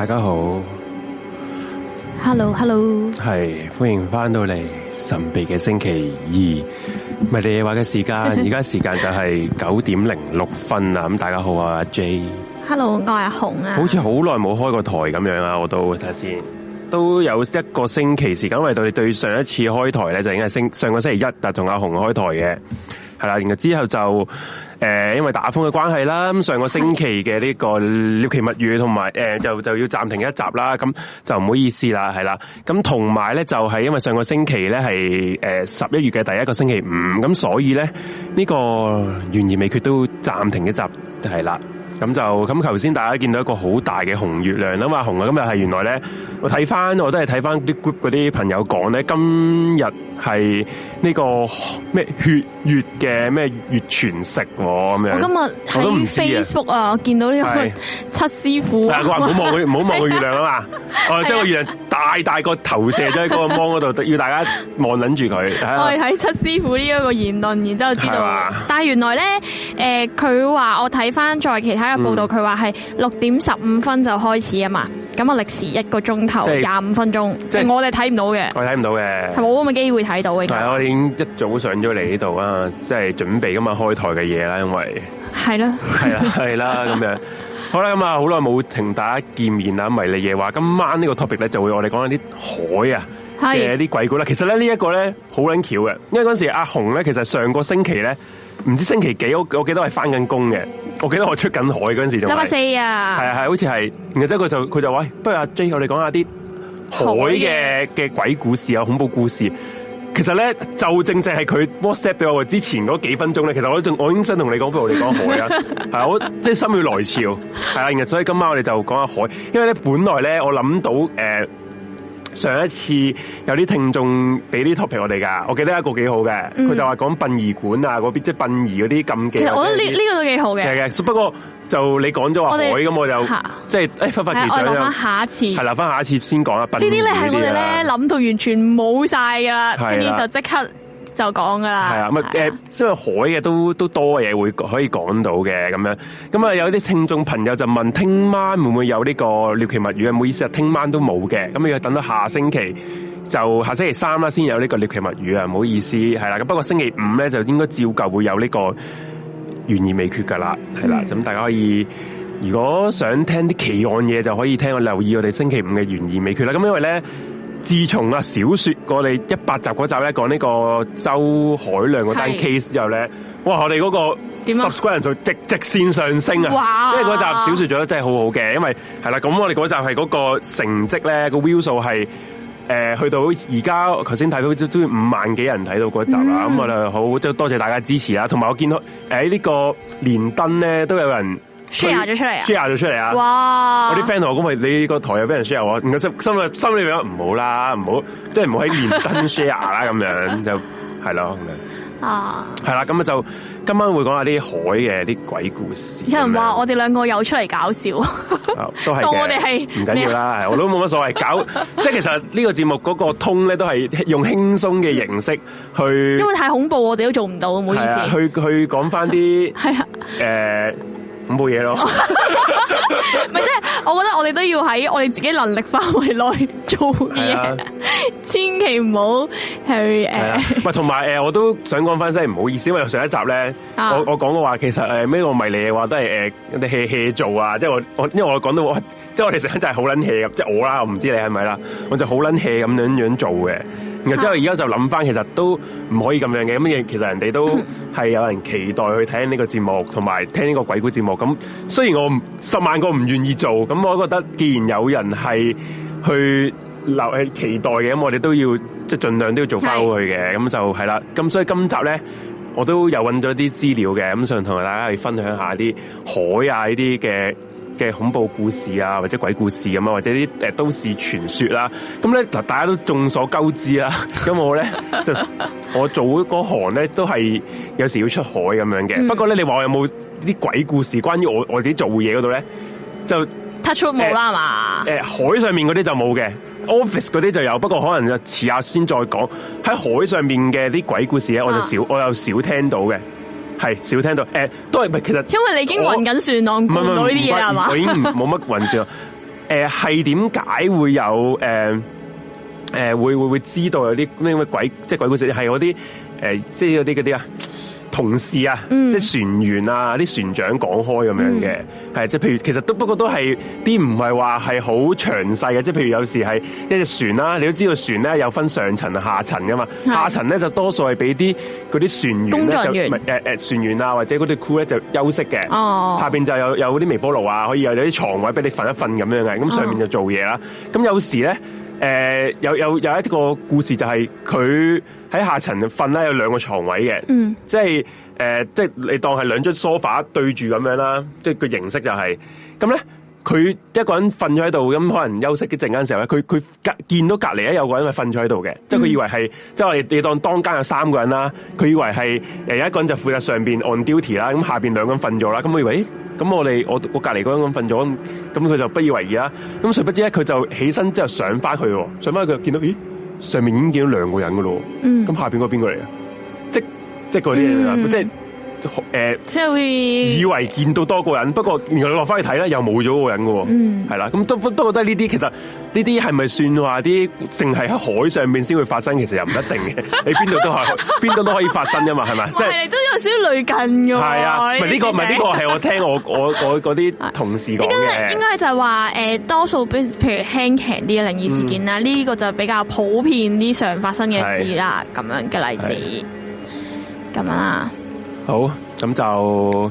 大家好，Hello，Hello，係 hello. 歡迎翻到嚟神秘嘅星期二，迷離夜話嘅時間，而 家時間就係九點零六分啊！咁大家好啊，我係 J，Hello，我係阿紅啊，好似好耐冇開過台咁樣啊！我都睇下先，都有一個星期時間，因為到你對上一次開台咧就已經係星上個星期一，但係同阿紅開台嘅，係啦，然後之後就。誒、呃，因為打風嘅關係啦，咁上個星期嘅呢個鳥奇物語同埋，誒、呃、就就要暫停一集啦，咁就唔好意思啦，係啦，咁同埋咧就係、是、因為上個星期咧係，誒十一月嘅第一個星期五，咁所以咧呢、這個懸而未決都暫停一集，係啦。咁就咁，頭先大家見到一個好大嘅紅月亮啦嘛，紅啊！今日係原來咧，我睇翻我都係睇翻啲 group 嗰啲朋友講咧，今日係呢個咩血月嘅咩月全食我咁樣。我今日喺 Facebook, Facebook 啊，見到呢個七師傅、啊，但係佢話唔好望佢，唔好望佢月亮啊嘛，哦，即係個月亮。 大大頭個投射咗喺個芒嗰度， 要大家望撚住佢。我哋睇七師傅呢一個言論，然之後知道。但係原來咧，誒、呃，佢話我睇翻，在其他嘅報道，佢話係六點十五分就開始啊嘛，咁啊歷時一個鐘頭廿五分鐘，即、就、係、是、我哋睇唔到嘅。我睇唔到嘅，係冇咁嘅機會睇到嘅。係，但係我已經一早上咗嚟呢度啊，即係準備今日開台嘅嘢啦，因為係咯，係啦，咁 樣。好啦，咁、嗯、啊，好耐冇同大家見面啦，迷離夜話。今晚呢個 topic 咧就會我哋講一啲海啊嘅啲鬼故啦。其實咧呢一個咧好撚巧嘅，因為嗰陣時阿紅咧其實上個星期咧唔知星期幾，我我記得係翻緊工嘅。我記得我出緊海嗰陣時仲禮拜四啊，係啊係，好似係。然後之後佢就佢就話，不如阿 J 我哋講下啲海嘅嘅鬼故事啊，恐怖故事。其實咧就正正係佢 WhatsApp 俾我之前嗰幾分鐘咧，其實我仲我已經想同你講，不如我哋講海，係 我即係、就是、心血來潮，係啊，所以今晚我哋就講下海，因為咧本來咧我諗到誒、呃、上一次有啲聽眾俾啲 topic 我哋噶，我記得一個幾好嘅，佢、嗯、就話講殯儀館啊嗰邊即係殯儀嗰啲禁忌，其實我覺得呢、這、呢個都幾、這個、好嘅，係嘅，不過。就你講咗話海咁，我就即係誒忽發奇想我諗下想想下一次係啦，返下一次先講啊。呢啲咧係我哋咧諗到完全冇晒噶啦？跟住就即刻就講噶啦。係啊，咁誒、呃，所以海嘅都都多嘢會可以講到嘅咁樣。咁啊，有啲聽眾朋友就問：聽晚會唔會有呢個獵奇物語啊？唔好意思啊，聽晚都冇嘅。咁要等到下星期就下星期三啦，先有呢個獵奇物語啊。唔好意思，係啦。咁不過星期五咧，就應該照舊會有呢、呢個。懸疑未決噶啦，係啦，咁、mm. 大家可以，如果想聽啲奇案嘢，就可以聽我留意我哋星期五嘅懸疑未決啦。咁因為咧，自從啊小說我哋一百集嗰集咧講呢個周海亮嗰單 case 之後咧，哇，我哋嗰個 subscribe 人數直直線上升啊！哇因為嗰集小說做得真係好好嘅，因為係啦，咁我哋嗰集係嗰個成績咧個 view 數係。誒，去到而家，頭先睇到都都要五萬幾人睇到嗰集啦，咁我哋好即係多謝大家支持啦。同埋我見到誒呢個連登咧，都有人 share 咗出嚟，share 咗出嚟啊！哇！我啲 friend 同我講咪，你個台又俾人 share，我，我心裡心心裏唔好啦，唔好即係唔好喺連登 share 啦，咁 樣就係咯。啊，係啦，咁啊就今晚會講下啲海嘅啲鬼故事。嗯嗯、有人話我哋兩個又出嚟搞笑，嗯、都係當我哋係唔緊要啦，我都冇乜所謂，搞 即係其實呢個節目嗰個通咧都係用輕鬆嘅形式去，因為太恐怖我哋都做唔到，唔好意思。去去講翻啲係啊，誒、 呃、恐怖嘢咯。 我覺得我哋都要喺我哋自己能力範圍內做嘢，千祈唔好去誒。唔同埋誒，我都想講翻聲，唔好意思，因為上一集咧、啊，我我講到話，其實誒咩我唔係嘅話，都係誒人哋 hea hea 做啊，即係我我，因為我講到我，即係我哋上一集係好捻 hea 即係我啦，我唔知你係咪啦，我就好捻 hea 咁樣樣做嘅。然後之後而家就諗翻，其實都唔可以咁樣嘅。咁其實人哋都係有人期待去聽呢個節目，同埋聽呢個鬼故節目。咁雖然我十萬個唔願意做，咁我覺得既然有人係去留係期待嘅，咁我哋都要即係盡量都要做返好佢嘅。咁就係啦。咁所以今集咧，我都有揾咗啲資料嘅，咁想同大家去分享一下啲海啊呢啲嘅。嘅恐怖故事啊，或者鬼故事咁啊，或者啲誒、呃、都市傳說啦、啊，咁咧嗱，大家都眾所周知啦、啊。咁 我咧就我做嗰行咧，都係有時要出海咁樣嘅、嗯。不過咧，你話我有冇啲鬼故事關於我我自己做嘢嗰度咧，就突出冇啦係嘛？誒、呃呃，海上面嗰啲就冇嘅，office 嗰啲就有。不過可能就遲下先再講。喺海上面嘅啲鬼故事咧，我就少，啊、我又少聽到嘅。係少聽到，誒、呃、都係其實，因為你已經暈緊船浪，唔到呢啲嘢係嘛？佢已經冇乜暈船咯，誒係點解會有誒、呃呃、會會會知道有啲咩鬼即係鬼故事？係有啲、呃、即係有啲嗰啲啊？同事啊，即船員啊，啲、嗯、船長講開咁樣嘅，係、嗯、即譬如，其實都不過都係啲唔係話係好詳細嘅，即譬如有時係一隻船啦，你都知道船咧有分上層下層噶嘛，下層咧就多數係俾啲嗰啲船員就，工作員，唔係誒誒船員啊，或者嗰啲 crew 咧就休息嘅，哦，下邊就有有啲微波爐啊，可以有啲床位俾你瞓一瞓咁樣嘅，咁上面就做嘢啦，咁、哦、有時咧。誒、呃、有有有一個故事就係佢喺下層瞓啦，有兩個床位嘅、嗯，即係誒、呃、即係你當係兩張梳化對住咁樣啦，即係個形式就係咁咧。佢一個人瞓咗喺度，咁可能休息一陣間時候咧，佢佢見到隔離咧有一個人咪瞓咗喺度嘅，即係佢以為係，mm. 即係我哋你當當間有三個人啦，佢以為係有一個人就負責上面 on duty 啦，咁下面兩個人瞓咗啦，咁佢以為，咁我哋我我隔離嗰個人瞓咗，咁佢就不以為意啦，咁誰不知咧，佢就起身之後上翻去喎，上翻去就見到咦，上面已經見到兩個人噶咯，咁、mm. 下邊個邊個嚟嘅？即即係啲，即誒、呃，即係以，以為見到多個人，不過然後落翻去睇咧，又冇咗嗰個人嘅喎。係、嗯、啦，咁都不過都覺得呢啲，其實呢啲係咪算話啲？淨係喺海上面先會發生，其實又唔一定嘅。 你邊度都係，邊 度都可以發生吖嘛，係咪？即係，都、就是、有少少類近嘅。係啊，唔呢、這個，唔係呢個係我聽我我嗰啲同事講嘅。應該應該就係話誒，多數比譬如輕強啲靈異事件啦，呢、嗯、個就比較普遍啲常發生嘅事啦，咁樣嘅例子咁樣啦。好咁就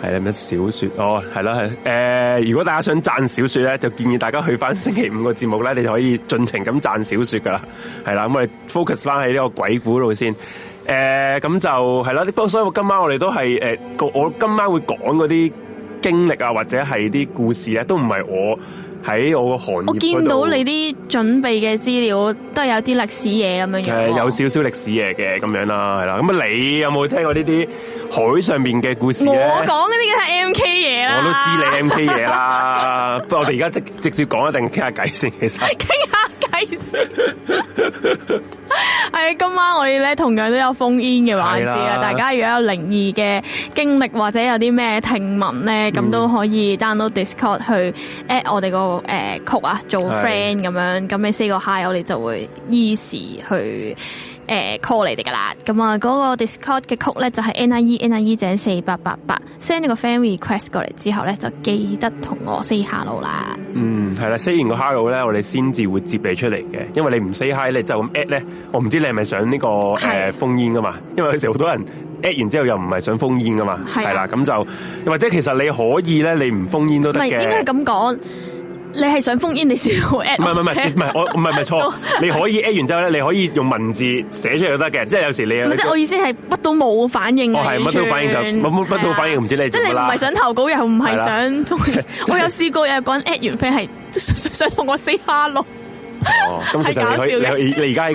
係啦，咩小說哦，係啦，係誒，如果大家想讚小說咧，就建議大家去翻星期五個節目咧，你就可以盡情咁讚小說噶啦，係啦。咁我哋 focus 翻喺呢個鬼故度先誒咁、呃、就係啦，不過所以我今晚我哋都係誒我我今晚會講嗰啲經歷啊，或者係啲故事啊，都唔係我。喺我個寒，我見到你啲準備嘅資料都係有啲歷史嘢咁樣嘅、哦，誒有少少歷史嘢嘅咁樣啦，係啦。咁啊，你有冇聽過呢啲海上面嘅故事咧？是 MK 我講啲嘅係 M K 嘢啦，我都知你 M K 嘢啦。不過我哋而家直直接講一定傾下偈先，其實傾下。傾下偈係 今晚我哋咧，同樣都有封煙嘅環節啊！大家如果有靈異嘅經歷或者有啲咩聽聞咧，咁、嗯、都可以 download Discord 去 at 我哋個誒曲啊，uh, code, 做 friend 咁樣，咁你四 a y 個 hi，我哋就會依時去。誒、呃、call 你哋噶啦。咁啊嗰個 Discord 嘅曲咧就係、是、NIE NIE 井四八八八 send 你個 friend request 過嚟之後咧就記得同我 say 下路 hello 啦。嗯，係啦，say 完個 hello 咧，我哋先至會接你出嚟嘅。因為你唔 say hi 咧就咁 at 咧，我唔知你係咪想呢個誒封煙噶嘛。因為有時好多人 at 完之後又唔係想封煙噶嘛，係啦咁就或者其實你可以咧，你唔封煙都得嘅，應該係咁講。你係想封煙？你先 at 唔係唔係唔係唔係我唔係錯。你可以 at 完之後咧，你可以用文字寫出嚟就得嘅。即係有時你唔係即係我意思係乜都冇反應嘅。哦係乜反應就乜乜反應唔知你即係、即係、你唔係想投稿又唔係想通？我有試過有個 at 完 friend 係想同我 say hello 哦。哦咁，其實你而家呢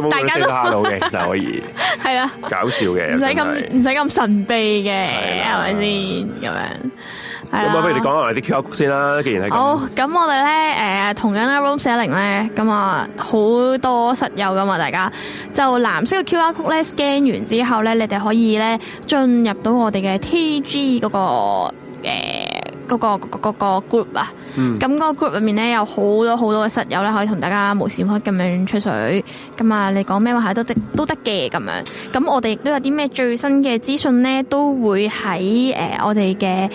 個大家都，都 say hello 嘅就可以。係啊，搞笑嘅，唔使咁唔使咁神秘嘅，係咪先咁樣？咁啊，不如你講下啲 QR Code 先啦。既然係好，咁、oh, 我哋咧，誒、呃，同樣啦 Room 410咧，咁啊，好、嗯、多室友噶嘛，大家就藍色嘅 QR Code 咧，scan 完之後咧，你哋可以咧進入到我哋嘅 TG 嗰、那個，誒、呃，嗰、那個、那個 group、那個、啊。咁、mm. 嗰、嗯那個 group 裏面咧，有好多好多嘅室友咧，可以同大家無時無刻咁樣吹水。咁、嗯、啊，你講咩話，都得都得嘅咁樣。咁我哋亦都有啲咩最新嘅資訊咧，都會喺誒、呃、我哋嘅。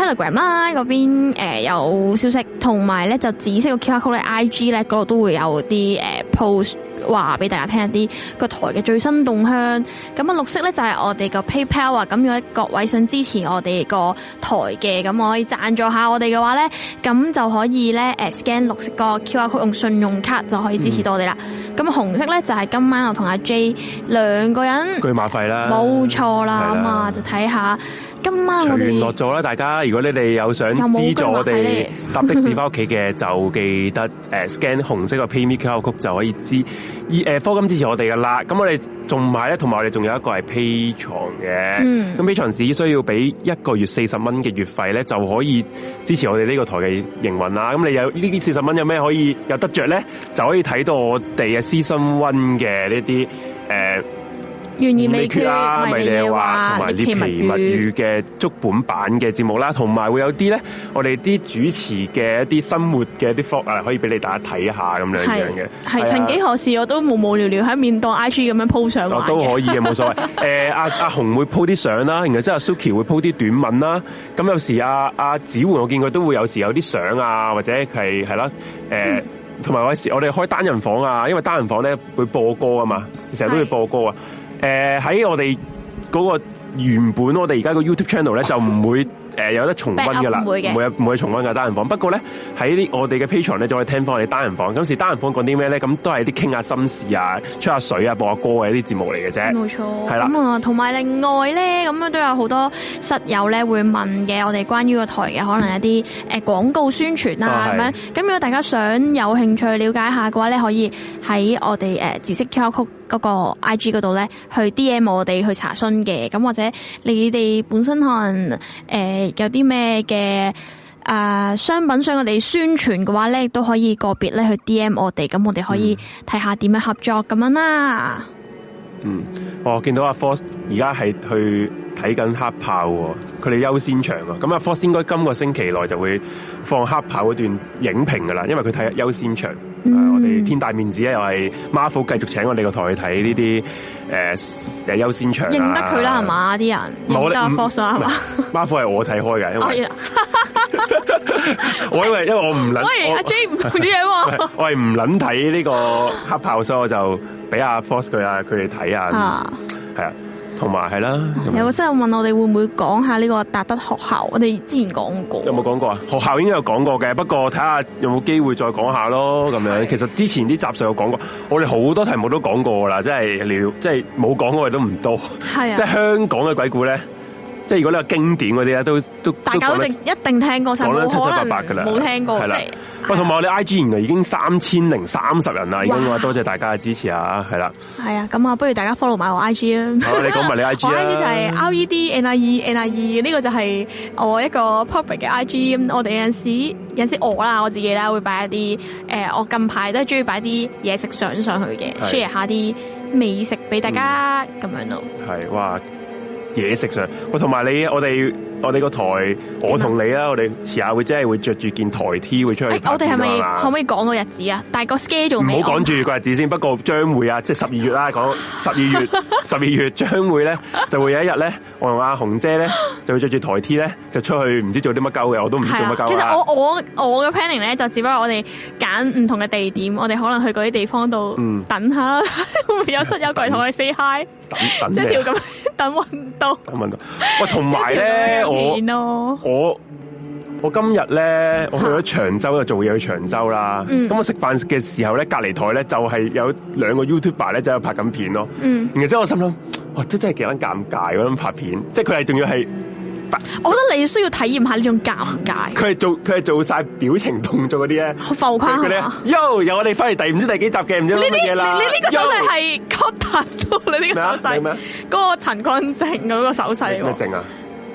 Telegram 啦，嗰邊誒有消息，同埋咧就紫色個 QR code 咧，IG 咧嗰度都會有啲誒、呃、post 話俾大,大家聽一啲個台嘅最新動向。咁啊綠色咧就係、是、我哋個 PayPal 啊，咁如果各位想支持我哋個台嘅，咁我可以讚助一下我哋嘅話咧，咁就可以咧誒 scan 綠色個 QR code 用信用卡就可以支持到、嗯、我哋啦。咁紅色咧就係、是、今晚我同阿 J 兩個人，車馬費啦,啦，冇錯啦，咁啊就睇下。今晚我哋聯絡咗啦，大家如果你哋有想資助我哋搭的士翻屋企嘅，就記得誒 scan 紅色嘅 PayMe code，就可以支，以誒課金支持我哋噶啦。咁我哋仲買咧，同埋我哋仲有一個係 Patreon 嘅。咁 Patreon 只需要俾一個月四十蚊嘅月費咧，就可以支持我哋呢個台嘅營運啦。咁你有呢啲四十蚊有咩可以有得着咧？就可以睇到我哋嘅 season one 嘅呢啲誒。呃完意未決啊！咪你話同埋呢皮物語嘅足本版嘅節目啦、啊，同埋會有啲咧，我哋啲主持嘅一啲生活嘅一啲 foto 啊，可以俾你大家睇下咁樣樣嘅。係，曾幾何時我都無無聊聊喺面當 IG 咁樣 po 相、啊，都可以嘅，冇所謂。誒、 欸，阿阿紅會 po 啲相啦，然後即、啊、係 Suki 會鋪啲短文啦。咁、啊、有時阿、啊、阿、啊、子我見佢都會有時有啲相啊，或者係係啦。同埋、啊欸嗯、我哋我哋開單人房啊，因為單人房咧會播歌啊嘛，成日都會播歌啊。誒、呃，喺我哋嗰個原本我哋而家個 YouTube channel 咧、哦，就唔會誒、呃、有得重温噶啦，唔、呃、會嘅，唔會唔會重温嘅單人房。不過咧，喺我哋嘅 p a 披床咧，就可以聽翻我哋單人房。有時單人房講啲咩咧，咁都係啲傾下心事啊、吹下水啊、播一下歌嘅啲節目嚟嘅啫。冇錯，係啦。咁啊，同埋另外咧，咁樣都有好多室友咧會問嘅，我哋關於個台嘅可能一啲誒廣告宣傳啊咁、哦、樣。咁如果大家想有興趣了解一下嘅話咧，可以喺我哋誒知識曲。呃嗰、那個 I G 嗰度咧，去 D M 我哋去查詢嘅，咁或者你哋本身可能誒、呃、有啲咩嘅誒商品想我哋宣傳嘅話咧，都可以個別咧去 D M 我哋，咁我哋可以睇下點樣合作咁樣啦。嗯，我、哦、見到阿 Force 而家係去睇緊黑豹，佢哋優先場啊，咁阿 Force 應該今個星期內就會放黑豹嗰段影評噶啦，因為佢睇下優先場。嗯，我哋天大面子又係 Marvel 繼續請我哋個台去睇呢啲誒誒優先場啊，認得佢啦係嘛啲人，冇阿 Force 係嘛，Marvel 係我睇開嘅，oh, yeah. 因為 因為我因為因為我唔捻，喂阿 J 唔同啲嘢，我係唔捻睇呢個黑豹所 以我就俾阿 Force 佢啊佢哋睇啊，係啊。同埋係啦，有個新人問我哋會唔會講下呢個達德學校？我哋之前講過。有冇講過啊？學校應該有講過嘅，不過睇下有冇機會再講下咯。咁樣其實之前啲集上有講過，我哋好多題目都講過啦，真係了，即係冇講嘅都唔多。係啊，即係香港嘅鬼故咧，即係如果呢個經典嗰啲咧，都都大家一定一定聽過，七七八八可能冇聽過喂、啊，同埋我哋 I G 原來已經三千零三十人啦，咁啊多謝大家嘅支持下啊，係啦。係啊，咁啊，不如大家 follow 埋我 I G 啊。 好，你講埋你 I G 啊。 I G 就係 R E D N I E N I E，呢個就係我一個 public 嘅 I G，我哋有陣時有陣時我啦，我自己啦會擺一啲誒、呃，我近排都係中意擺啲嘢食相上去嘅 share 下啲美食俾大家咁、嗯、樣咯。係，哇！嘢食上，喂、哦，同埋你我哋。我哋個台，我同你啦，我哋遲下會真係會着住件台 T 會出去，欸。我哋係咪可唔可以講個日子啊？但係個 schedule 唔好講住個日子先。不過將會啊，即係十二月啦，講十二月，十二月將 會咧，就會有一日咧，我同阿紅姐咧，就會着住台 T 咧，就出去唔知做啲乜鳩嘅，我都唔知做乜鳩，啊。其實我我我嘅 planning 咧，就只不過我哋揀唔同嘅地點，我哋可能去嗰啲地方度等下，會、嗯、 有室友過嚟同我哋 say hi。等等即係要咁等運動，等運動。喂，同埋咧，我我我今日咧，我去咗長洲度做嘢，去長洲啦。咁、嗯、我食飯嘅時候咧，隔籬台咧就係有兩個 YouTuber 咧，就喺、是、度拍緊片咯。嗯，然後即係我心諗，哇，都真係幾撚尷尬嗰種拍片，即係佢係仲要係。我覺得你需要體驗下呢種尷尬。佢係做，佢係做曬表情動作嗰啲咧，浮誇嚇嘛？Yo，由我哋翻嚟第唔知第幾集嘅唔知乜嘢啦。你呢個真係係 Cotton，你呢個手勢。咩啊？咩？嗰、嗰個陳光正嗰個手勢。咩正啊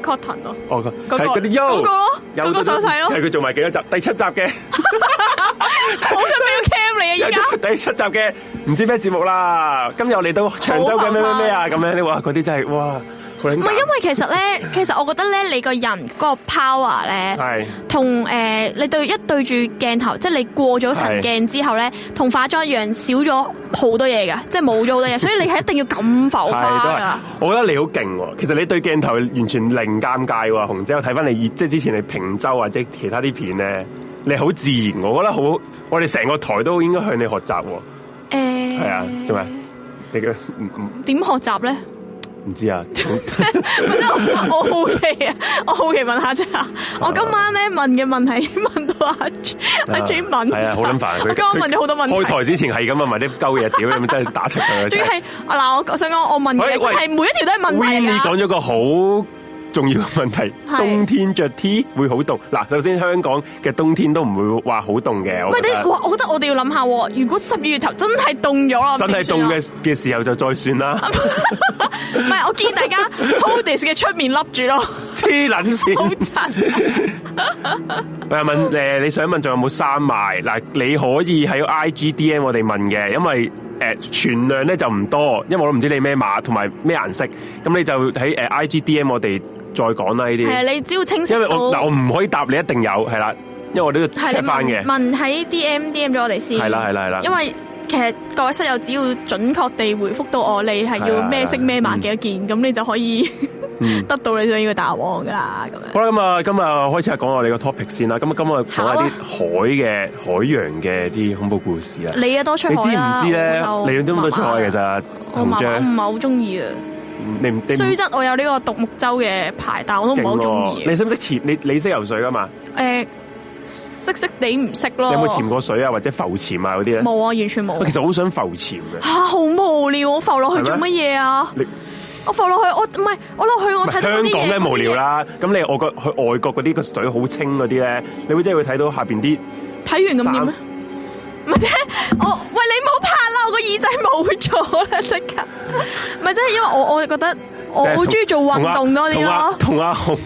？Cotton 咯。哦，睇嗰啲 Yo，嗰個、嗰個手勢咯。睇佢做埋幾多集？第七集嘅。 我真係要 cam 你啊！而家第七集嘅唔知咩節目啦？今日我嚟到長洲嘅咩咩咩啊？咁樣你話嗰啲真係哇！唔係，因為其實咧，其實我覺得咧，你個人嗰個 power 咧，係同誒你對一對住鏡頭，即係你過咗層鏡之後咧，同化妝一樣少咗好多嘢噶，即係冇咗好多嘢， 所以你係一定要咁浮誇噶。我覺得你好勁、哦，其實你對鏡頭完全零尷尬噶、哦。紅姐，我睇翻你即係之前你平洲或者其他啲片咧，你好自然，我覺得好，我哋成個台都應該向你學習、哦。誒、欸，係啊，做咩？你嘅唔唔點學習咧？唔知啊 我，我好奇啊，我好奇問下啫，我今晚咧問嘅問題已經問到阿阿 Jimmy，係啊好撚煩，佢、啊啊啊啊、我今晚問咗好多問題。開台之前係咁問埋啲鳩嘢，屌，咁真係打出佢，仲要係嗱，我想講我問嘅係每一條都係問題。Weenie 講咗個好重要嘅問題，冬天着 T 會好凍嗱。首先香港嘅冬天都唔會話好凍嘅。唔係，但我覺得我覺得我哋要諗下，如果十二月頭真係凍咗啊，真係凍嘅嘅時候就再算啦。唔係， 我建議大家 Hoodies 嘅出面笠住咯。痴捻線。我 係 問誒、呃，你想問仲有冇衫賣？嗱，呃，你可以喺 IGDM 我哋問嘅，因為誒存、呃、量咧就唔多，因為我都唔知道你咩碼同埋咩顏色，咁你就喺誒、呃、IGDM 我哋。再講啦，呢啲係你只要清晰。因為我嗱，我唔可以答你，一定有係啦。因為我都要睇翻嘅。問喺 DM，DM 咗我哋先。係啦，係啦，係啦。因為其實各位室友只要準確地回覆到我，你係要咩色咩碼幾多件，咁你就可以得到你想要嘅答案㗎喇。好啦，咁啊，今日開始係講我哋個 topic 先啦。咁啊，今日講下啲海嘅海洋嘅啲恐怖故事啊。你啊，多出海啊？你有冇多出海其實？我唔係，我唔係好鍾意啊。你唔雖則我有呢個獨木舟嘅牌，但我都唔係好中意。你識唔識潛？你你識游水噶嘛？誒、欸，識識地唔識咯。有冇潛過水啊？或者浮潛啊？嗰啲冇啊，完全冇。我其實好想浮潛嘅、啊。好無聊，我浮落去做乜嘢啊？我浮落去，我唔係我落去，我睇香港咩無聊啦。咁你外國去外國嗰啲個水好清嗰啲咧，你會真係會睇到下邊啲，睇完咁點啊？或者我喂你唔好拍。我個耳仔冇咗啦！即刻，咪即係因為我我覺得我好中意做運動多啲咯。同阿紅，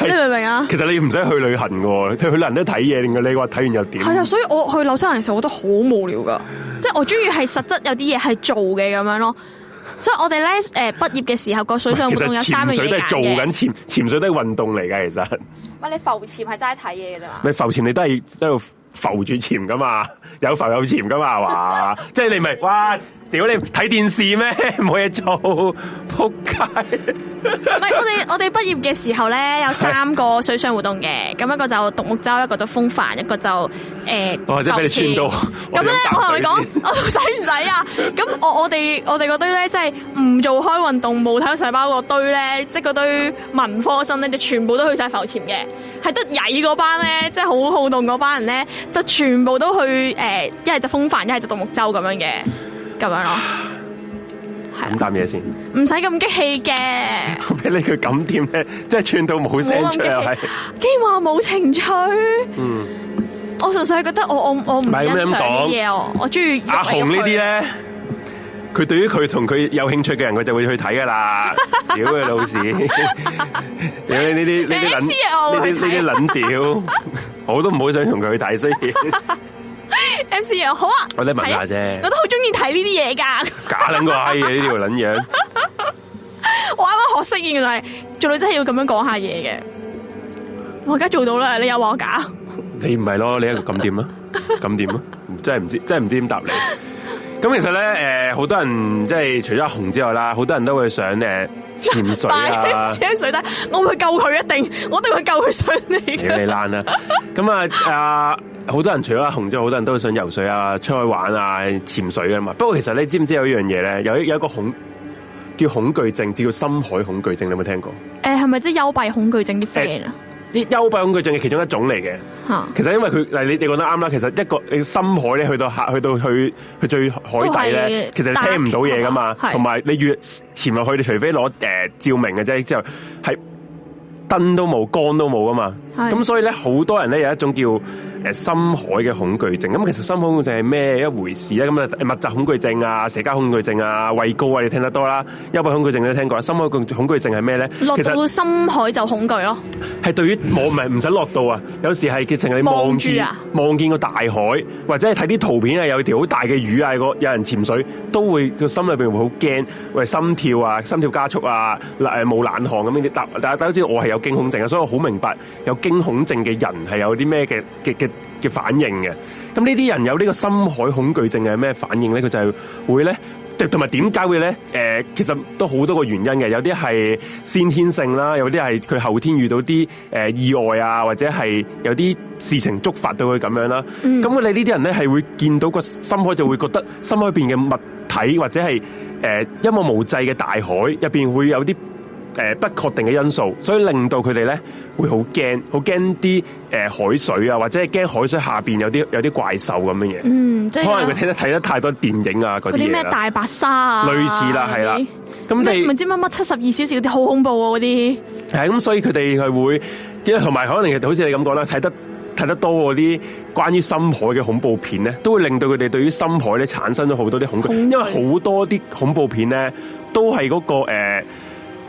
你明唔明啊？其實你唔使去旅行噶，去旅行都睇嘢，令到你話睇完又點？係啊，所以我去紐西蘭嘅時候，我覺得好無聊噶，即係我中意係實質有啲嘢係做嘅咁樣咯。所以我哋咧誒畢業嘅時候個水上活動有三樣嘢揀嘅。潛水都係做緊潛，潛水都係運動嚟噶。其實，咪你浮潛係齋睇嘢嘅啫嘛？咪浮潛你都係喺度。浮住潛㗎嘛，有浮有潛㗎嘛，係嘛？ 即係你咪哇屌你睇電視咩？冇嘢做扑街。唔係我哋我哋畢業嘅時候咧，有三個水上活動嘅。咁一個就獨木舟，一個就風帆，一個就誒、是呃、浮潛或者俾你到我！咁咧，我同你講，我使唔使啊？咁 我我哋我哋個堆咧，即係唔做開運動，冇睇上包個堆咧，即係嗰堆文科生咧、就是，就全部都去晒浮潛嘅，係得曳嗰班咧，即係好好動嗰班人咧，就全部都去誒，一係就風帆，一係就獨木舟咁樣嘅。咁樣咯，咁答嘢先？唔使咁激氣嘅。俾你佢感點咧，即係串到冇聲出又係。竟然話冇情趣。嗯，我純粹係覺得我我我唔欣賞啲嘢。我中意阿紅呢啲咧，佢對於佢同佢有興趣嘅人，佢就會去睇噶啦。屌 佢老屎闆！因為呢啲呢啲呢啲撚屌，我， 我都唔好想同佢去睇，所以。 M C 啊，好啊，我哋問下啫，我都好中意睇呢啲嘢噶，假撚個閪嘢呢條撚樣， 我啱啱學識，原來做女真係要咁樣講下嘢嘅，我而家做到啦，你又話我假，你唔係咯，你一個咁掂啊，咁掂啊，真係唔知，真係唔知點答你。咁其實咧，誒、呃，好多人即係除咗紅之外啦，好多人都會想誒潛水啦，潛水得、啊， 我會救佢一定，我都會救佢上嚟。屌你爛啦！咁 啊，啊、呃，好多人除咗紅之外，好多人都會想游水啊，出去玩啊，潛水啊嘛。不過其實你知唔知有一樣嘢咧？有有一個恐叫恐懼症，叫深海恐懼症，你有冇聽過？誒、欸，係咪即係幽閉恐懼症啲 friend 啊？啲幽閉恐懼症係其中一種嚟嘅，其實因為佢，嗱，你你講得啱啦，其實一個你深海咧，去到去到去去最海底咧，其實你聽唔到嘢噶嘛，同、嗯、埋你越潛落去，你除非攞誒、呃、照明嘅啫，之後係燈都冇，光都冇噶嘛。咁、嗯嗯、所以咧，好多人咧有一種叫誒、呃、深海嘅恐懼症。咁、嗯、其實深海恐懼症係咩一回事咧？咁、嗯、啊，密集恐懼症啊，社交恐懼症啊，畏高啊，你聽得多啦，幽閉恐懼症都聽過。深海恐懼症係咩咧？落到深海就恐懼咯。係對於我唔係唔使落到啊，有時係其實係望住望見個、啊、大海，或者係睇啲圖片啊，有條好大嘅魚啊，有人潛水都會個心裏面會好驚，會心跳啊，心跳加速啊，冇冒冷汗咁呢啲。但大家都知道我係有驚恐症啊，所以我好明白有。驚恐症嘅人係有啲咩嘅嘅嘅嘅反應嘅？咁呢啲人有呢個深海恐懼症係咩反應咧？佢就係會咧，同埋點解會咧？誒、呃，其實都好多個原因嘅，有啲係先天性啦，有啲係佢後天遇到啲誒、呃、意外啊，或者係有啲事情觸發到佢咁樣啦。咁我哋呢啲人咧係會見到個深海就會覺得深海邊嘅物體或者係誒、呃、一望無際嘅大海入邊會有啲。誒、呃，不確定嘅因素，所以令到佢哋咧會好驚，好驚啲誒海水啊，或者係驚海水下邊有啲有啲怪獸咁嘅嘢。嗯，即、就、係、是啊、可能佢睇得睇得太多電影啊嗰啲咩大白鯊啊，類似啦係啦。咁你唔知乜乜七十二小時嗰啲好恐怖啊嗰啲。係咁、嗯，所以佢哋係會，因為同埋可能係好似你咁講啦，睇得睇得多嗰啲關於深海嘅恐怖片咧，都會令到佢哋對於深海咧產生咗好多啲恐懼，因為好多啲恐怖片咧都係嗰、那個誒。呃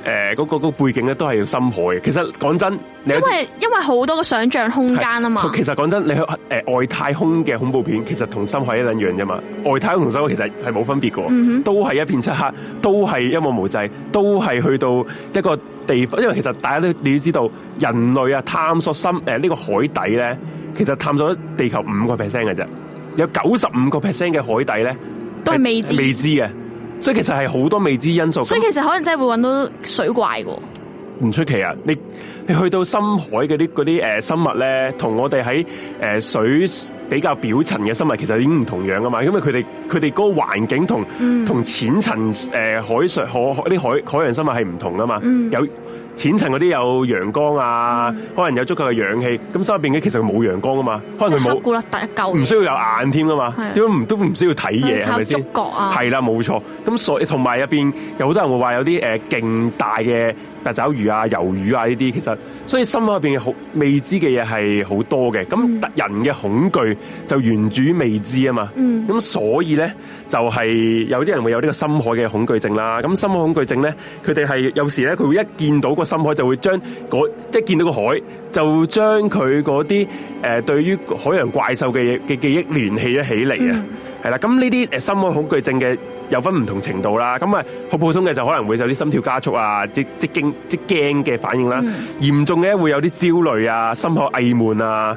誒、呃，嗰、那個個背景咧都係要深海嘅。其實講真，因為因為好多個想象空間啊嘛。其實講真，你去誒外太空嘅恐怖片，其實同深海一兩樣啫嘛。外太空同深、深海其實係冇分別嘅，嗯，都係一片漆黑，都係一望無際，都係去到一個地方。因為其實大家都你要知道，人類啊探索深誒呢、呃這個海底咧，其實探索地球五個 percent 嘅啫，有九十五個 percent 嘅海底咧都係未知，是未知嘅。即係其實係好多未知因素。所以其實可能真係會揾到水怪噶。唔出奇啊！你你去到深海啲嗰啲誒生物咧，同我哋喺誒水比較表層嘅生物，其實已經唔同樣噶嘛，因為佢哋佢哋嗰個環境同同淺層誒海上海啲海海洋生物係唔同噶嘛，嗯、有。淺層嗰啲有陽光啊，嗯、可能有足夠嘅氧氣，咁深入邊嘅其實佢冇陽光啊嘛，可能佢冇突一嚿，唔需要有眼添㗎嘛，點解唔都唔需要睇嘢係咪先？靠觸覺啊，係啦冇錯，咁所以同埋入邊有好多人會話有啲誒、呃、勁大嘅。大爪魚啊、魷魚啊呢啲，其實所以深海入邊好未知嘅嘢係好多嘅。咁、嗯、人嘅恐懼就源自於未知啊嘛。咁、嗯、所以咧就係、是、有啲人會有呢個深海嘅恐懼症啦。咁深海恐懼症咧，佢哋係有時咧佢會一見到個深海就會將即係見到個海就將佢嗰啲誒對於海洋怪獸嘅嘢嘅記憶聯繫咗起嚟啊。嗯係啦，咁呢啲誒深海恐懼症嘅有分唔同程度啦，咁啊好普通嘅就可能會有啲心跳加速啊，即驚即驚即驚嘅反應啦，嚴重嘅會有啲焦慮啊，心口翳悶啊，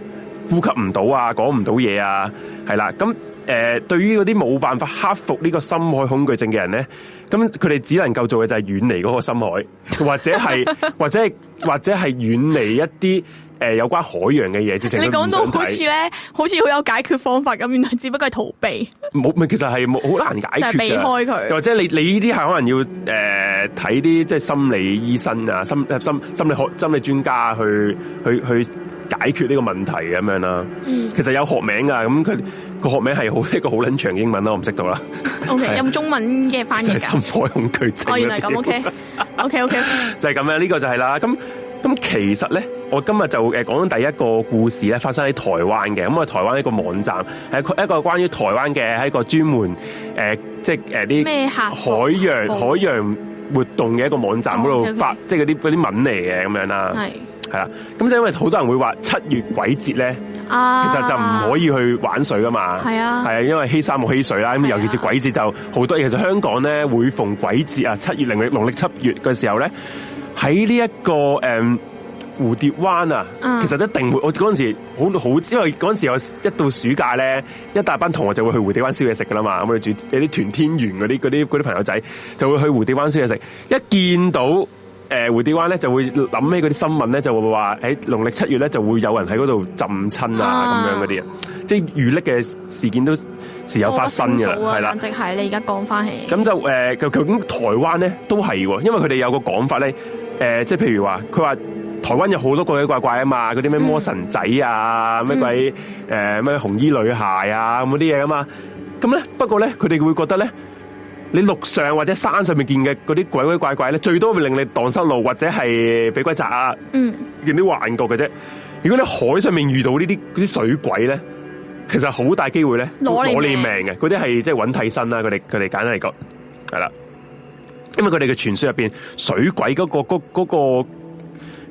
呼吸唔到啊，講唔到嘢啊，係啦，咁誒對於嗰啲冇辦法克服呢個深海恐懼症嘅人咧，咁佢哋只能夠做嘅就係遠離嗰個深海，或者係 或者係或者係遠離一啲。誒、呃，有關海洋嘅嘢，你講到好似咧，好似好有解決方法咁，原來只不過係逃避。冇，其實係好難解決嘅。就係、避開佢。或、就、者、係、你你呢啲係可能要誒睇啲即係心理醫生啊，心心心理學、心理專家去去去解決呢個問題咁樣啦、嗯。其實有學名噶，咁佢個學名係好、呢個個好捻長英文啦，我唔識到啦。O、okay, K， 有，有中文嘅翻譯就係深海恐懼症。係咁，O K，O K，O K，就係咁樣，呢、 okay, okay, okay, okay. 呢個就係、是、啦。咁。咁其實咧，我今日就誒講第一個故事咧，發生喺台灣嘅。咁啊，台灣一個網站係一個關於台灣嘅一個專門誒、呃，即係誒啲咩海洋海洋活動嘅一個網站嗰度發，哦 okay. 即係嗰啲啲文嚟嘅咁樣啦。係係啦。咁就因為好多人會話七月鬼節咧，啊，其實就唔可以去玩水噶嘛。係啊，係啊，因為欺山冇欺水啦。咁尤其是鬼節就好多嘢。其實香港咧每逢鬼節啊，七月零六農曆七月嘅時候咧。喺呢一個誒、嗯、蝴蝶灣啊，啊，其實一定會我嗰陣時好好，因為嗰陣時我一到暑假咧，一大班同學就會去蝴蝶灣燒嘢食噶啦嘛。咁我哋住有啲屯天園嗰啲啲啲朋友仔，就會去蝴蝶灣燒嘢食。一見到誒、呃、蝴蝶灣咧，就會諗起嗰啲新聞咧，就會話喺農曆七月咧就會有人喺嗰度浸親啊，咁、啊、樣嗰啲，即係遇溺嘅事件都時有發生嘅，係啦、啊，即係你而家講翻起，咁就誒究竟、呃、台灣咧都係，因為佢哋有個講法咧。誒、呃，即係譬如話，佢話台灣有好多鬼鬼怪怪啊嘛，嗰啲咩魔神仔啊，咩、嗯、鬼誒，咩、嗯呃、紅衣女孩啊，咁嗰啲嘢啊嘛。咁咧，不過咧，佢哋會覺得咧，你陸上或者山上面見嘅嗰啲鬼鬼怪怪咧，最多會令你蕩失路或者係俾鬼抓啊。嗯。見啲幻覺嘅啫。如果你海上面遇到呢啲啲水鬼咧，其實好大機會咧攞你命嘅。嗰啲係即係揾替身啦、啊，佢哋佢哋簡單嚟講，係啦。因為佢哋嘅傳說入邊，水鬼嗰、嗰個嗰嗰、嗰個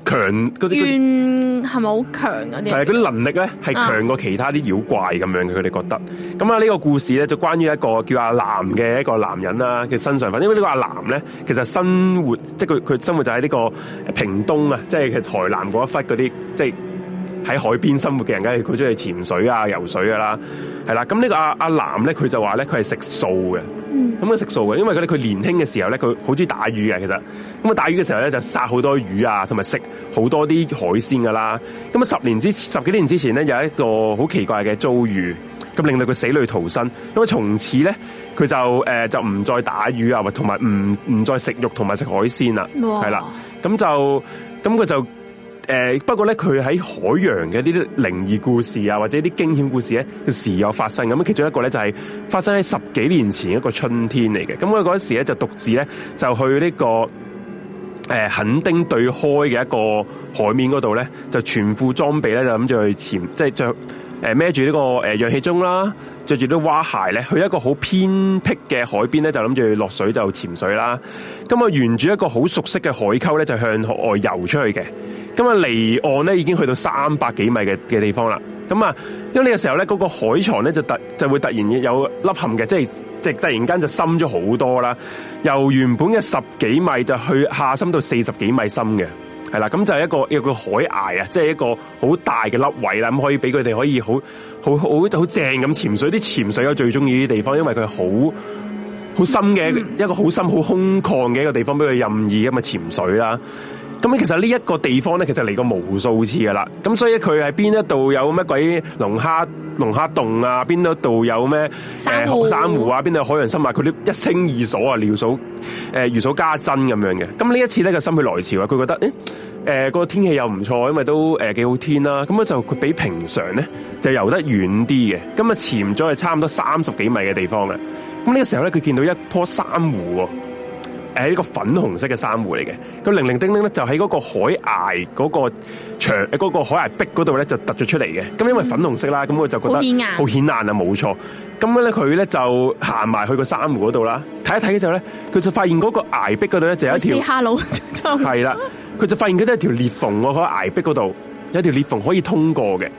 強嗰啲，係咪好強嗰啲？係啲能力咧係強過其他啲妖怪咁樣嘅。佢哋覺得。咁啊，呢個故事咧就關於一個叫阿南嘅一個男人啦嘅身上，因為呢個阿南咧，其實生活即係佢佢生活就喺呢個屏東啊，即係其實台南嗰一忽嗰啲即係。喺海邊生活嘅人，梗係佢中意潛水啊、游水噶啦，係啦。咁呢個阿阿藍咧，佢就話咧，佢係食素嘅，咁佢食素嘅，因為佢佢年輕嘅時候咧，佢好中意打魚啊，其實咁啊打魚嘅時候咧，就殺好多魚啊，同埋食好多啲海鮮噶啦。咁啊十年之十幾年之前咧，有一個好奇怪嘅遭遇，咁令到佢死裡逃生。咁佢從此咧，佢就誒、呃、就唔再打魚啊，同埋唔唔再食肉同埋食海鮮啦，係啦。咁就咁佢就。誒、呃，不過咧，佢喺海洋嘅啲啲靈異故事啊，或者啲驚險故事咧，時有發生咁。其中一個咧就係、是、發生喺十幾年前一個春天嚟嘅。咁佢嗰時咧就獨自咧就去呢、這個誒墾、呃、丁對開嘅一個海面嗰度咧，就全副裝備咧就諗住去潛，即係着。誒，孭住呢個誒氧氣樽啦，着住啲蛙鞋咧，去一個好偏僻嘅海邊咧，就諗住落水就潛水啦。咁啊，沿住一個好熟悉嘅海溝咧，就向外游出去嘅。咁啊，離岸咧已經去到三百幾米嘅嘅地方啦。咁啊，因為呢個時候咧，嗰個海床咧就突就會突然有凹陷嘅，即係即係突然間就深咗好多啦。由原本嘅十幾米就去下深到四十幾米深嘅。係啦，咁就係一個要個海崖啊，即係一個好大嘅凹位啦，咁可以俾佢哋可以好好好好正咁潛水，啲潛水我最中意啲地方，因為佢好好深嘅、嗯、一個好深好空曠嘅一個地方，俾佢任意咁啊潛水啦。咁其實呢一個地方咧，其實嚟過無數次㗎喇。咁所以佢喺邊一度有乜鬼龍蝦龍蝦洞啊？邊一度有咩珊瑚？珊瑚、呃、啊？邊度有海洋生物？佢都一清二楚啊，料數誒如數家珍咁樣嘅。咁呢一次咧，就心血來潮啊，佢覺得誒誒個天氣又唔錯，因為都誒幾、呃、好天啦、啊。咁咧就佢比平常咧就游得遠啲嘅。咁啊潛咗去差唔多三十幾米嘅地方嘅。咁呢個時候咧，佢見到一樖珊瑚喎。誒，呢個粉紅色嘅珊瑚嚟嘅，佢零零丁丁咧就喺嗰個海崖嗰個長誒嗰、嗰個海崖壁嗰度咧就突咗出嚟嘅。咁因為粉紅色啦，咁我就覺得好顯眼，好顯眼啊，冇錯。咁樣咧，佢咧就行埋去個珊瑚嗰度啦，睇一睇嘅時候咧，佢就發現嗰個崖壁嗰度咧就有一條，好似就係啦。佢就發現嗰度有條裂縫喎，崖、嗰個、壁嗰度有條裂縫可以通過嘅，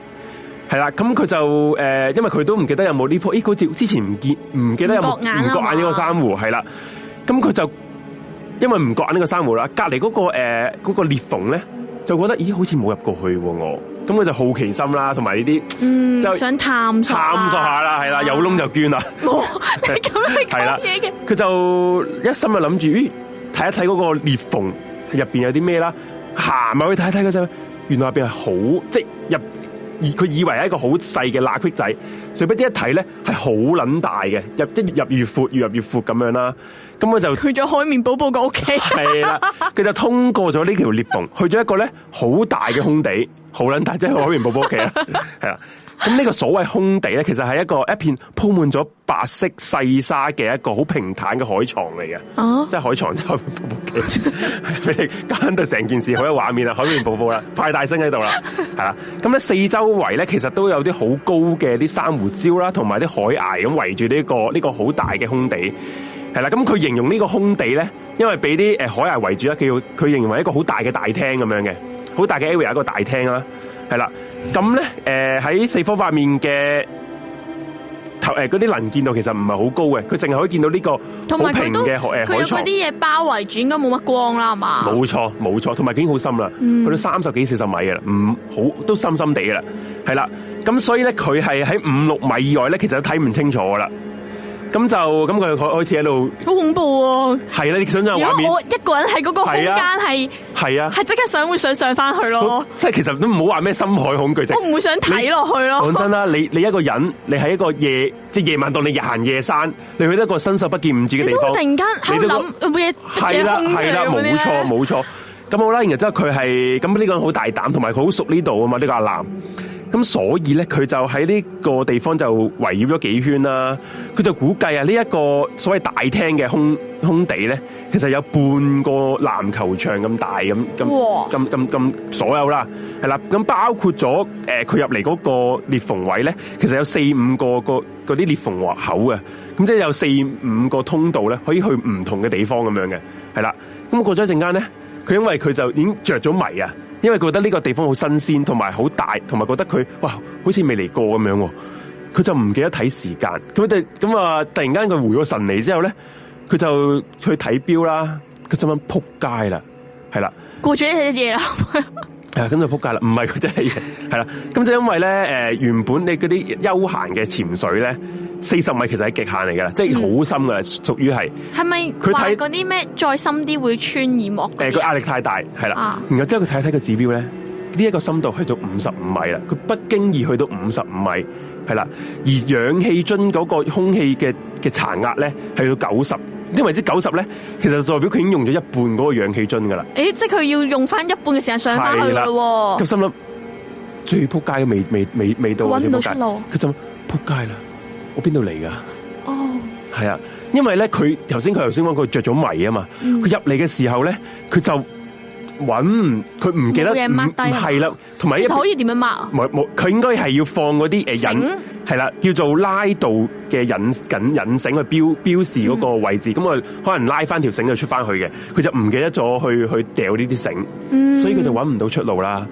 係啦。咁佢就誒，因為佢都唔記得有冇呢幅，咦、欸，好似之前唔見，唔記得有冇唔覺眼呢個珊瑚係啦。咁佢就。因為唔覺眼呢個珊瑚啦，隔籬嗰個誒嗰、呃嗰個裂縫咧，就覺得咦好似冇入過去我，咁、嗯、佢就好奇心啦，同埋呢啲，就想探索探索下啦，係啦，有窿就捐啦。冇，你咁樣去講嘢嘅。佢 就一心就諗住，咦睇一睇嗰個裂縫入邊有啲咩啦，行埋去睇一睇嗰陣，原來入邊係好即入，佢以為係一個好細嘅罅隙仔，誰不知一睇咧係好撚大嘅，入即越入越闊，越入越闊咁樣啦。咁我就去咗海綿寶寶個屋企，係啦，佢就通過咗呢條裂縫，去咗一個咧好大嘅空地，好 撚大，即、就、係、是、海綿寶寶屋企啦，係啦。咁呢個所謂空地咧，其實係一個一片鋪滿咗白色細沙嘅一個好平坦嘅海床嚟嘅，哦、啊，即係海床就海綿寶寶屋企。俾 你講到成件事好有畫面啦， 海綿寶寶啦，派大星喺度啦，係啦。咁咧四周圍咧其實都有啲好高嘅啲珊瑚礁啦，同埋啲海崖咁圍住呢個呢、這個好大嘅空地。係啦，咁佢形容呢個空地咧，因為俾啲誒海崖圍住啦，佢佢形容為一個好大嘅大廳咁樣嘅，好大嘅 area 一個大廳啦。係啦，咁咧誒喺四方八面嘅頭誒嗰啲能見度其實唔係好高嘅，佢淨係可以見到呢個好平嘅海誒海。佢有嗰啲嘢包圍住，應該冇乜光啦，係嘛？冇錯冇錯，同埋已經好深啦，去到三十幾四十米嘅啦，唔好都深深地啦。係啦，咁所以咧佢係喺五六米以外咧，其實都睇唔清楚噶啦。咁就咁佢開始喺度，好恐怖喎、啊！係啦、啊，你想就話，如果我一個人喺嗰個空間係係啊，係即、啊、刻想會想上翻去咯。即係其實都唔好話咩深海恐懼症，我唔會想睇落去咯。講真啦，你你一個人，你喺一個夜即係夜晚，到你夜行夜山，你去得一個伸手不見五指嘅地方，突然間喺度諗有冇嘢，係啦係啦，冇錯冇錯。咁好啦，然後、啊、之後佢係咁，呢個人好大膽，同埋佢好熟呢度啊嘛，呢、這個阿南。嗯咁所以咧，佢就喺呢個地方就圍繞咗幾圈啦、啊。佢就估計啊，呢、這、一個所謂大廳嘅空空地咧，其實有半個籃球場咁大，咁咁咁咁咁所有啦，係啦。咁包括咗佢入嚟嗰個裂縫位咧，其實有四五個嗰啲裂縫或口嘅。咁即係有四五個通道咧，可以去唔同嘅地方咁樣嘅，係啦。咁過咗一陣間咧，佢因為佢就已經著咗迷啊。因為覺得呢個地方好新鮮，同埋好大，同埋覺得佢哇好似未嚟過咁樣，佢就唔記得睇時間。咁佢哋咁啊，突然間佢回咗神嚟之後咧，佢就去睇錶啦。佢就咁樣扑街啦，係啦，顧住啲嘢啦，係 啊，咁就扑街啦。唔係佢真係，係 啦。咁就因為咧，誒、呃，原本你嗰啲休閒嘅潛水咧。四十米其實係極限嚟嘅，即係好深嘅，屬於係。係咪佢睇嗰啲咩再深啲會穿耳膜？誒、嗯，佢壓力太大，係啦、啊。然後之後佢睇一睇個指標咧，呢、這、一個深度去到五十五米啦，佢不經意去到五十五米，係啦。而氧氣樽嗰個空氣嘅嘅殘壓咧，去到九十，90, 因為呢個位九十咧，其實就代表佢已經用咗一半嗰個氧氣樽噶啦。誒、欸，即係佢要用翻一半嘅時間上翻去啦。咁心諗，最扑街嘅味味味味道，搵唔到出路？佢就扑街啦。我邊度嚟噶？哦，係啊，因為咧，佢頭先佢頭先講佢着咗迷啊嘛，佢入嚟嘅時候咧，佢就揾唔，佢唔記得，冇嘢抹低係啦，同、嗯、埋可以點樣抹？冇冇，佢應該係要放嗰啲誒引，係啦，叫做拉道嘅引緊引繩去標標示嗰個位置，咁、嗯、啊、嗯、可能拉翻條繩就出翻去嘅，佢就唔記得咗去去掉呢啲繩，所以佢就揾唔到出路啦，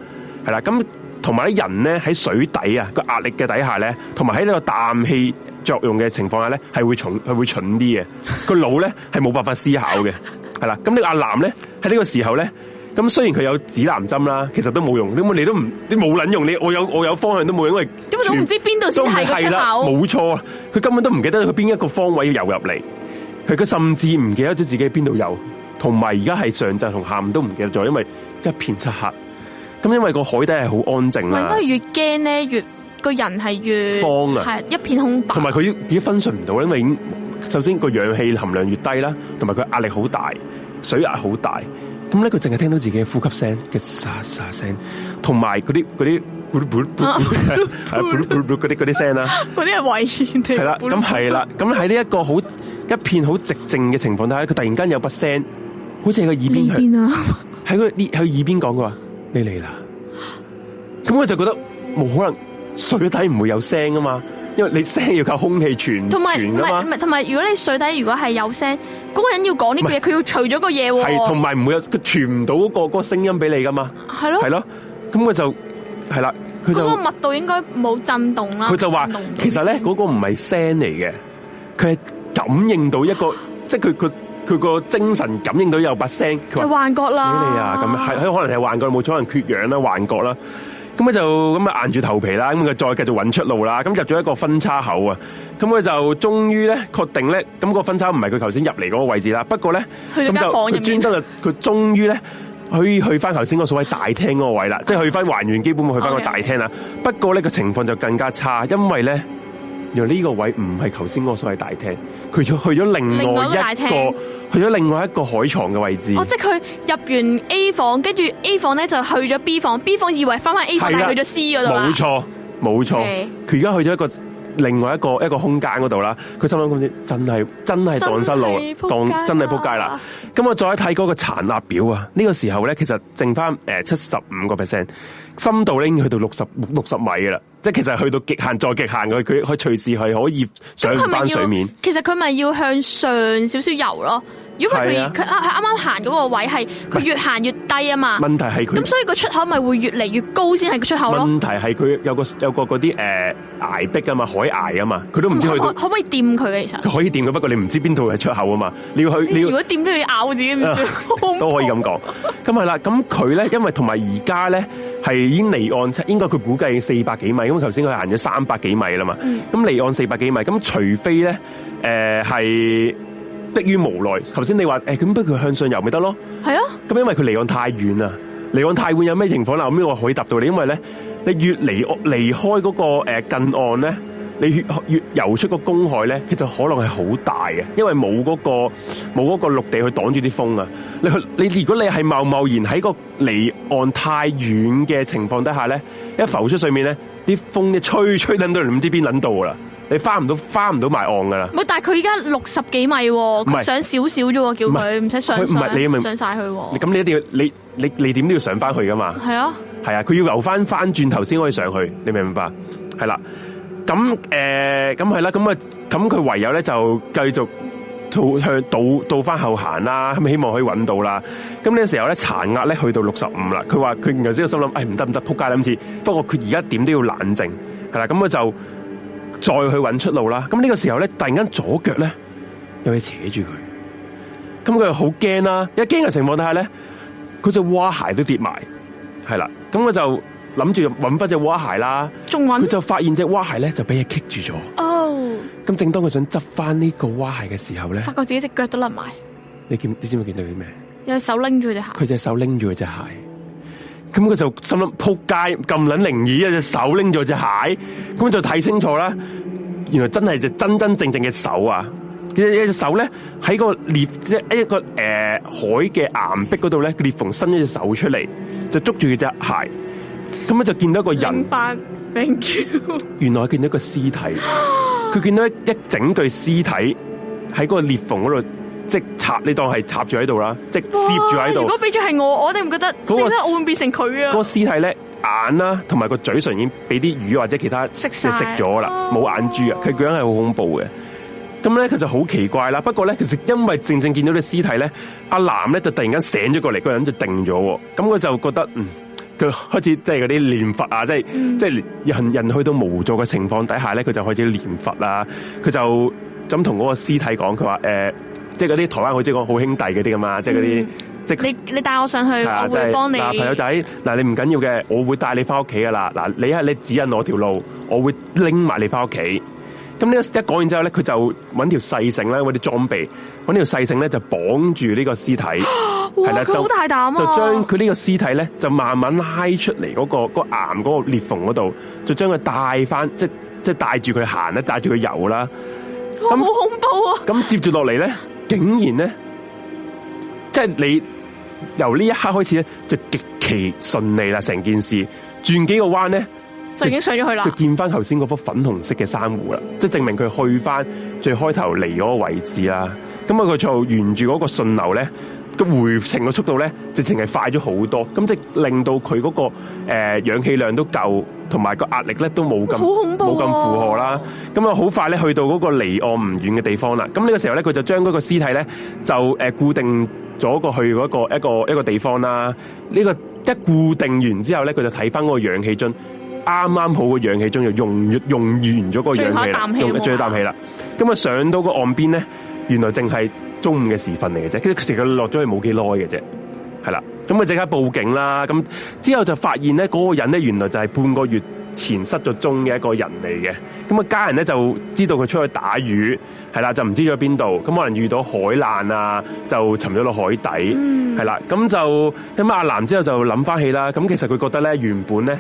係啦，咁。同埋啲人咧喺水底啊個壓力嘅底下咧，同埋喺呢個氮氣作用嘅情況下咧，係會蠢係會蠢啲嘅， 個腦咧係冇辦法思考嘅，係啦。咁呢個阿藍咧喺呢個時候咧，咁雖然佢有指南針啦，其實都冇用，你都唔，冇卵用。你我有我有方向都冇用，因為都知都錯，根本都唔知邊度先係個出口。冇錯，佢根本都唔記得佢邊一個方位要游入嚟。佢甚至唔記得咗自己喺邊度游，同埋而家係上晝同下午都唔記得咗，因為一片漆黑。咁因為個海底係好安靜啦，咪因為越驚咧，越個人係越慌啊，係一片空白。同埋佢已經分身唔到咧，因為已首先個氧氣含量越低啦，同埋佢壓力好大，水壓好大。咁咧佢淨係聽到自己嘅呼吸聲嘅沙沙聲，同埋嗰啲嗰啲嗰啲嗰啲嗰啲聲啦，嗰啲係危險嚟。係啦，咁係啦，咁喺呢一個好一片好寂靜嘅情況底下，佢突然間有把聲，好似喺個耳邊啊，喺個耳喺耳邊講嘅話。犀利啦！咁我就覺得冇可能水底唔會有聲噶嘛，因為你聲要靠空氣傳傳噶嘛，唔係同埋如果你水底如果係有聲，嗰個人要講呢句嘢，佢要除咗個嘢，係同埋唔會有佢傳唔到個個聲音俾你噶嘛，係咯係咯，咁佢就係啦，佢就嗰個密度應該冇震動啦，佢就話其實咧嗰個唔係聲嚟嘅，佢係感應到一個即係佢佢。佢個精神感應到有把聲，佢話幻覺啦，咁啊，係佢可能係幻覺，冇錯，可能缺氧啦、幻覺啦。咁佢就咁啊硬住頭皮啦，咁佢再繼續揾出路啦。咁入咗一個分叉口啊，咁佢就終於咧確定咧，咁個分叉唔係佢頭先入嚟嗰個位置啦。不過咧，咁就佢專登就佢終於咧可以去翻頭先嗰所謂大廳嗰個位啦，即係去翻還原基本去翻個大廳啦。不過咧個情況就更加差，因為咧。呢個位唔係頭先我所謂大廳，佢去去咗另外一個，一個大廳去咗另外一個海床嘅位置。哦，即係佢入完 A 房，跟住 A 房咧就去咗 B 房，B 房以為翻翻 A 房，但係去咗 C 噶啦。冇錯，冇錯，佢而家去咗一個另外一個一個空間嗰度啦。佢心諗公司真係真係蕩失路，當真係扑街啦。咁我再睇嗰個殘納表啊，呢、呢個時候咧其實剩翻誒七十五個 percent。深度已經去到六十六十米嘅啦，即係其實去到極限再極限嘅，佢佢隨時係可以上翻水面。其實佢咪要向上少少游咯。如果佢佢啱啱行嗰個位係佢越行越低啊嘛是，問題係佢咁，所以個出口咪會越嚟越高先係個出口咯。問題係佢有個有個嗰啲誒崖壁啊嘛，海崖啊嘛，佢都唔知去到可唔可以掂佢其實？可以掂，嘅，不過你唔知邊度係出口啊嘛，你要去。你，要你，要你要如果掂都要咬自己， 可怕笑都可以咁講。咁係啦，咁佢咧，因為同埋而家咧係已經離岸，應該佢估計四百幾米，因為頭先佢行咗三百幾米啦嘛。咁、嗯、離岸四百幾米，咁除非咧誒係。呃是迫於無奈，頭先你話誒咁，逼佢向上遊咪得咯？係啊，咁因為佢離岸太遠啦，離岸太遠有咩情況啦？咁邊我可以搭到你？因為咧，你越離開嗰個近岸咧，你越越遊出個公海咧，其實可能係好大嘅，因為冇嗰個冇嗰個陸地去擋住啲風啊！你你如果你係貿貿然喺個離岸太遠嘅情況底下咧，一浮出水面咧，啲風一吹吹等到唔知邊撚度啦～你翻唔到翻唔到埋岸噶啦！唔係，但係佢而家六十幾米，上少少啫喎，叫佢唔使上去。上晒佢。唔係，你明唔明？咁你一定要你你你點都要上翻去噶嘛？係啊，係啊！佢要由翻翻轉頭先可以上去，你明唔明白？係啦，咁誒，咁係啦，咁啊，咁佢、呃啊、唯有咧就繼續向倒倒翻後行啦，咁希望可以揾到啦。咁呢個時候咧，殘壓咧去到六十五啦。佢話佢頭先個心諗，唉、哎，唔得唔得，扑街啦今次。不過佢而家點都要冷靜，係啦、啊，咁啊就。再去揾出路啦！咁呢個時候咧，突然間左腳咧有嘢扯住佢，咁佢又好驚啦！一驚嘅情況底下咧，佢隻蛙鞋都跌埋，係啦！咁我就諗住揾翻隻蛙鞋啦，仲佢就發現隻蛙鞋咧就俾佢棘住咗。哦！咁正當佢想執翻呢個蛙鞋嘅時候咧，發覺自己隻腳都甩埋。你見你知唔知見到啲咩？有手拎住隻鞋，佢隻手拎住隻鞋。咁佢就心諗扑街咁捻靈異，一隻手拎咗隻蟹咁就睇清楚啦。原來真係隻真真正正嘅手啊！其實一隻手咧喺個裂，一個誒、呃、海嘅岩壁嗰度咧裂縫伸一隻手出嚟，就捉住嘅隻蟹。咁樣就見到一個人，thank you. 原來係見到一個屍體。佢見到一整具屍體喺個裂縫嗰度。即插，你當係插住喺度啦，即攝住喺度。如果俾咗係我，我都唔覺得、嗰個嗰個。我會變成佢啊！嗰個屍體咧，眼啦，同埋個嘴唇已經俾啲魚或者其他就食咗啦，冇眼珠啊。佢、哦、個人係好恐怖嘅。咁咧，佢就好奇怪啦。不過咧，其實因為正正見到個屍體咧，阿南咧就突然間醒咗過嚟，個人就定咗。咁佢就覺得嗯，佢開始即係嗰啲唸佛啊，即係即係、嗯、人人去到無助嘅情況底下咧，佢就開始唸佛啊。佢就咁同嗰個屍體講，佢話誒。欸即係嗰啲台灣好即係講好兄弟嗰啲㗎嘛！即係嗰啲即係你你帶我上去，啊、我會幫你、就是呃。朋友仔嗱、呃，你唔緊要嘅，我會帶你翻屋企噶啦。嗱、呃，你係你指引我條路，我會拎埋你翻屋企。咁、嗯、呢一講完之後咧，佢就揾條細繩啦，揾啲裝備，揾條細繩咧就綁住呢個屍體。哇！咁好、啊、大膽啊！就將佢呢個屍體咧，就慢慢拉出嚟嗰、嗰個岩嗰、嗰個、個裂縫嗰度，就將佢帶翻，即即帶住佢行啦，帶住佢游啦。咁、啊、好恐怖啊！咁、嗯、接住落嚟咧。竟然咧，即係你由呢一刻開始咧，就極其順利啦！成件事轉幾個彎咧，就已經上咗去啦。就見翻頭先嗰幅粉紅色嘅珊瑚啦，即係證明佢去翻最開頭嚟嗰個位置啦。咁啊，佢就沿住嗰個順流咧。個回程嘅速度咧，直情係快咗好多，咁即令到佢嗰個誒氧氣量都夠，同埋個壓力咧都冇咁冇咁負荷啦。咁啊，好快咧去到嗰個離岸唔遠嘅地方啦。咁、這、呢個時候咧，佢就將嗰個屍體咧就誒固定咗過去嗰個一個一個地方啦。呢、這個一固定完之後咧，佢就睇翻嗰個氧氣樽，啱啱好個氧氣樽就用用完咗個氧氣啦，最後一啖氣啦。咁啊，上到個岸邊咧，原來淨係。中午嘅時分嚟嘅啫，跟住佢成日落咗去冇幾耐嘅啫，係啦，咁佢即刻報警啦，咁之後就發現咧嗰個人咧原來就係半個月前失咗蹤嘅一個人嚟嘅，咁啊家人咧就知道佢出去打魚，係啦就唔知咗邊度，咁可能遇到海難啊就沉咗落海底，係啦，咁就咁阿蘭之後就諗翻起啦，咁其實佢覺得咧原本咧。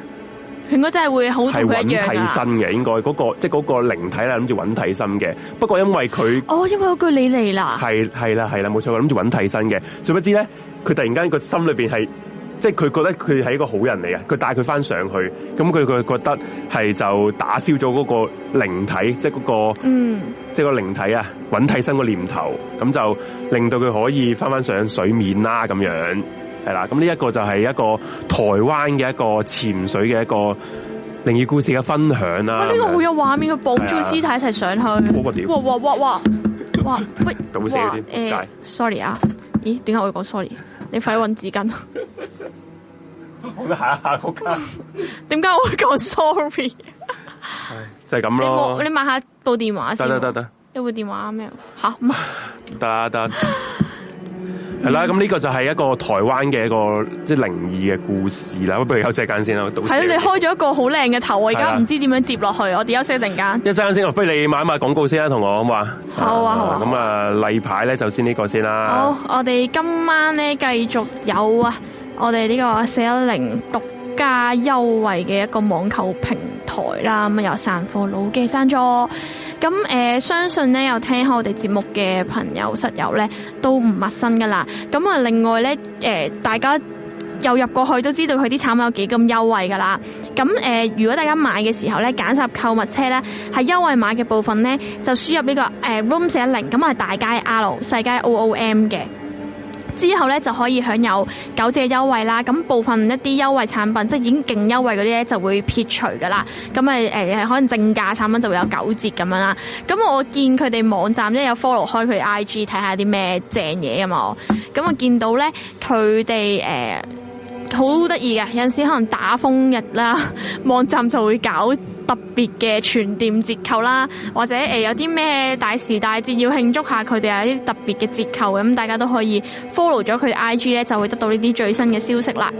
應該真係會好唔一樣啊！係揾替身嘅，應該嗰個即係嗰個靈體啦，諗住揾替身嘅。不過因為佢哦，因為嗰句你嚟啦，係係啦係啦，冇錯，諗住揾替身嘅。做乜知咧？佢突然間個心裏邊係，即係佢覺得佢係一個好人嚟啊！佢帶佢翻上去，咁佢佢覺得係就打消咗嗰個靈體，即係嗰個嗯，即係個靈體啊，揾替身個念頭，咁就令到佢可以翻翻上水面啦，咁樣。係啦，咁呢一個就係一個台灣嘅一個潛水嘅一個靈異故事嘅分享啦、啊這個啊。哇，呢個好有畫面，佢綁住個屍體一齊上去。好個點？哇喂，咁會死啲？sorry 啊，咦？點、哎、解我會講 sorry？你快搵紙巾。我再下下嗰間。點解我會講 sorry？就係咁咯。你抹下部電話先。得得得得。有部電話咩？吓得得。係、嗯、啦，咁呢個就係一個台灣嘅一個即係靈異嘅故事啦。不如休息間先啦，讀。係咯，你開咗一個好靚嘅頭，我而家唔知點樣接落去，我哋休息一陣間。休息一陣間先，不如你買一買廣告先啦，同我好嘛？好啊，好啊。咁、嗯、啊、例、啊、牌咧就先呢個先啦。好，我哋今晚咧繼續有啊，我哋呢個四一零讀加優惠嘅一個網購平台啦，咁有散貨佬嘅贊助，咁誒、呃，相信咧有聽開我哋節目嘅朋友室友咧都唔陌生噶啦，咁啊，另外咧誒、呃，大家又入過去都知道佢啲產品有幾咁優惠噶啦，咁誒、呃，如果大家買嘅時候咧，揀入購物車咧，喺優惠碼嘅部分咧，就輸入呢、這個誒、呃、room 四一零，咁係大街 R 細街 O O M 嘅。之後咧就可以享有九折嘅優惠啦，咁部分一啲優惠產品即係已經勁優惠嗰啲咧就會撇除噶啦，咁咪可能正價產品就會有九折咁樣啦。咁我見佢哋網站咧，有 follow 開佢 IG 睇下啲咩正嘢啊嘛，咁我見到咧佢哋誒好得意嘅，有陣時可能打風日啦，網站就會搞特別嘅全店折扣啦，或者誒有啲咩大時大節要慶祝下佢哋，佢哋有啲特別嘅折扣，咁大家都可以 follow 咗佢 IG 咧，就會得到呢啲最新嘅消息啦。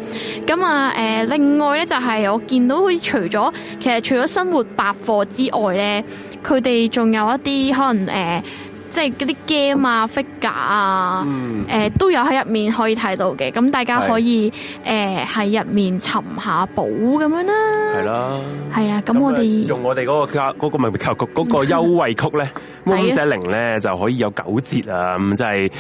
咁啊誒，另外咧就係我見到除咗，佢除咗其實除咗生活百貨之外咧，佢哋仲有一啲可能誒。呃即係嗰啲 game 啊、figure 啊，誒、嗯呃、都有喺入面可以睇到嘅，咁大家可以誒喺入面尋下寶咁樣啦。係啦，係啊，咁我哋、嗯、用我哋嗰、嗰個卡嗰、嗰個咪咪購嗰個優惠曲咧，冇 寫零咧就可以有九折啊！咁即係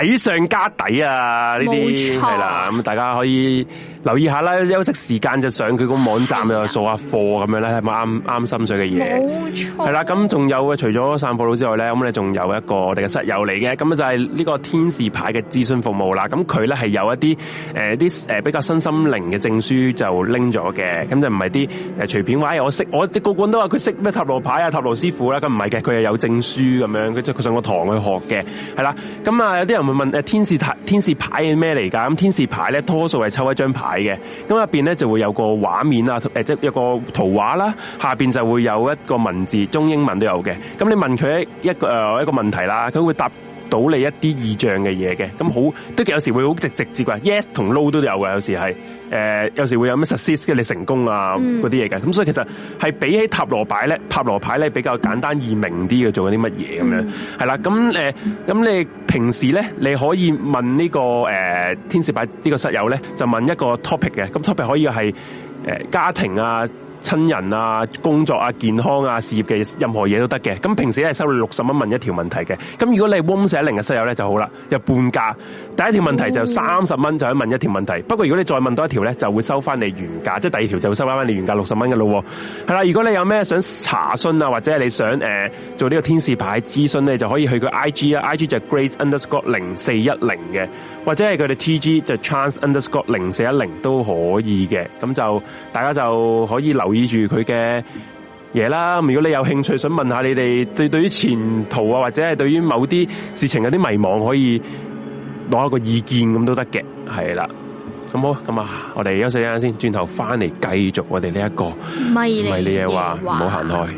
抵上加抵啊！呢啲係啦，咁大家可以留意一下啦。休息時間就上佢個網站又掃下貨咁樣咧，係咪啱啱心水嘅嘢。冇錯。係啦，咁仲有嘅，除咗散貨佬之外咧，咁你仲有？一個我哋嘅室友嚟嘅，咁就係呢個天使牌嘅諮詢服務啦。咁佢咧係有一啲誒啲誒比較身心靈嘅證書就拎咗嘅，咁就唔係啲誒隨便玩、哎。我，我識我個個都話佢識咩塔羅牌啊，塔羅師傅啦，咁唔係嘅，佢又有證書咁樣，佢即佢上個堂去學嘅，係啦。咁啊有啲人會問誒、呃、天，天使牌天使牌係咩嚟噶？咁天使牌咧，多數係抽一張牌嘅，咁入邊咧就會有個畫面啊誒即有一個圖畫啦，下邊就會有一個文字，中英文都有嘅。咁你問佢一個誒、呃、一個問題啦，佢會答到你一啲意象嘅嘢嘅，咁好都有時會好直直接嘅，yes 同 no 都有嘅，有時係誒、嗯，有時會有咩 success 嘅，你成功啊嗰啲嘢嘅，咁所以其實係比起塔羅牌咧，塔羅牌咧比較簡單易明啲嘅，做緊啲乜嘢咁樣，係啦，咁、嗯、誒，咁、呃、你平時咧你可以問呢、這個誒、呃、天使牌呢個室友咧，就問一個 topic 嘅，咁 topic 可以係誒、呃、家庭啊。親人啊、工作啊、健康啊、事業嘅任何嘢都得嘅。咁平時咧係收你六十蚊問一條問題嘅。咁如果你係 Room 410嘅室友咧就好啦，有半價。第一條問題就三十蚊就可以問一條問題，嗯。不過如果你再問多一條咧，就會收翻你原價，即係第二條就會收翻翻你原價六十蚊嘅咯。係啦，如果你有咩想查詢啊，或者你想、呃、做呢個天使牌諮詢咧，就可以去佢 IG 啊，IG 就 Grace Underscore 零四一零嘅，或者係佢哋 TG 就 Chance Underscore 零四一零都可以嘅。咁就大家就可以留留意住佢嘅嘢啦。如果你有興趣想問，問下你哋對對於前途啊，或者係對於某啲事情有啲迷茫，可以攞一個意見咁都得嘅。係啦，咁好，咁啊，我哋休息一陣先，轉頭翻嚟繼續我哋呢一個迷離夜話，唔好行開。啊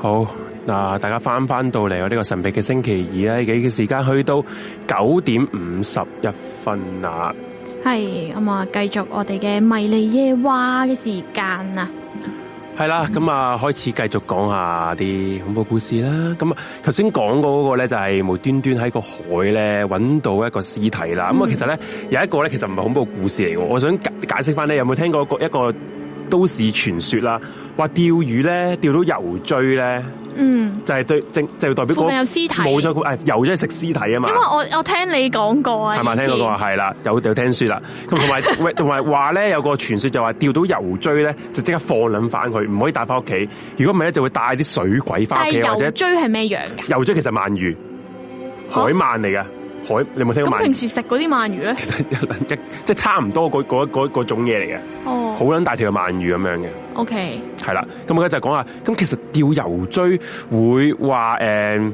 好，嗱，大家翻翻到嚟我呢個神秘嘅星期二啦，幾嘅時間去到九點五十一分啦，係咁啊，繼續我哋嘅迷離夜話嘅時間啊，係啦，咁啊、嗯，開始繼續講下啲恐怖故事啦。咁啊，頭先講過嗰個咧就係無端端喺個海咧搵到一個屍體啦。咁、嗯、啊，其實咧有一個咧其實唔係恐怖故事嚟嘅，我想解解釋翻咧，有冇聽過一個？都市傳說啦，話釣魚呢，釣到油錐呢，嗯，就係、是、對個就，就，就代表附近有屍體，冇錯，誒油係食屍體啊嘛，因為我，我聽你講過啊，係咪？聽到過講話係啦，有聽說啦，咁同埋同埋話呢，有個傳說就話釣到油錐呢，就即刻放撚返佢，唔可以帶返屋企，如果唔係咧就會帶啲水鬼返屋企，或者錐係咩樣嘅？油錐其實鰻魚海鰻嚟嘅。海，你有冇聽過？咁平時食嗰啲鰻魚咧？其實一,一,一、即係差唔多嗰、嗰、種嘢嚟嘅。哦、oh，好撚大條嘅鰻魚咁樣嘅。OK，係啦。咁我而家就講下，咁其實釣油錐會話誒、呃、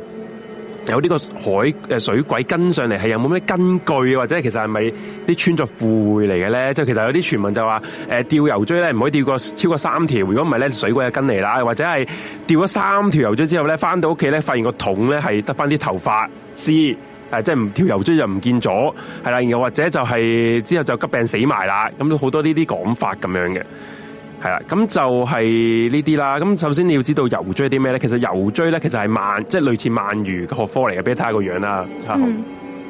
有呢個海誒、呃、水鬼跟上嚟，係有冇咩根據或者其實係咪啲穿鑿附會嚟嘅咧？即係其實有啲傳聞就話誒釣油錐咧唔可以釣過超過三條，如果唔係咧水鬼就跟嚟啦，或者係釣咗三條油錐之後咧翻到屋企咧發現個桶咧係得翻啲頭髮絲。絲誒，即係唔跳油錐就唔見咗，係啦，然後或者就係之後就急病死埋啦，咁都好多呢啲講法咁樣嘅，係啦，咁就係呢啲啦。咁首先你要知道油錐啲咩咧？其實油錐咧，其實係鰻即係類似鰻魚嘅學科嚟嘅，俾你睇下個樣啦。嗯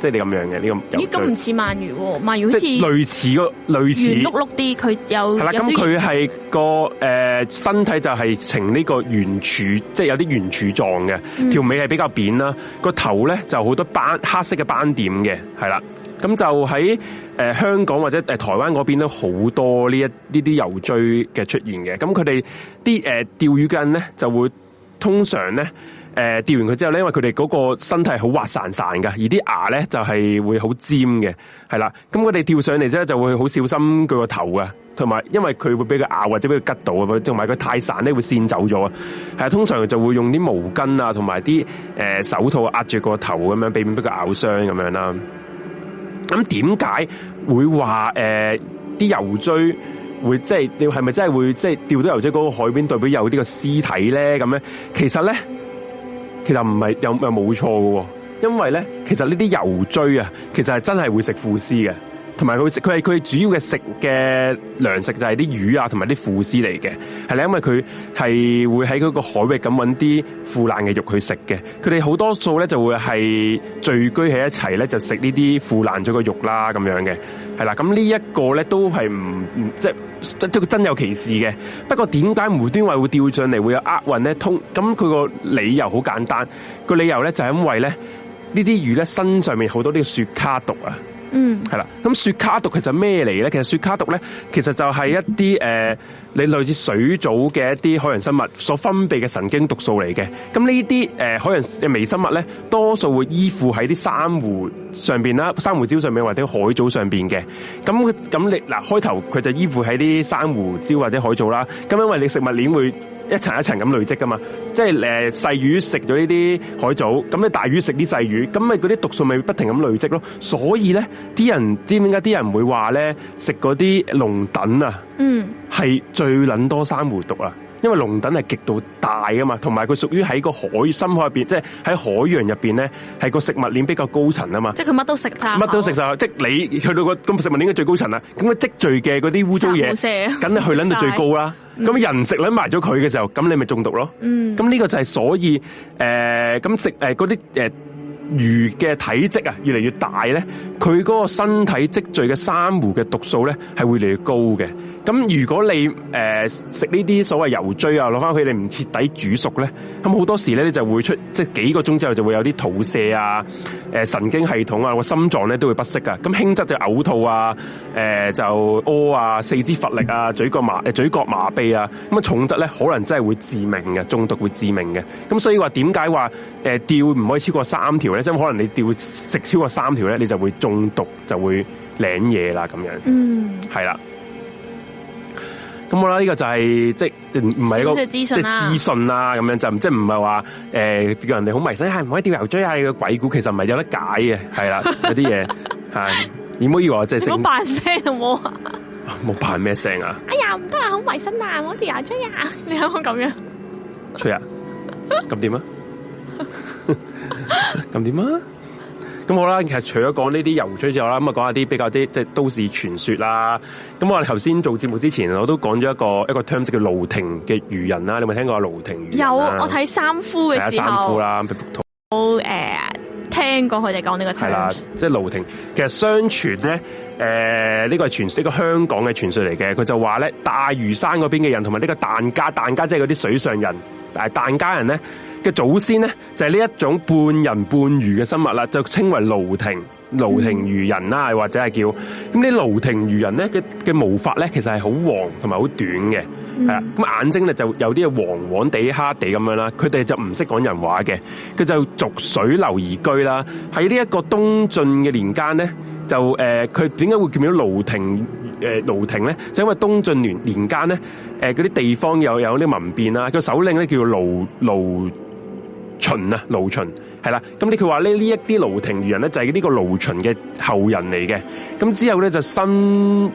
即係咁樣嘅呢、這個有。咦、嗯？咁唔似鰻魚喎、哦，鰻魚好似。即類似個類似。圓碌碌啲，佢有。嗱，咁佢係個誒身體就係呈呢個圓柱，即、就、係、是、有啲圓柱狀嘅。條尾係比較扁啦，個頭咧就好多斑黑色嘅斑點嘅，係啦。咁就喺誒、呃、香港或者誒台灣嗰邊都好多呢一呢啲油錐嘅出現嘅。咁佢哋啲誒釣魚嘅人咧就會通常咧。誒，釣完佢之後咧，因為佢哋嗰個身體好滑潺潺噶，而啲牙咧就係會好尖嘅，係啦。咁佢哋釣上嚟之後就會好小心佢個頭噶，同埋因為佢會俾佢咬或者俾佢拮到啊，同埋佢太散咧會跣走咗啊。係啊，通常就會用啲毛巾啊，同埋啲誒手套壓住個頭咁樣，避免俾佢咬傷咁樣啦。咁點解會話誒啲油錐會即係，你係咪真係會即係釣到油錐嗰個海邊代表有啲個屍體咧？咁咧，其實咧。其實唔係又又冇錯嘅，因為呢，其實呢啲油錐啊，其實係真係會食腐屍嘅。同埋佢食，佢係佢主要嘅食嘅糧食就係啲魚啊，同埋啲腐屍嚟嘅，係啦，因為佢係會喺嗰個海域咁搵啲腐爛嘅肉去食嘅。佢哋好多數咧就會係聚居喺一齊咧，就食呢啲腐爛咗嘅肉啦，咁樣嘅係啦。咁呢一個咧都係唔唔即係即真有其事嘅。不過點解無端為什麼會釣上嚟會有厄運咧？通咁佢個理由好簡單，個理由咧就係、是、因為咧呢啲魚咧身上面好多啲雪卡毒啊。嗯，係啦，咁雪卡毒其實咩嚟咧？其實雪卡毒咧，其實就係一啲誒、呃，你類似水藻嘅一啲海洋生物所分泌嘅神經毒素嚟嘅。咁呢啲誒海洋微生物咧，多數會依附喺啲珊瑚上面啦、珊瑚礁上面或者海藻上面嘅。咁咁你嗱、呃、開頭佢就依附喺啲珊瑚礁或者海藻啦。咁因為你食物鏈會，一層一層咁累積噶嘛，即係誒細魚食咗呢啲海藻，咁你大魚食啲細魚，咁咪嗰啲毒素咪不停咁累積咯。所以咧，啲人知唔知點解啲人會話咧食嗰啲龍躉啊？嗯，係最捻多珊瑚毒啊！因為龍躉係極度大噶嘛，同埋佢屬於喺個海深海入邊，即係喺海洋入邊咧係個食物鏈比較高層啊嘛。即係佢乜都食，佢乜都食晒，即係你去到個咁食物鏈嘅最高層啦，咁佢積聚嘅嗰啲污糟嘢，梗係去捻到最高啦。咁、嗯、人食甩埋咗佢嘅時候，咁你咪中毒咯。嗯，咁呢個就係所以，誒、呃、咁食誒嗰啲誒。呃魚嘅體積啊，越嚟越大咧，佢個身體積聚嘅珊瑚嘅毒素咧，係會嚟越高嘅。咁如果你誒、呃、食呢啲所謂油椎啊，攞翻去你唔徹底煮熟咧，咁好多時咧你就會出即係幾個鐘之後就會有啲吐瀉啊、誒、呃、神經系統啊、個心臟咧都會不適啊，咁輕則就嘔吐啊、誒、呃、就屙啊、四肢乏力啊、嘴角麻、誒、呃、嘴角麻痹啊。咁啊重則咧可能真係會致命嘅，中毒會致命嘅。咁所以話點解話誒釣唔可以超過三條咧？即可能你掉食超過三條咧，你就會中毒，就會領嘢啦咁樣。嗯，係啦。咁我諗呢個就係、是、即唔係一個、啊、即係資訊啊咁樣就即係唔係話誒叫人哋好迷信，係唔可以掉油椎啊？個鬼故，其實唔係有得解嘅，係 啦，有啲嘢係。你唔好以為我真係食。冇扮聲啊！冇，冇扮咩聲啊！哎呀，唔得啊！好迷信啊！我掉牙椎啊！你有冇咁樣？ 吹啊！咁點啊？咁 點啊？咁好啦，其實除咗講呢啲游吹之外啦，咁啊講下啲比較啲即係都市傳說啦。咁我哋頭先做節目之前，我都講咗一個一個 terms 叫盧亭嘅漁人啦。你有冇聽過盧亭？有，我睇三夫嘅時候。睇三夫啦，幅、啊、圖。我誒，uh, 聽過佢哋講呢個 terms 係啦，即係盧亭其實相傳咧，誒、呃、呢、這個係傳說，呢、這個香港嘅傳說嚟嘅。佢就話咧，大嶼山嗰邊嘅人同埋呢個疍家疍家即係嗰啲水上人，但係疍家人咧。嘅祖先咧就係、是、呢一種半人半魚嘅生物啦，就稱為盧亭盧亭魚人啦，嗯、或者係叫咁啲盧亭魚人咧嘅嘅毛髮咧，其實係好黃同埋好短嘅，係、嗯、咁眼睛咧就有啲黃黃地、黑地咁樣啦，佢哋就唔識講人話嘅，佢就逐水流而居啦。喺呢一個東晉嘅年間咧，就誒，佢點解會叫到盧亭誒盧、呃、呢，咧？就是、因為東晉年年間咧，誒嗰啲地方有有啲民變啦，個首領咧叫盧盧。盧循啊，盧循係啦，咁你佢話呢一啲盧亭魚人咧就係呢個盧循嘅後人嚟嘅，咁之後咧就新誒、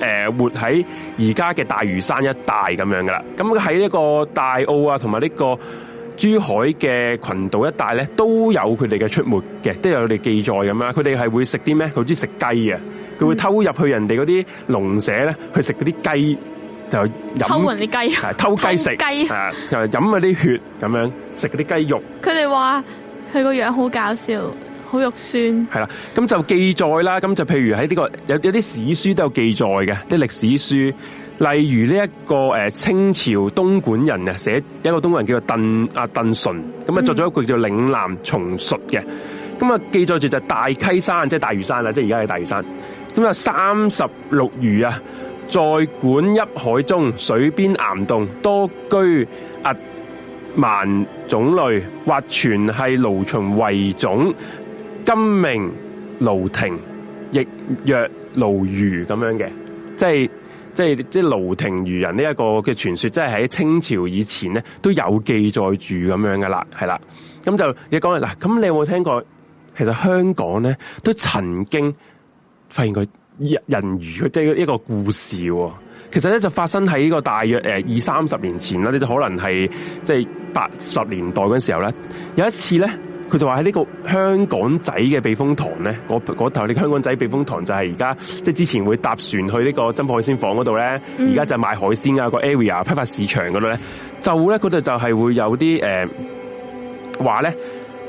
呃、活喺而家嘅大嶼山一帶咁樣噶啦，咁喺呢個大澳啊同埋呢個珠海嘅群島一帶咧都有佢哋嘅出沒嘅，都有佢哋記載咁樣。佢哋係會食啲咩？佢好似食雞啊，佢會偷入去人哋嗰啲農舍咧去食嗰啲雞。就偷人啲雞，偷雞食，就飲嗰啲血咁樣，食嗰啲雞肉。佢哋話佢個樣好搞笑，好肉酸。係啦，咁就記載啦，咁就譬如喺呢、這個有有啲史書都有記載嘅，啲歷史書，例如呢一個誒清朝東莞人啊，寫一個東莞人叫做鄧阿鄧純，咁啊就作咗一部叫做《嶺南叢述》嘅、嗯，咁啊記載住就是、大溪山，即、就、係、是、大嶼山啦，即係而家係大嶼山，咁、就是、有三十六嶼啊。在莞邑海中水邊岩洞多居阿、啊、蠻種類或全係盧循為種，今名盧亭，亦若盧魚咁樣嘅，即係即係即係盧亭漁人呢一個嘅傳說，即係喺清朝以前咧都有記載住咁樣噶啦，係啦，咁就你講啦，嗱，咁你有冇聽過？其實香港咧都曾經發現佢。人人魚，佢即係一個故事。其實咧就發生喺呢個大約誒二三十年前啦，呢可能係即係八十年代嗰陣時候咧，有一次咧，佢就話喺呢個香港仔嘅避風塘咧，嗰嗰頭，啲香港仔避風塘就係而家即係之前會搭船去呢個珍寶海鮮舫嗰度咧，而、嗯、家就賣海鮮啊、那個 area 批發市場嗰度咧，就咧嗰度就係會有啲誒話咧，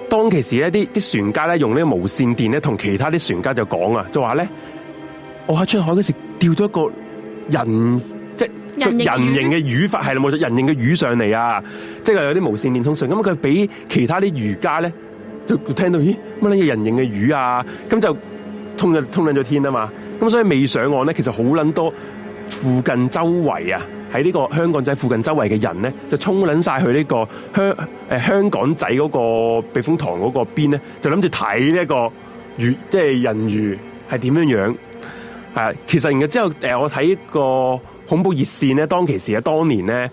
當其時呢啲啲船家咧用呢個無線電咧同其他啲船家就講啊，就話咧。我喺出海嗰時釣咗一個人，即係人，人形嘅魚法，係啦，冇咗人形嘅魚，魚上嚟啊！即係有啲無線電通訊，咁佢俾其他啲漁家咧，就聽到咦乜呢？人形嘅魚啊！咁就通咗通捻咗天啊嘛！咁所以未上岸咧，其實好捻多附近周圍啊，喺呢個香港仔附近周圍嘅人咧，就衝捻晒去呢個香誒香港仔嗰個避風塘嗰個邊咧，就諗住睇呢一個魚，即、就、係、是、人魚係點樣樣。係，其實完嘅之後，誒我睇個恐怖熱線咧，當其時啊，當年咧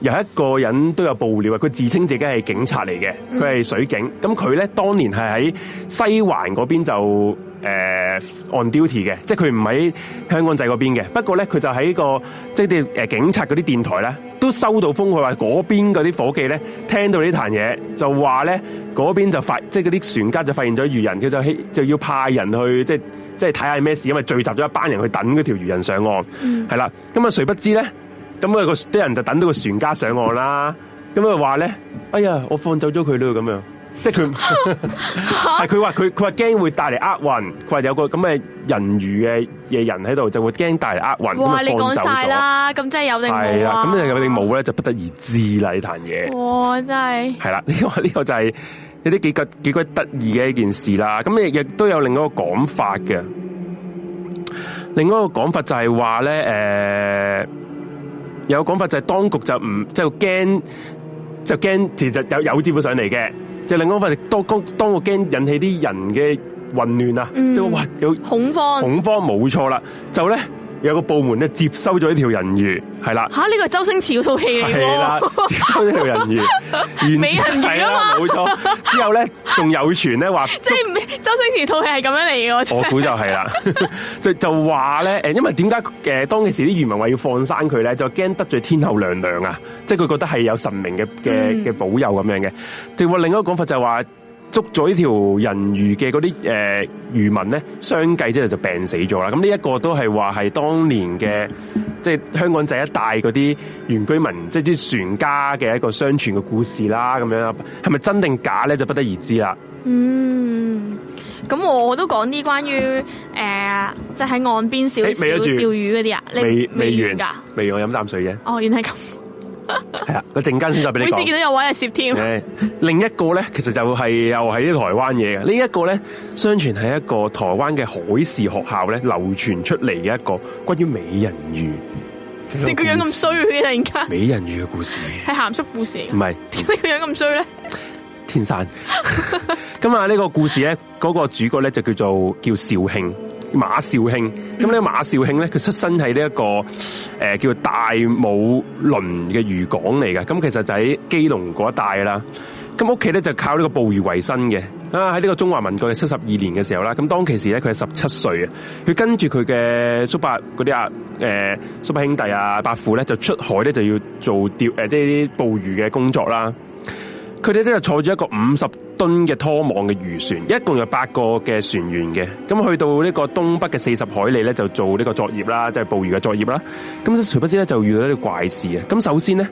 有一個人都有報料啊，佢自稱自己係警察嚟嘅，佢係水警，咁佢咧當年係喺西環嗰邊就誒、呃、on duty 嘅，即係佢唔喺香港仔嗰邊嘅，不過咧佢就喺個即係啲誒警察嗰啲電台咧，都收到風，佢話嗰邊嗰啲伙計咧，聽到呢壇嘢就話咧，嗰邊就發，即係嗰啲船家就發現咗漁人，佢就起就要派人去，即係即係睇下咩事，因為聚集咗一班人去等嗰條漁人上岸，係、嗯、啦。咁啊，誰不知咧？咁啊，個啲人就等到個船家上岸啦。咁佢話咧，哎呀，我放走咗佢咯，咁樣，即係佢係佢話佢佢話驚會帶嚟厄運，佢話有個咁嘅人魚嘅。嘅人喺度就會驚帶嚟厄運，咁放走咗你講晒啦，咁真係有定冇？係啦，咁你有定冇咧、啊、就不得而知啦。呢壇嘢。哇，真係。係啦，呢、這個呢、這個就係、是、有啲幾鬼幾鬼得意嘅一件事啦。咁亦亦都有另一個講法嘅。另一個講法就係話咧，誒、呃，有講法就係當局就唔即係就驚就驚其實有有資本上嚟嘅。就另一個講法、就是，當當當我驚引起啲人嘅。混亂啊、嗯！就哇，有恐慌，恐慌冇錯啦。就咧有個部門咧接收咗呢條人魚，係啦。吓，呢個係周星馳套戲嚟啦，接收呢條人魚， 美人魚啊嘛，冇錯 。之後咧仲有傳咧話，即係周星馳套戲係咁樣嚟嘅。我估就係啦， 就就話咧，誒，因為點解誒當其時啲漁民話要放生佢咧，就驚得罪天后娘娘啊，即係佢覺得係有神明嘅嘅嘅保佑咁、嗯、樣嘅。另外另一個講法就係、是、話。捉咗呢條人魚嘅嗰啲誒漁民咧，相繼之後就病死咗啦。咁呢一個都係話係當年嘅，即係香港仔一帶嗰啲原居民，即係啲船家嘅一個相傳嘅故事啦。咁樣係咪真定假咧，就不得而知啦。嗯，咁我都講啲關於即係喺岸邊少少、欸、釣魚嗰啲啊，未未完未，完未完我飲啖水啫。哦，原來係咁。係 啊，一陣間先再俾你。每次見到有位人攝添。嗯、 另一個咧，其實就係又係台灣嘢嘅。這個，呢一個咧，相傳係一個台灣嘅海事學校咧流傳出嚟嘅一個關於美人魚。你、這個樣咁衰，突然間。美人魚嘅故事係咸叔故事，唔係。點解你 個樣咁衰咧？ 天山。咁啊，呢個故事咧，嗰，那個主角咧就叫做叫邵慶。馬兆慶咁咧，馬兆慶咧，佢出身喺呢一個誒叫大武崙嘅漁港嚟嘅。咁其實就喺基隆嗰一帶啦。咁屋企咧就靠呢個捕魚為生嘅啊。喺呢個中華民國嘅七十二年嘅時候啦，咁當其時咧佢係十七歲啊。佢跟住佢嘅叔伯嗰啲啊，誒叔伯兄弟啊、伯父咧，就出海咧就要做釣誒，即係捕魚嘅工作啦。佢哋咧就坐住一個五十噸嘅拖網嘅漁船，一共有八個嘅船員嘅，咁去到呢個東北嘅四十海里咧就做呢個作業啦，即係捕魚嘅作業啦。咁就殊不知咧就遇到一啲怪事啊！咁首先咧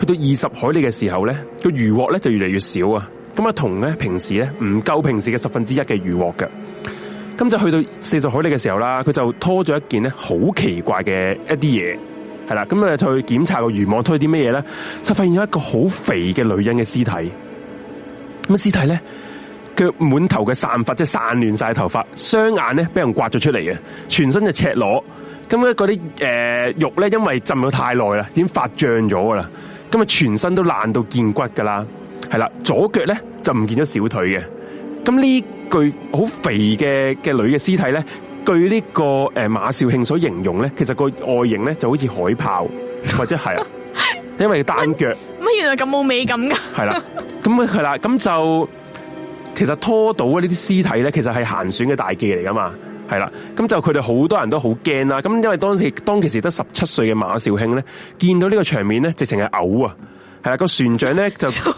去到二十海里嘅時候咧，個漁獲咧就越嚟越少啊！咁啊同咧平時咧唔夠平時嘅十分之一嘅漁獲嘅。咁就去到四十海里嘅時候啦，佢就拖咗一件咧好奇怪嘅一啲嘢。係啦，咁啊，去檢查個漁網推啲咩嘢，咧，就發現有一個好肥嘅女人嘅屍體。咁屍屍體咧，腳滿頭嘅散髮，即係散亂晒頭髮，雙眼咧俾人刮咗出嚟嘅，全身就赤裸。咁咧，嗰啲誒肉咧，因為浸咗太耐啦，已經發脹咗噶啦。咁啊，全身都爛到見骨噶啦。係啦，左腳咧就唔見咗小腿嘅。咁呢具好肥嘅嘅女嘅屍體咧。據呢個誒馬兆慶所形容咧，其實個外形咧就好似海豹，或者係啊，因為單腳。乜 原來咁冇美感噶？係 啦，咁啊係啦，咁就其實拖到呢啲屍體咧，其實係行船嘅大忌嚟噶嘛，係啦，咁就佢哋好多人都好驚啦，咁因為當時當其時得十七歲嘅馬兆慶咧，見到呢個場面咧，直情係嘔啊，係啦，個船長咧就。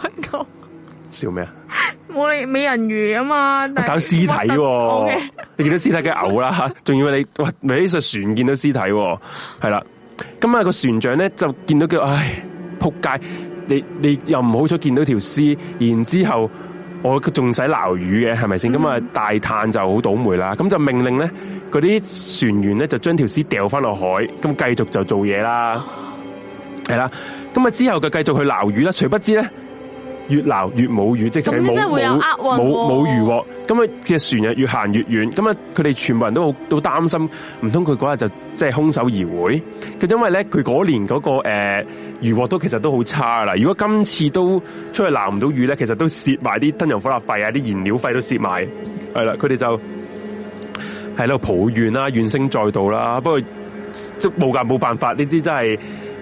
笑咩啊？冇理美人魚啊嘛，搞屍體，你見到屍體梗嘔啦吓，仲 要你喂，喺隻船見到屍體，啊，係啦。咁、那、晚個船長咧就見到叫唉撲街，你你又唔好彩見到條屍，然之後我仲使撈魚嘅係咪先？咁啊、嗯、大嘆就好倒霉啦。咁就命令咧，嗰啲船員咧就將條屍掉翻落海，咁繼續就做嘢啦。係啦，咁啊之後佢繼續去撈魚啦，誰不知咧？越撈越冇魚，即係冇冇冇魚獲，咁啊隻船又越行越遠，咁啊佢哋全部人都好都擔心，唔通佢嗰日就即係空手而回？佢因為咧，佢嗰年嗰、嗰個誒、呃、魚獲都其實都好差噶啦，如果今次都出去撈唔到魚咧，其實都蝕埋啲燈油火蠟費啊，啲燃料費都蝕埋，係啦，佢哋就喺度抱怨啦，怨聲載道啦，不過即冇噶，冇辦法，呢啲真係。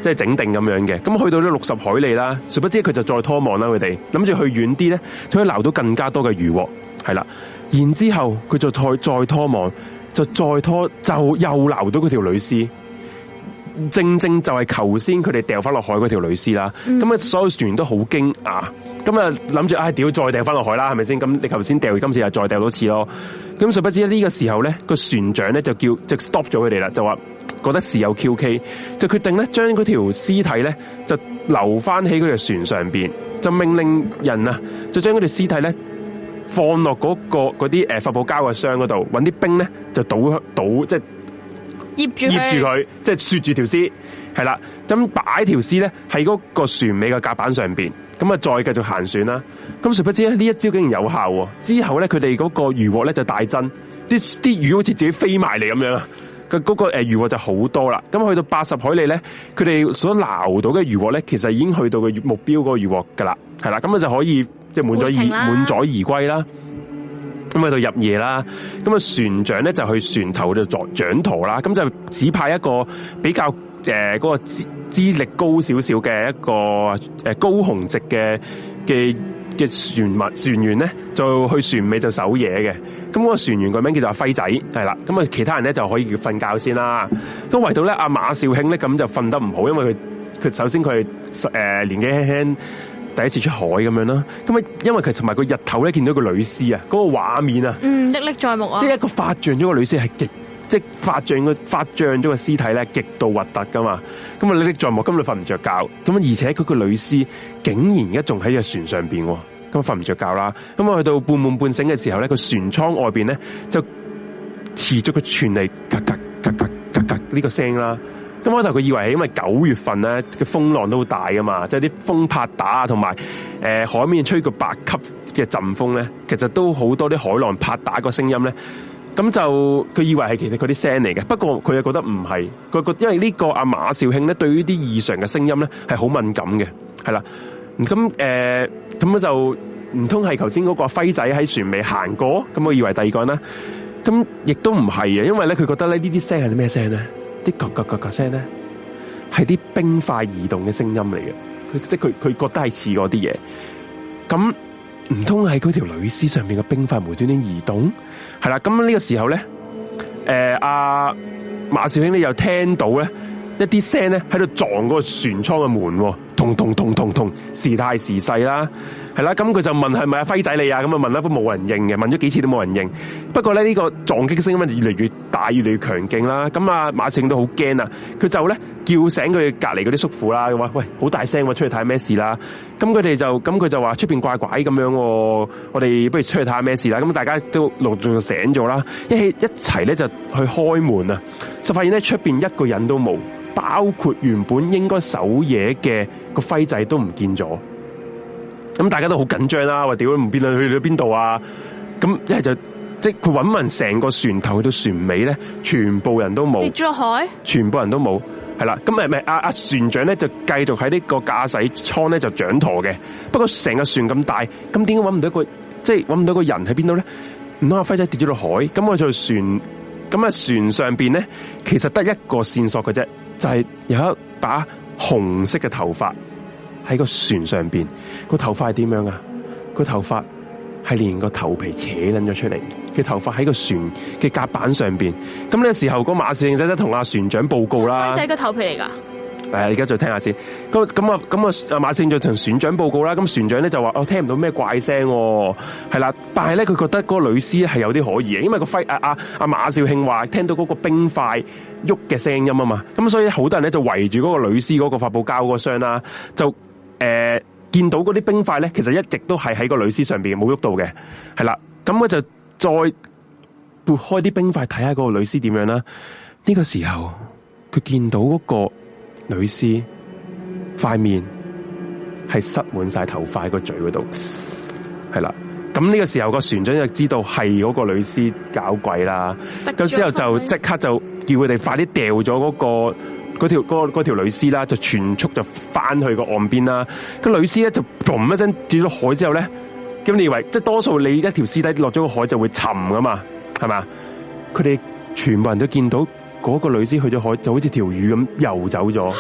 即係整定咁樣嘅，咁去到呢六十海里啦，殊不知佢就再拖網啦，佢哋諗住去遠啲呢，可以撈到更加多嘅魚獲，係啦，然之後佢就再再拖網，就再拖就又撈到嗰條女屍。正正就係頭先佢哋掉翻落海嗰條女屍啦，咁、嗯、啊所有船員都好驚啊，咁啊諗住唉，屌再掉翻落海啦，係咪先？咁你頭先掉，今次又再掉多次咯。咁誰不知呢？呢個時候咧，個船長咧就叫就 stop 咗佢哋啦，就話覺得事有蹊蹺，就決定咧將嗰條屍體咧就留翻喺嗰條船上邊，就命令人啊就將嗰條屍體咧放落嗰、那個嗰啲誒發泡膠嘅箱嗰度，搵啲冰咧就倒倒即係。醃住佢，即係雪住條屍，係啦，咁擺條屍咧喺嗰個船尾嘅甲板上邊，咁啊再繼續行船啦。咁殊不知呢一招竟然有效，哦，之後咧佢哋嗰個漁獲咧就大增，啲啲魚好似自己飛埋嚟咁樣，嗰個嗰個誒漁獲就好多啦。咁去到八十海里咧，佢哋所撈到嘅漁獲咧，其實已經去到個目標嗰個漁獲噶啦，係啦，咁啊就可以即係滿咗滿載而歸啦。咁去到入夜啦，咁啊船長咧就去船頭就作掌舵啦，咁就指派一個比較誒嗰、呃那個資資歷高少少嘅一個誒、呃、高雄籍嘅嘅嘅船物船員咧，就去船尾就守夜嘅。咁、那、嗰個船員個名叫做阿輝仔，係啦。咁啊其他人咧就可以瞓覺先啦。咁唯獨咧阿馬少興咧咁就瞓得唔好，因為佢佢首先佢誒、呃、年紀輕輕。第一次出海咁樣啦，咁啊，因為佢同埋個日頭咧，見到個女屍啊，嗰個畫面啊，嗯，歷歷在目啊，即係一個發脹咗個女屍係極，即係發脹發脹咗個屍體咧，極度核突噶嘛，咁啊歷歷在目，根本就瞓唔着覺，咁而且佢個女屍竟然而家仲喺隻船上邊，咁啊瞓唔着覺啦，咁啊去到半夢半醒嘅時候咧，個船艙外邊咧就持續佢傳嚟咔咔咔咔咔呢個聲啦。咁開頭佢以為係因為九月份咧嘅風浪都好大啊嘛，即係啲風拍打啊，同埋誒海面吹個八級嘅陣風咧，其實都好多啲海浪拍打個聲音咧。咁就佢以為係其實嗰啲聲嚟嘅，不過佢又覺得唔係，佢覺得因為呢個阿馬兆慶咧對於啲異常嘅聲音咧係好敏感嘅，係啦。咁誒咁就唔通係頭先嗰個輝仔喺船尾行過，咁我以為第二個人啦，咁亦都唔係啊，因為咧佢覺得咧呢啲聲係啲咩聲咧？啲咯咯咯咯聲咧，係啲冰塊移動嘅聲音嚟嘅。佢即係佢佢覺得係似嗰啲嘢，咁唔通係嗰條女屍上面嘅冰塊無端端移動？係啦，咁呢個時候咧，誒、呃、阿、啊、馬少卿咧又聽到咧一啲聲咧喺度撞個船艙嘅門。同同同同同時態時勢啦，係啦，咁佢就問係咪阿輝仔你啊？咁啊問啦，不過冇人應嘅，問咗幾次都冇人應。不過咧呢個撞擊嘅聲音越嚟越大，越嚟越強勁啦。咁啊馬勝都好驚啊，佢就咧叫醒佢隔離嗰啲叔父啦，話喂好大聲喎，出去睇下咩事啦？咁佢哋就咁佢就話出邊怪怪咁樣喎，我哋不如出去睇下咩事啦。咁大家都陸續醒咗啦，一起一齊咧就去開門啊，就發現咧出邊一個人都冇，包括原本應該守夜嘅。個輝仔都唔見咗，咁大家都好緊張啦！我屌唔知佢去到邊度啊！咁一係就即係佢搵問成個船頭去到船尾咧，全部人都冇跌咗落海，全部人都冇係啦。咁咪咪阿阿船長咧就繼續喺呢個駕駛艙咧就掌舵嘅。不過成個船咁大，咁點解搵唔到一個即係搵唔到一個人喺邊度咧？唔通阿輝仔跌咗落海？咁我就船咁啊船上邊咧其實得一個線索嘅啫，就係、是、有一把紅色嘅頭髮。喺個船上邊，個頭髮係點樣啊？個頭髮係連個頭皮扯捻咗出嚟，嘅頭髮喺個船嘅甲板上邊。咁呢個時候，個馬少慶仔仔同阿船長報告啦。飛仔個頭皮嚟噶，係、哎、啊！而家再聽下先。咁啊，咁啊，阿馬少慶就同船長報告啦。咁船長咧就話：，我、哦、聽唔到咩怪聲、啊，係啦。但係咧，佢覺得嗰個女屍係有啲可疑嘅，因為個輝阿阿阿馬少慶話聽到嗰個冰塊喐嘅聲音啊嘛。咁所以好多人咧就圍住嗰個女屍嗰個發布膠嗰個箱啦、啊，就。誒、呃，見到嗰啲冰塊咧，其實一直都係喺個女屍上邊冇喐到嘅，係啦。咁我就再撥開啲冰塊睇下嗰個女屍點樣啦。呢、這個時候佢見到嗰個女屍塊面係塞滿晒頭髮喺個嘴嗰度，係啦。咁呢個時候個船長就知道係嗰個女屍搞鬼啦。咁之後就即刻就叫佢哋快啲掉咗、那、嗰個。嗰條條女屍啦，就全速就翻去個岸邊啦。個女屍咧就嘭一聲跌咗海之後咧，咁你以為即係多數你一條屍體落咗個海就會沉噶嘛？係咪？佢哋全部人都見到嗰個女屍去咗海，就好似條魚咁游走咗，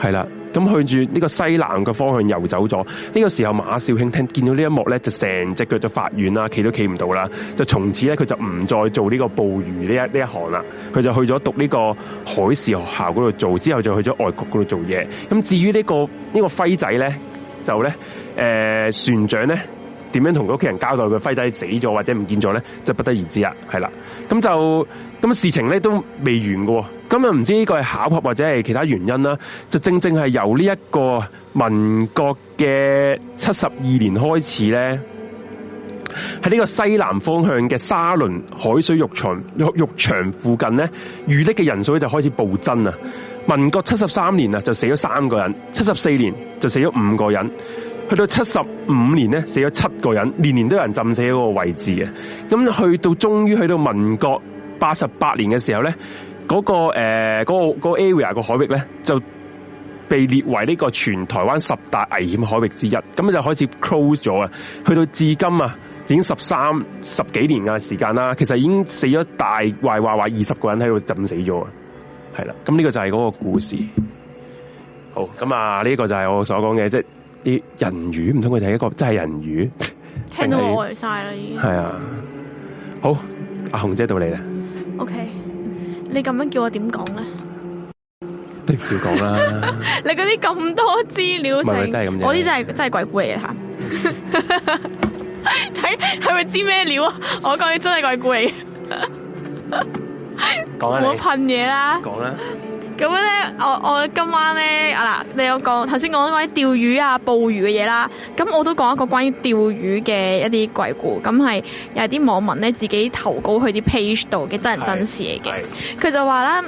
係啦。咁去住呢個西南嘅方向遊走咗，呢個時候馬少慶聽見到呢一幕咧，就成隻腳就發軟啦，企都企唔到啦，就從此咧佢就唔再做呢個捕魚呢一呢一行啦，佢就去咗讀呢個海事學校嗰度做，之後就去咗外國嗰度做嘢。咁至於呢個呢個輝仔咧，就咧誒船長咧。點樣同佢屋企人交代佢輝仔死咗或者唔見咗呢，就不得而知啦，係啦。咁就咁事情呢都未完喎。咁就唔知呢個係巧合或者係其他原因啦。就正正係由呢一個民國嘅七十二年開始呢，喺呢個西南方向嘅沙崙海水浴場浴場附近呢，遇溺嘅人數就開始暴增啊！民國七十三年啊，就死咗三個人；七十四年就死咗五個人。去到七十五年咧，死咗七個人，年年都有人浸死喺嗰個位置嘅。咁去到終於去到民國八十八年嘅時候咧，嗰、嗰個誒、呃嗰個、嗰個 area 個海域咧就被列為呢個全台灣十大危險海域之一。咁就開始 close 咗啊！去到至今啊，已經十三十幾年嘅時間啦。其實已經死咗大壞壞壞二十個人喺度浸死咗啊！係啦，咁呢個就係嗰個故事。好，咁啊呢個就係我所講嘅即係。啲人魚唔通佢哋係一個真係人魚？聽到我呆晒啦已經。係啊，好，阿紅姐到你啦。OK，你咁樣叫我點講咧？都要講啦。你嗰啲咁多資料性，我啲真係真係鬼故啊！睇係咪知咩料啊？我講啲真係鬼故。講啦，我噴嘢啦。講啦。咁咧，我我今晚咧、嗯、啊嗱，你有講頭先講關於釣魚啊、捕魚嘅嘢啦，咁我都講一個關於釣魚嘅一啲鬼故，咁係有啲網民咧，自己投稿去啲 page 度嘅真人真事嚟嘅，佢就話啦，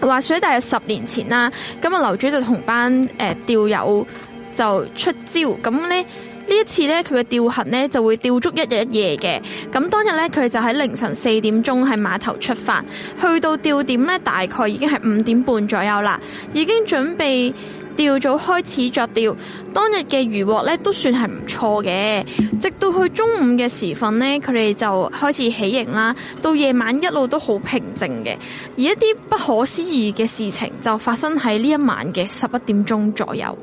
話說大約十年前啦，咁啊樓主就同班誒呃、釣友就出招，咁咧。呢一次咧，佢嘅釣行咧就會釣足一日一夜嘅。咁當日咧，佢就喺凌晨四點鐘喺碼頭出發，去到釣點咧，大概已經係五點半左右啦，已經準備。釣早開始作釣，當日嘅漁獲咧都算係唔錯嘅。直到去中午嘅時分呢，佢哋就開始起營啦。到夜晚一路都好平靜嘅，而一啲不可思議嘅事情就發生喺呢一晚嘅十一點鐘左右。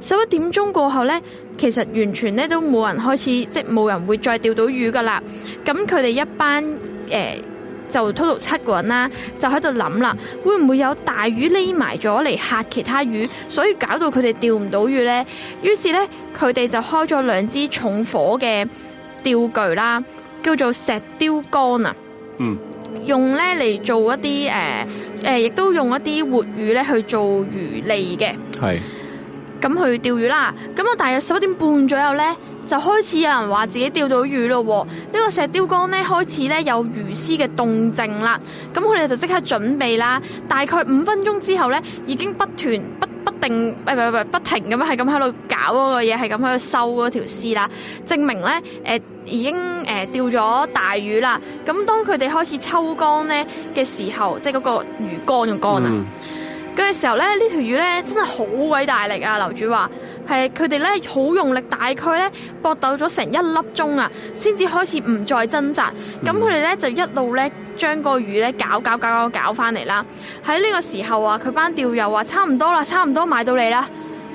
十一點鐘過後呢，其實完全咧都冇人開始，即係冇人會再釣到魚噶啦。咁佢哋一班誒。呃就 total 七個人啦，就喺度諗啦，會唔會有大魚匿埋咗嚟吓其他魚，所以搞到佢哋釣唔到魚呢？於是呢，佢哋就開咗兩支重火嘅釣具啦，叫做石雕竿啊。嗯，用呢嚟做一啲誒誒，亦都用一啲活魚呢去做魚餌嘅。係咁去釣魚啦。咁我大約十一點半左右呢。就開始有人話自己釣到魚咯喎、哦！呢、呢個石雕缸咧開始咧有魚絲嘅動靜啦，咁佢哋就即刻準備啦。大概五分鐘之後咧，已經不斷不不定，不，不，不，不，不，不停咁樣係咁喺度搞嗰個嘢，係咁喺度收嗰條絲啦，證明咧、呃、已經誒、呃、釣咗大魚啦。咁當佢哋開始抽竿咧嘅時候，即係嗰個魚竿嘅竿啊。嗯嗰個時候咧，呢條魚咧真係好鬼大力啊！樓主話係佢哋咧好用力，大概咧搏鬥咗成一粒鐘啊，先至開始唔再掙扎。咁佢哋咧就一路咧將個魚咧搞搞搞搞搞翻嚟啦。喺呢個時候啊，佢班釣友話差唔多啦，差唔多，多買到嚟啦，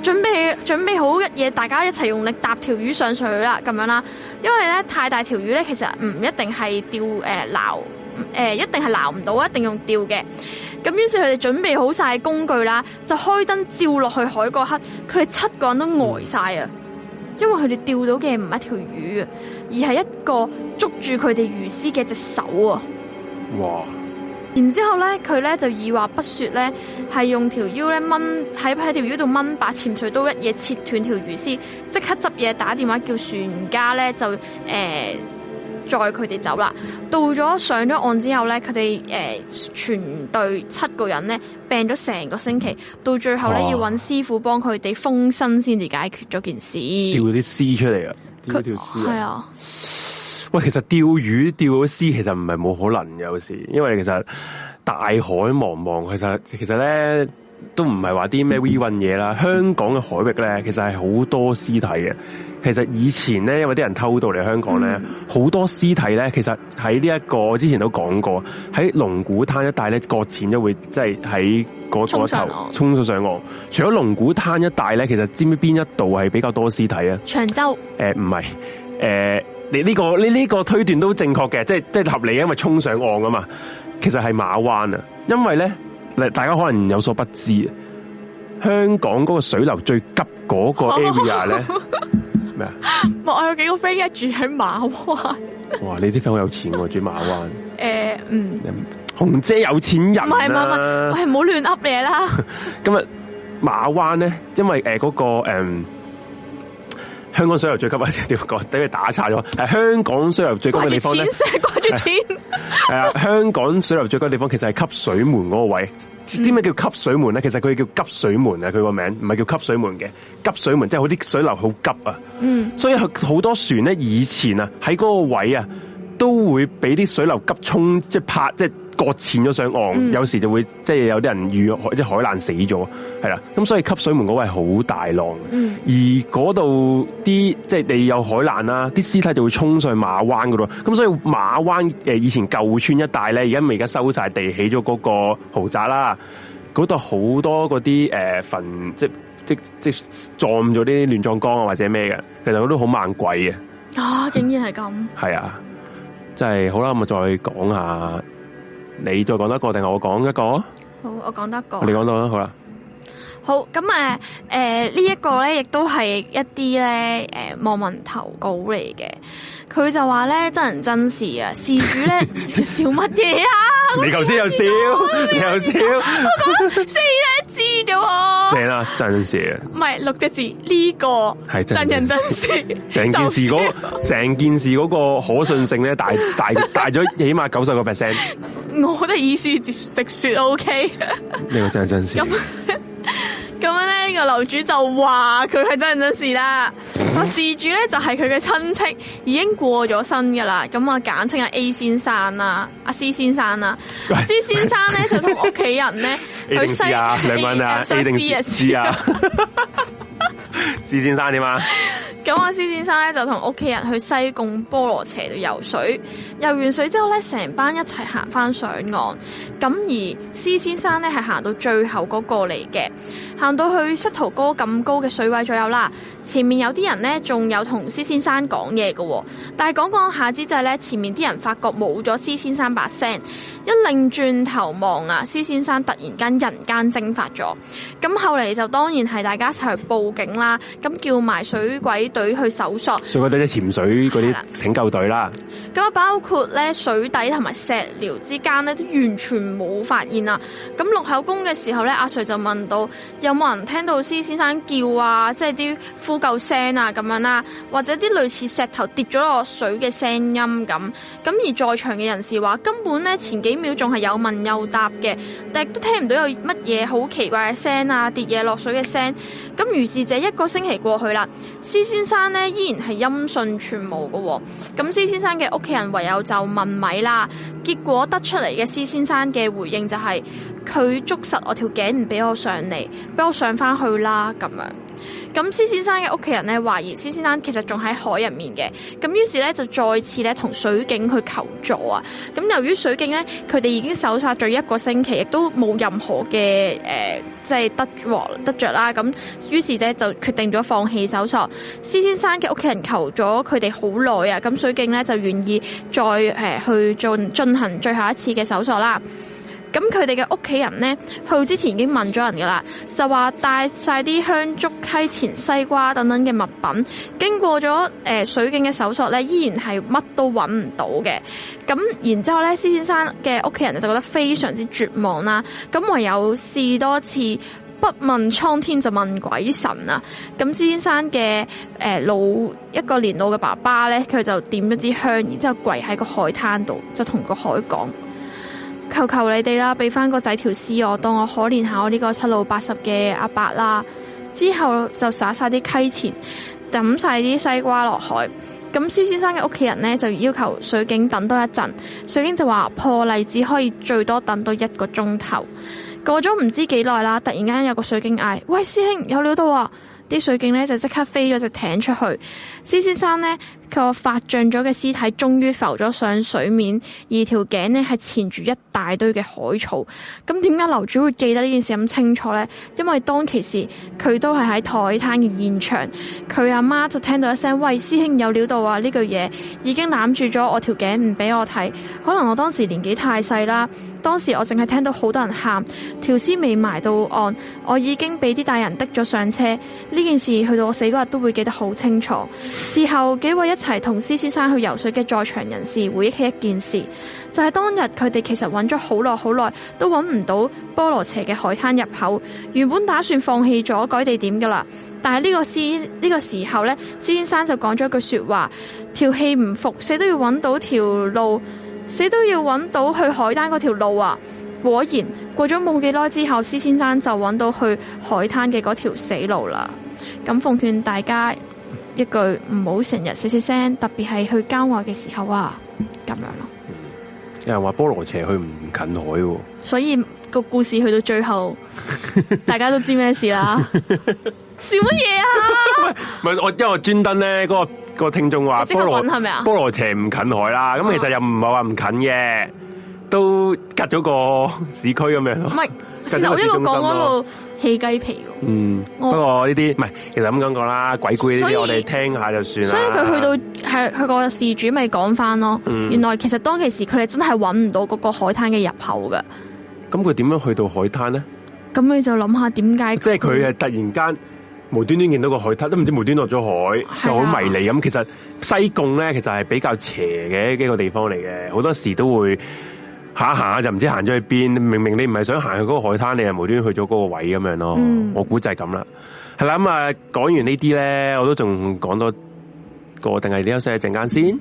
準備準備好一嘢，大家一齊用力搭條魚上水啦，咁樣啦。因為咧太大條魚咧，其實唔一定係釣誒撈。呃誒、呃，一定係撈唔到，一定用吊嘅。咁於是佢哋準備好晒工具啦，就開燈照落去海嗰刻，佢哋七個人都呆晒啊！因為佢哋釣到嘅唔係一條魚啊，而係一個捉住佢哋魚絲嘅隻手啊！哇！然之後咧，佢咧就二話不說咧，係用條腰咧掹喺喺條腰度掹，把潛水刀一嘢切斷條魚絲，即刻執嘢打電話叫船家咧就誒。呃再佢哋走啦，到咗上咗岸之後咧，佢哋誒全隊七個人咧病咗成個星期，到最後咧要揾師傅幫佢哋封身先至解決咗件事。釣啲屍出嚟啊！條屍，係啊，喂，其實釣魚釣咗屍其實唔係冇可能嘅，有時因為其實大海茫茫，其實其實咧都唔係話啲咩微運嘢啦。香港嘅海域咧，其實係好 多屍體嘅。其實以前咧，因為啲人偷渡嚟香港咧，好、嗯、多屍體咧，其實喺呢一個之前都講過，喺龍鼓灘一帶咧，擱淺就會即係喺嗰個頭衝咗上，上岸。除咗龍鼓灘一帶咧，其實知唔知邊一度係比較多屍體啊？長洲誒，唔係誒，你呢、呢個你呢個推斷都正確嘅，即係即係合理，因為衝上岸啊嘛。其實係馬灣啊，因為咧，大家可能有所不知，香港嗰個水流最急嗰個 area 咧。呢 咩啊？我有幾個 friend、啊、住喺馬灣。哇！你啲 friend 好有錢喎、啊，住馬灣。誒、欸，嗯，紅姐有錢人啊。唔係我係唔好亂 up 嘢啦。今日馬灣咧，因為誒嗰、呃嗰個誒。呃香港水流最急啊！ 打咗。係香港水流最急地方掛住錢，係啊，香港水流最急地方其實係吸水門嗰個位。啲、嗯、咩叫吸水門咧？其實佢叫，叫急水門啊，佢個名唔係叫吸水門嘅。急水門即係好啲水流好急啊。嗯，所以係好多船咧，以前啊喺嗰個位啊。都會俾啲水流急沖，即係拍，即係擱淺咗上岸，嗯。有時就會即係有啲人遇海即係海難死咗，係啦。咁所以汲水門嗰位係好大浪，嗯，而嗰度啲即係地有海難啦，啲屍體就會沖上馬灣嗰度。咁所以馬灣以前舊村一帶咧，而家未而家收曬地起咗嗰個豪宅啦。嗰度好多嗰啲誒墳，即即即，即撞咗啲亂葬崗啊，或者咩嘅，其實都好猛鬼嘅。啊，竟然係咁，係啊！即係好啦，咁、嗯、啊再講下，你再講多一個定係我講一個？好，我講多一個。你講多個啦，好啦。好咁，誒誒呢一個咧，亦都係一啲咧誒網民投稿嚟嘅。佢就話咧真人真事呢，啊，事主咧笑乜嘢啊？你頭先又笑， 你又笑， 我講四隻字啫喎，啊。正啊，真事啊。唔係六隻字呢，這個係真人真事，成件事嗰，成件事個 可信性咧大大大咗起碼九十個 percent。 我的意思直說 OK。呢，這個真係真事，啊。 咁樣咧，個樓主就話佢係真人真事啦。個 事主咧就係佢嘅親戚，已經過咗身噶啦。咁啊，簡稱阿 A 先生啦，阿施先生啦。施 先生咧就同屋企人咧 去西貢西施啊施、呃、啊 先生點啊？咁阿施先生咧就同屋企人去西貢菠蘿斜度游水，游完水之後咧，成班一齊行翻上岸。咁而施先生咧係行到最後嗰個嚟嘅。行到去膝頭哥咁高嘅水位左右啦，前面有啲人呢，仲有同施先生講嘢嘅，但係講講下之就係呢，前面啲人發覺冇咗施先生把聲。一擰轉頭望啊，施先生突然間人間蒸發咗。咁後嚟就當然係大家一齊去報警啦，咁叫埋水鬼隊去搜索。水鬼隊即係潛水嗰啲拯救隊啦。咁啊，那包括咧水底同埋石寮之間咧都完全冇發現啊，咁錄口供嘅時候咧，阿 Sir 就問到有冇人聽到施先生叫啊，即係啲呼救聲啊咁樣啦，或者啲類似石頭跌咗落水嘅聲音咁。咁而在場嘅人士話根本咧前幾。嗯幾秒仲係有問有答嘅，但係都聽唔到有乜嘢好奇怪嘅聲啊，跌嘢落水嘅聲。咁於是就一個星期過去啦。施先生呢，依然係音訊全無噶。咁施先生嘅屋企人唯有就問米啦，結果得出嚟嘅施先生嘅回應就係佢捉實我條頸唔俾我上嚟，俾我上返去啦咁樣。咁施先生嘅屋企人咧，懷疑施先生其實仲喺海入面嘅，咁於是咧就再次咧同水警去求助啊！咁由於水警咧，佢哋已經搜索咗一個星期，亦都冇任何嘅誒、呃，即係得獲得着啦。咁於是咧就決定咗放棄搜索。施 先生嘅屋企人求咗佢哋好耐啊，咁水警咧就願意再誒、呃、去進進行最後一次嘅搜索啦。咁佢哋嘅屋企人呢，去之前已經問咗人噶啦，就話帶晒啲香燭、溪錢、西瓜等等嘅物品。經過咗誒、呃、水警嘅搜索呢，依然係乜都揾唔到嘅。咁然之後呢，施先生嘅屋企人就覺得非常之絕望啦。咁唯有試多次，不問蒼天就問鬼神啊。咁施先生嘅誒、呃、老一個年老嘅爸爸呢，佢就點咗支香，然之後跪喺個海灘度，就同個海講。求求你哋啦，俾翻個仔條屍我，當我可憐下我呢個七老八十嘅阿伯啦。之後就撒晒啲溪錢，抌晒啲西瓜落海。咁施先生嘅屋企人呢，就要求水警等多一陣，水警就話破例只可以最多等到一個鐘頭。過咗唔知幾耐啦，突然間有個水警嗌，喂，師兄有料到啊！啲水警呢，就即刻飛咗隻艇出去。施先生呢個發脹咗嘅屍體終於浮咗上水面，而條頸呢係纏住一大堆嘅海草。咁點解樓主會記得呢件事咁清楚呢？因為當其時佢都係喺海灘嘅現場，佢阿媽就聽到一聲喂，師兄有料到啊！呢句嘢已經攬住咗我條頸，唔俾我睇。可能我當時年紀太細啦，當時我淨係聽到好多人喊，條屍未埋到岸，我已經俾啲大人滴咗上車。呢件事去到我死嗰日都會記得好清楚。事後幾位一齊同施先生去游水嘅在場人士回憶起一件事，就係當日佢哋其實揾咗好耐好耐都揾唔到菠羅斜嘅海灘入口，原本打算放棄咗改地點噶啦，但係呢個施呢個時候呢，施先生就講咗一句說話：條氣唔服，死都要揾到條路，死都要揾到去海灘嗰條路啊！果然過咗冇幾耐之後，施先生就揾到去海灘嘅嗰條死路啦。咁奉勸大家。一句唔好成日細細聲，特別係去郊外嘅時候啊，咁樣咯。有人話菠蘿斜去唔近海啊，所以個故事去到最後，大家都知咩事啦？笑乜嘢麼啊？唔 係我，因為我專登咧，嗰個嗰個聽眾話菠蘿係咪啊？菠蘿斜唔近海啦，咁其實又唔係話唔近嘅。啊都隔咗個市區咁樣咯，唔係，其實我一路講嗰度起雞皮，嗯，不過呢啲唔係，其實咁講過啦，鬼故啲嘢我哋聽下就算啦。所以佢去到係佢個事主咪講翻咯，原來其實當其時佢哋真係揾唔到嗰個海灘嘅入口㗎。咁佢點樣去到海灘咧？咁你就諗下點解？即係佢係突然間無端端見到個海灘，都唔知無端落咗海，就好迷離咁。其實西貢咧，其實係比較邪嘅一個地方嚟嘅，好多時都會。行下行下就唔知行咗去邊？明明你唔係想行去嗰個海灘，你又無端端去咗嗰個位咁樣咯。我估就係咁啦。係啦，咁啊講完呢啲咧，我都仲講多個，定係休息一陣間先。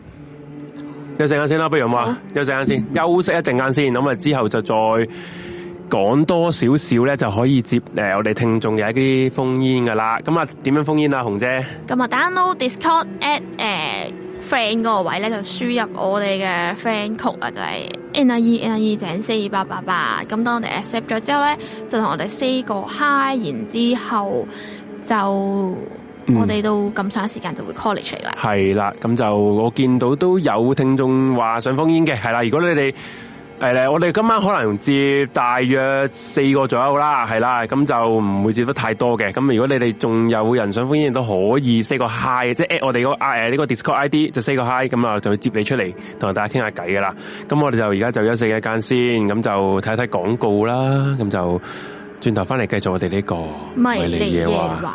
休息一陣間先啦，不如話、啊、休息一陣間先，休息一陣間先。咁啊之後就再講多少少咧，就可以接誒我哋聽眾嘅一啲封煙噶啦。咁啊點樣封煙啊，紅姐？咁啊 download Discord at 誒、uh...。friend 嗰個位咧就輸入我哋嘅 friend 曲啊，就係、是、NIE NIE 井四八八八，咁當我哋 accept 咗之後咧，就同我哋 say 個 hi，然之後就、嗯、我哋到咁上下時間就會 call 出嚟啦。係啦，咁就我見到都有聽眾話想 phone in 嘅，係啦，如果你哋。係啦，我哋今晚可能接大約四個左右啦，係啦，咁就唔會接得太多嘅。咁如果你哋仲有人想歡迎都可以，say 個 hi，即係 at 我哋個誒呢個 Discord ID 就 say 個 hi，咁啊就會接你出嚟同大家傾下偈噶啦。咁我哋就而家就休息一間先，咁就睇一睇廣告啦，咁就轉頭翻嚟繼續我哋呢個迷離夜話。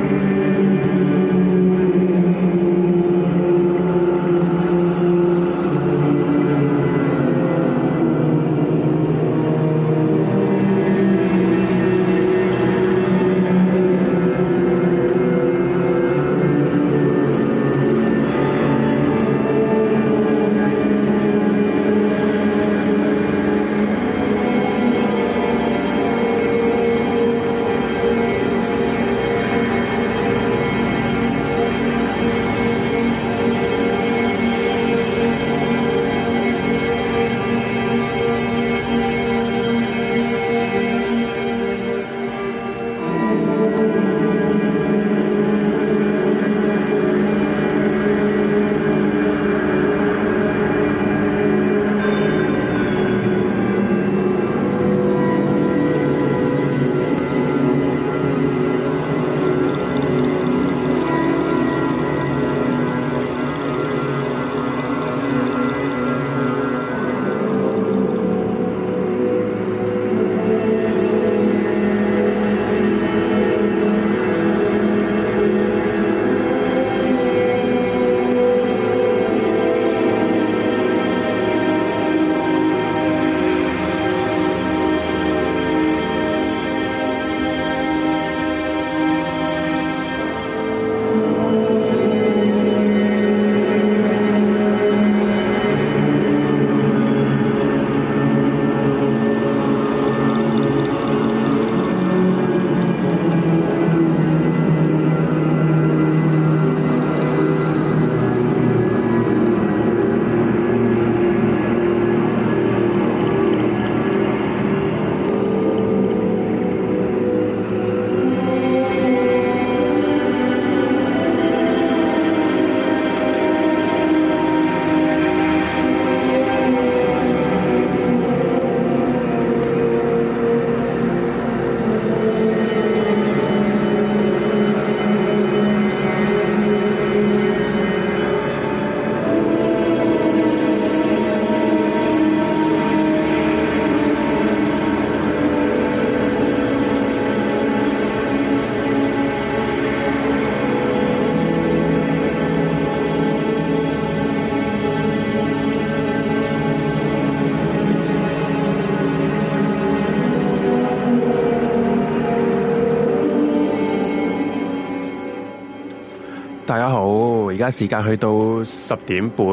而家時間去到十點半，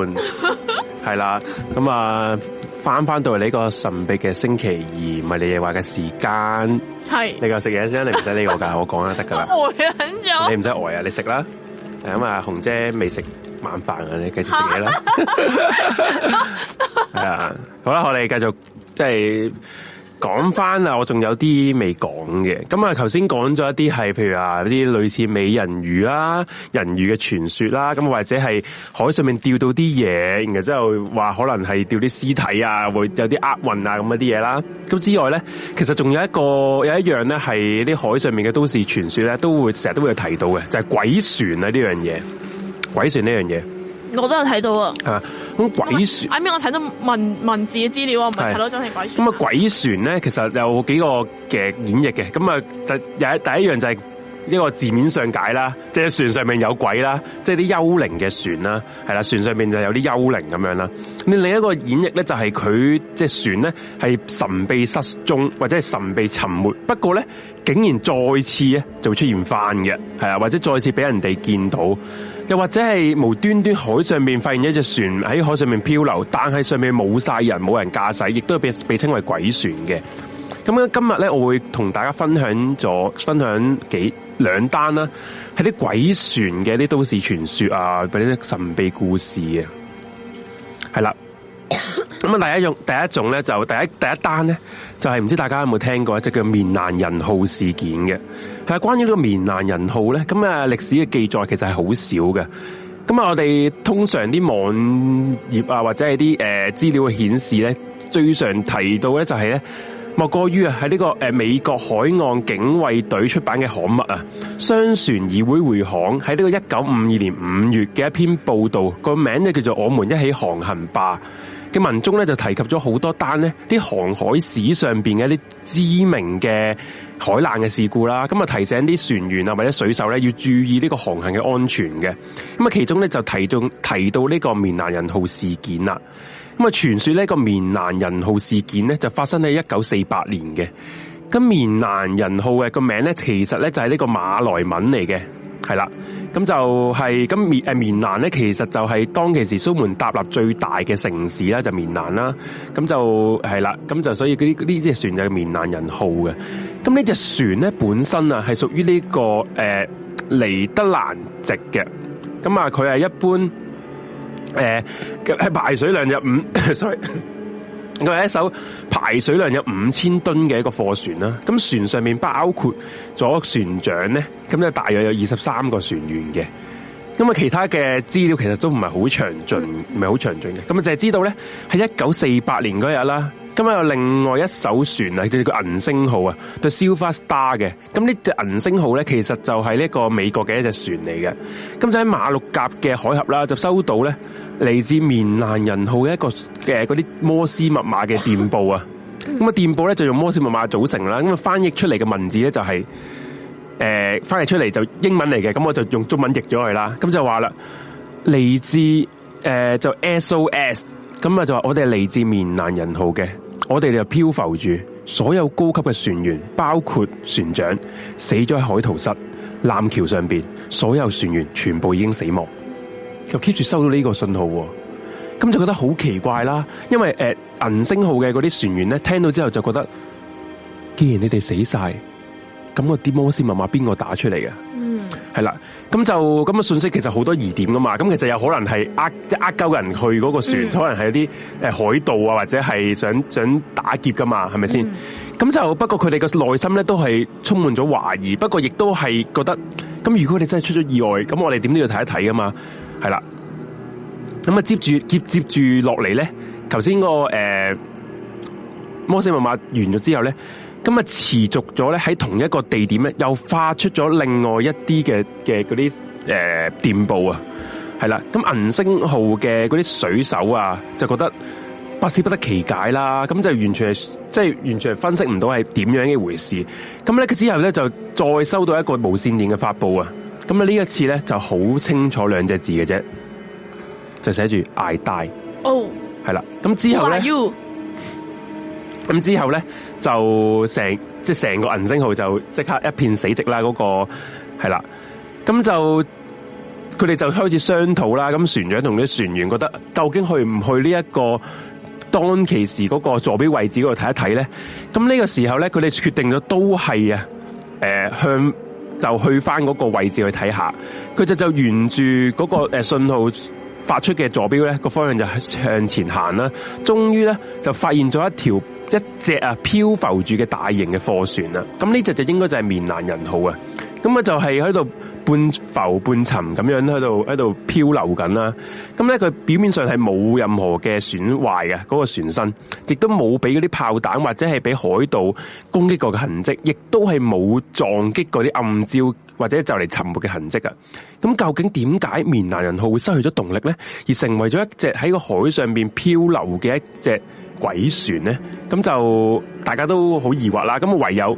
係啦，咁啊，翻翻到嚟呢個神秘嘅星期二，唔係你話嘅時間係，你夠食嘢先，你唔使理我噶，我講就得噶啦，呆咗，你唔使呆啊，你食啦，係咁啊，紅姐未食晚飯啊，你繼續食嘢啦，係 啊，好啦，我哋繼續即係。講翻啊，我仲有啲未講嘅，咁啊，頭先講咗一啲係，譬如話，啲類似美人魚啦、人魚嘅傳說啦，咁或者係海上面釣到啲嘢，然後之後話可能係釣啲屍體啊，會有啲厄運啊咁啲嘢啦。咁、啊、之外咧，其實仲有一個有一樣咧，係啲海上面嘅都市傳說咧，都會成日都會有提到嘅，就係、是、鬼船啊呢樣嘢，鬼船呢樣嘢，我都有睇到啊。咁鬼船，啱先我睇到文文字嘅資料啊，唔係睇到真係鬼船。咁啊鬼船咧，其實有幾個嘅演繹嘅，咁啊第又係第一樣就係、是，一個字面上解啦，即係船上面有鬼啦，即係啲幽靈嘅船啦，係啦，船上面就有啲幽靈咁樣啦。你另一個演繹咧，就係佢即係船咧係神秘失蹤或者係神秘沉沒，不過咧竟然再次啊就會出現翻嘅，係啊，或者再次俾人哋見到，又或者係無端端海上面發現一隻船喺海上面漂流，但係上面冇晒人，冇人駕駛，亦都被被稱為鬼船嘅。咁啊，今日咧我會同大家分享咗分享幾兩單啦，係啲鬼船嘅啲都市傳說啊，或者啲神秘故事嘅，係啦。咁啊，第一種呢就第一種咧就第一第一單咧就係、是、唔知大家有冇聽過一則叫棉蘭人號事件嘅，係關於呢個棉蘭人號咧，咁啊歷史嘅記載其實係好少嘅。咁啊，我哋通常啲網頁啊或者係啲誒資料嘅顯示咧，最常提到咧就係咧，莫過於啊，喺呢個誒美國海岸警衛隊出版嘅刊物啊，商船議會回航喺呢個一九五二年五月嘅一篇報道，個名咧叫做《我們一起航行吧》嘅文中咧就提及咗好多單呢啲航海史上邊嘅一啲知名嘅海難嘅事故啦，咁啊提醒啲船員啊或者水手咧要注意呢個航行嘅安全嘅，咁啊其中咧就提到提到呢個棉蘭人號事件啦。咁啊！傳說呢個棉蘭人號事件咧，就發生喺一九四八年嘅。咁棉蘭人號嘅個名咧，其實咧就係呢個馬來文嚟嘅，係啦。咁就係咁棉，誒，棉蘭咧，其實就係當其時蘇門答臘最大嘅城市，就是，綿啦，就棉蘭啦。咁就係啦，咁就所以呢啲隻船就係棉蘭人號嘅。咁呢隻船咧本身啊係屬於呢個誒、呃、尼德蘭籍嘅。咁啊，佢係一般。誒、呃，係排水量有五，sorry，佢係一艘排水量有五千噸嘅一個貨船啦。咁船上面包括咗船長咧，咁就大約有二十三個船員嘅。咁啊，其他嘅資料其實都唔係好詳盡，唔係好詳盡嘅。咁啊，就係知道咧，喺一九四八年嗰日啦，咁啊，有另外一艘船啊，叫、就、做、是、銀星號啊，對，Silver Star 嘅。咁呢隻銀星號咧，其實就係呢一個美國嘅一隻船嚟嘅。咁就喺馬六甲嘅海峽啦，就收到咧嚟自棉蘭人號嘅一個嘅嗰啲摩斯密碼嘅電報啊。咁啊，電報咧就用摩斯密碼組成啦。咁啊，翻譯出嚟嘅文字咧就係、是。誒、呃，翻譯出嚟就英文嚟嘅，咁我就用中文譯咗佢啦。咁就話啦，嚟自誒、呃、就 SOS，咁啊就話，我哋嚟自棉蘭人號嘅，我哋就漂浮住，所有高級嘅船員包括船長死咗喺，海圖室艦橋上邊，所有船員全部已經死亡。就 keep 住收到呢個信號、哦，咁就覺得好奇怪啦，因為誒銀、呃、星號嘅嗰啲船員咧聽到之後就覺得，既然你哋死晒。咁個啲摩斯密碼邊個打出嚟嘅？嗯，係啦，咁就咁嘅信息其實好多疑點噶嘛，咁其實有可能係呃即係呃鳩人去嗰個船，嗯、可能係一啲誒海盜啊，或者係想想打劫噶嘛，係咪先？咁、嗯、就不過佢哋嘅內心咧都係充滿咗懷疑，不過亦都係覺得咁，如果佢哋真係出咗意外，咁我哋點都要睇一睇噶嘛，係啦。咁啊，接住接接住落嚟咧，頭先、嗰個誒、呃、摩斯密碼完咗之後咧。咁啊，持續咗咧喺同一個地點咧，又發出咗另外一啲嘅嘅嗰啲誒電報啊，係啦。咁銀星號嘅嗰啲水手啊，就覺得百思不得其解啦。咁就完全係即係完全係分析唔到係點樣一回事。咁咧，之後咧就再收到一個無線電嘅發佈啊。咁啊，呢一次咧就好清楚兩隻字嘅啫，就寫住「I die」。哦。係啦，咁之後咧。Oh, 咁之後咧，就成即係成個銀星號就即刻一片死寂啦。嗰、嗰個係啦，咁就佢哋就開始商討啦。咁船長同啲船員覺得，究竟去唔去呢一個當其時嗰個座標位置嗰度睇一睇咧？咁呢個時候咧，佢哋決定咗都係啊、呃，向就去翻嗰個位置去睇下。佢就就沿住嗰個信號發出嘅座標咧，個方向就向前行啦。終於咧，就發現咗一條。一隻啊漂浮住嘅大型嘅貨船啦，咁呢隻就應該就係棉蘭人號啊，咁啊就係喺度半浮半沉咁樣喺度喺度漂流緊啦。咁咧佢表面上係冇任何嘅損壞啊，嗰、嗰個船身亦都冇俾嗰啲炮彈或者係俾海盜攻擊過嘅痕跡，亦都係冇撞擊嗰啲暗礁或者就嚟沉沒嘅痕跡啊。咁究竟點解棉蘭人號會失去咗動力咧，而成為咗一隻喺個海上邊漂流嘅一隻？鬼船咧，咁就大家都好疑惑啦。咁唯有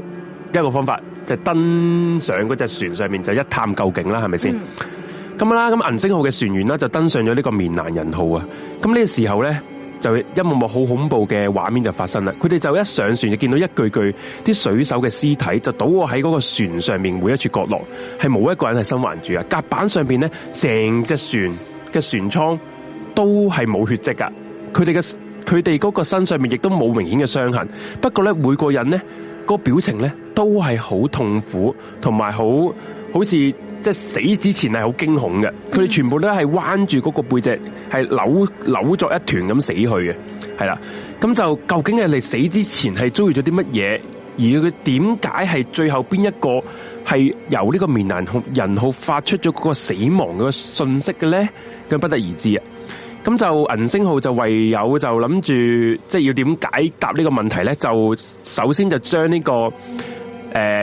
一個方法，就係、登上嗰隻船上面就一探究竟啦，係咪先？咁、嗯、啦，咁銀星號嘅船員啦，就登上咗呢個棉蘭人號啊。咁呢個時候咧，就一幕幕好恐怖嘅畫面就發生啦。佢哋就一上船就見到一具具啲水手嘅屍體就倒臥喺嗰個船上面每一處角落，係冇一個人係生還住啊。甲板上邊咧，成隻船嘅船艙都係冇血迹噶，佢哋嘅。佢哋嗰個身上面亦都冇明顯嘅傷痕，不過咧，每個人咧、個表情咧都係好痛苦，同埋好好似即係死之前係好驚恐嘅。佢、嗯、哋全部都係彎住嗰個背脊，係扭扭作一團咁死去嘅，係啦。咁就究竟係你死之前係遭遇咗啲乜嘢，而佢點解係最後邊一個係由呢個棉蘭人號發出咗嗰個死亡嘅信息嘅咧？咁不得而知啊。咁就銀星號就唯有就諗住即係要點解答呢個問題咧，就首先就將呢、這個誒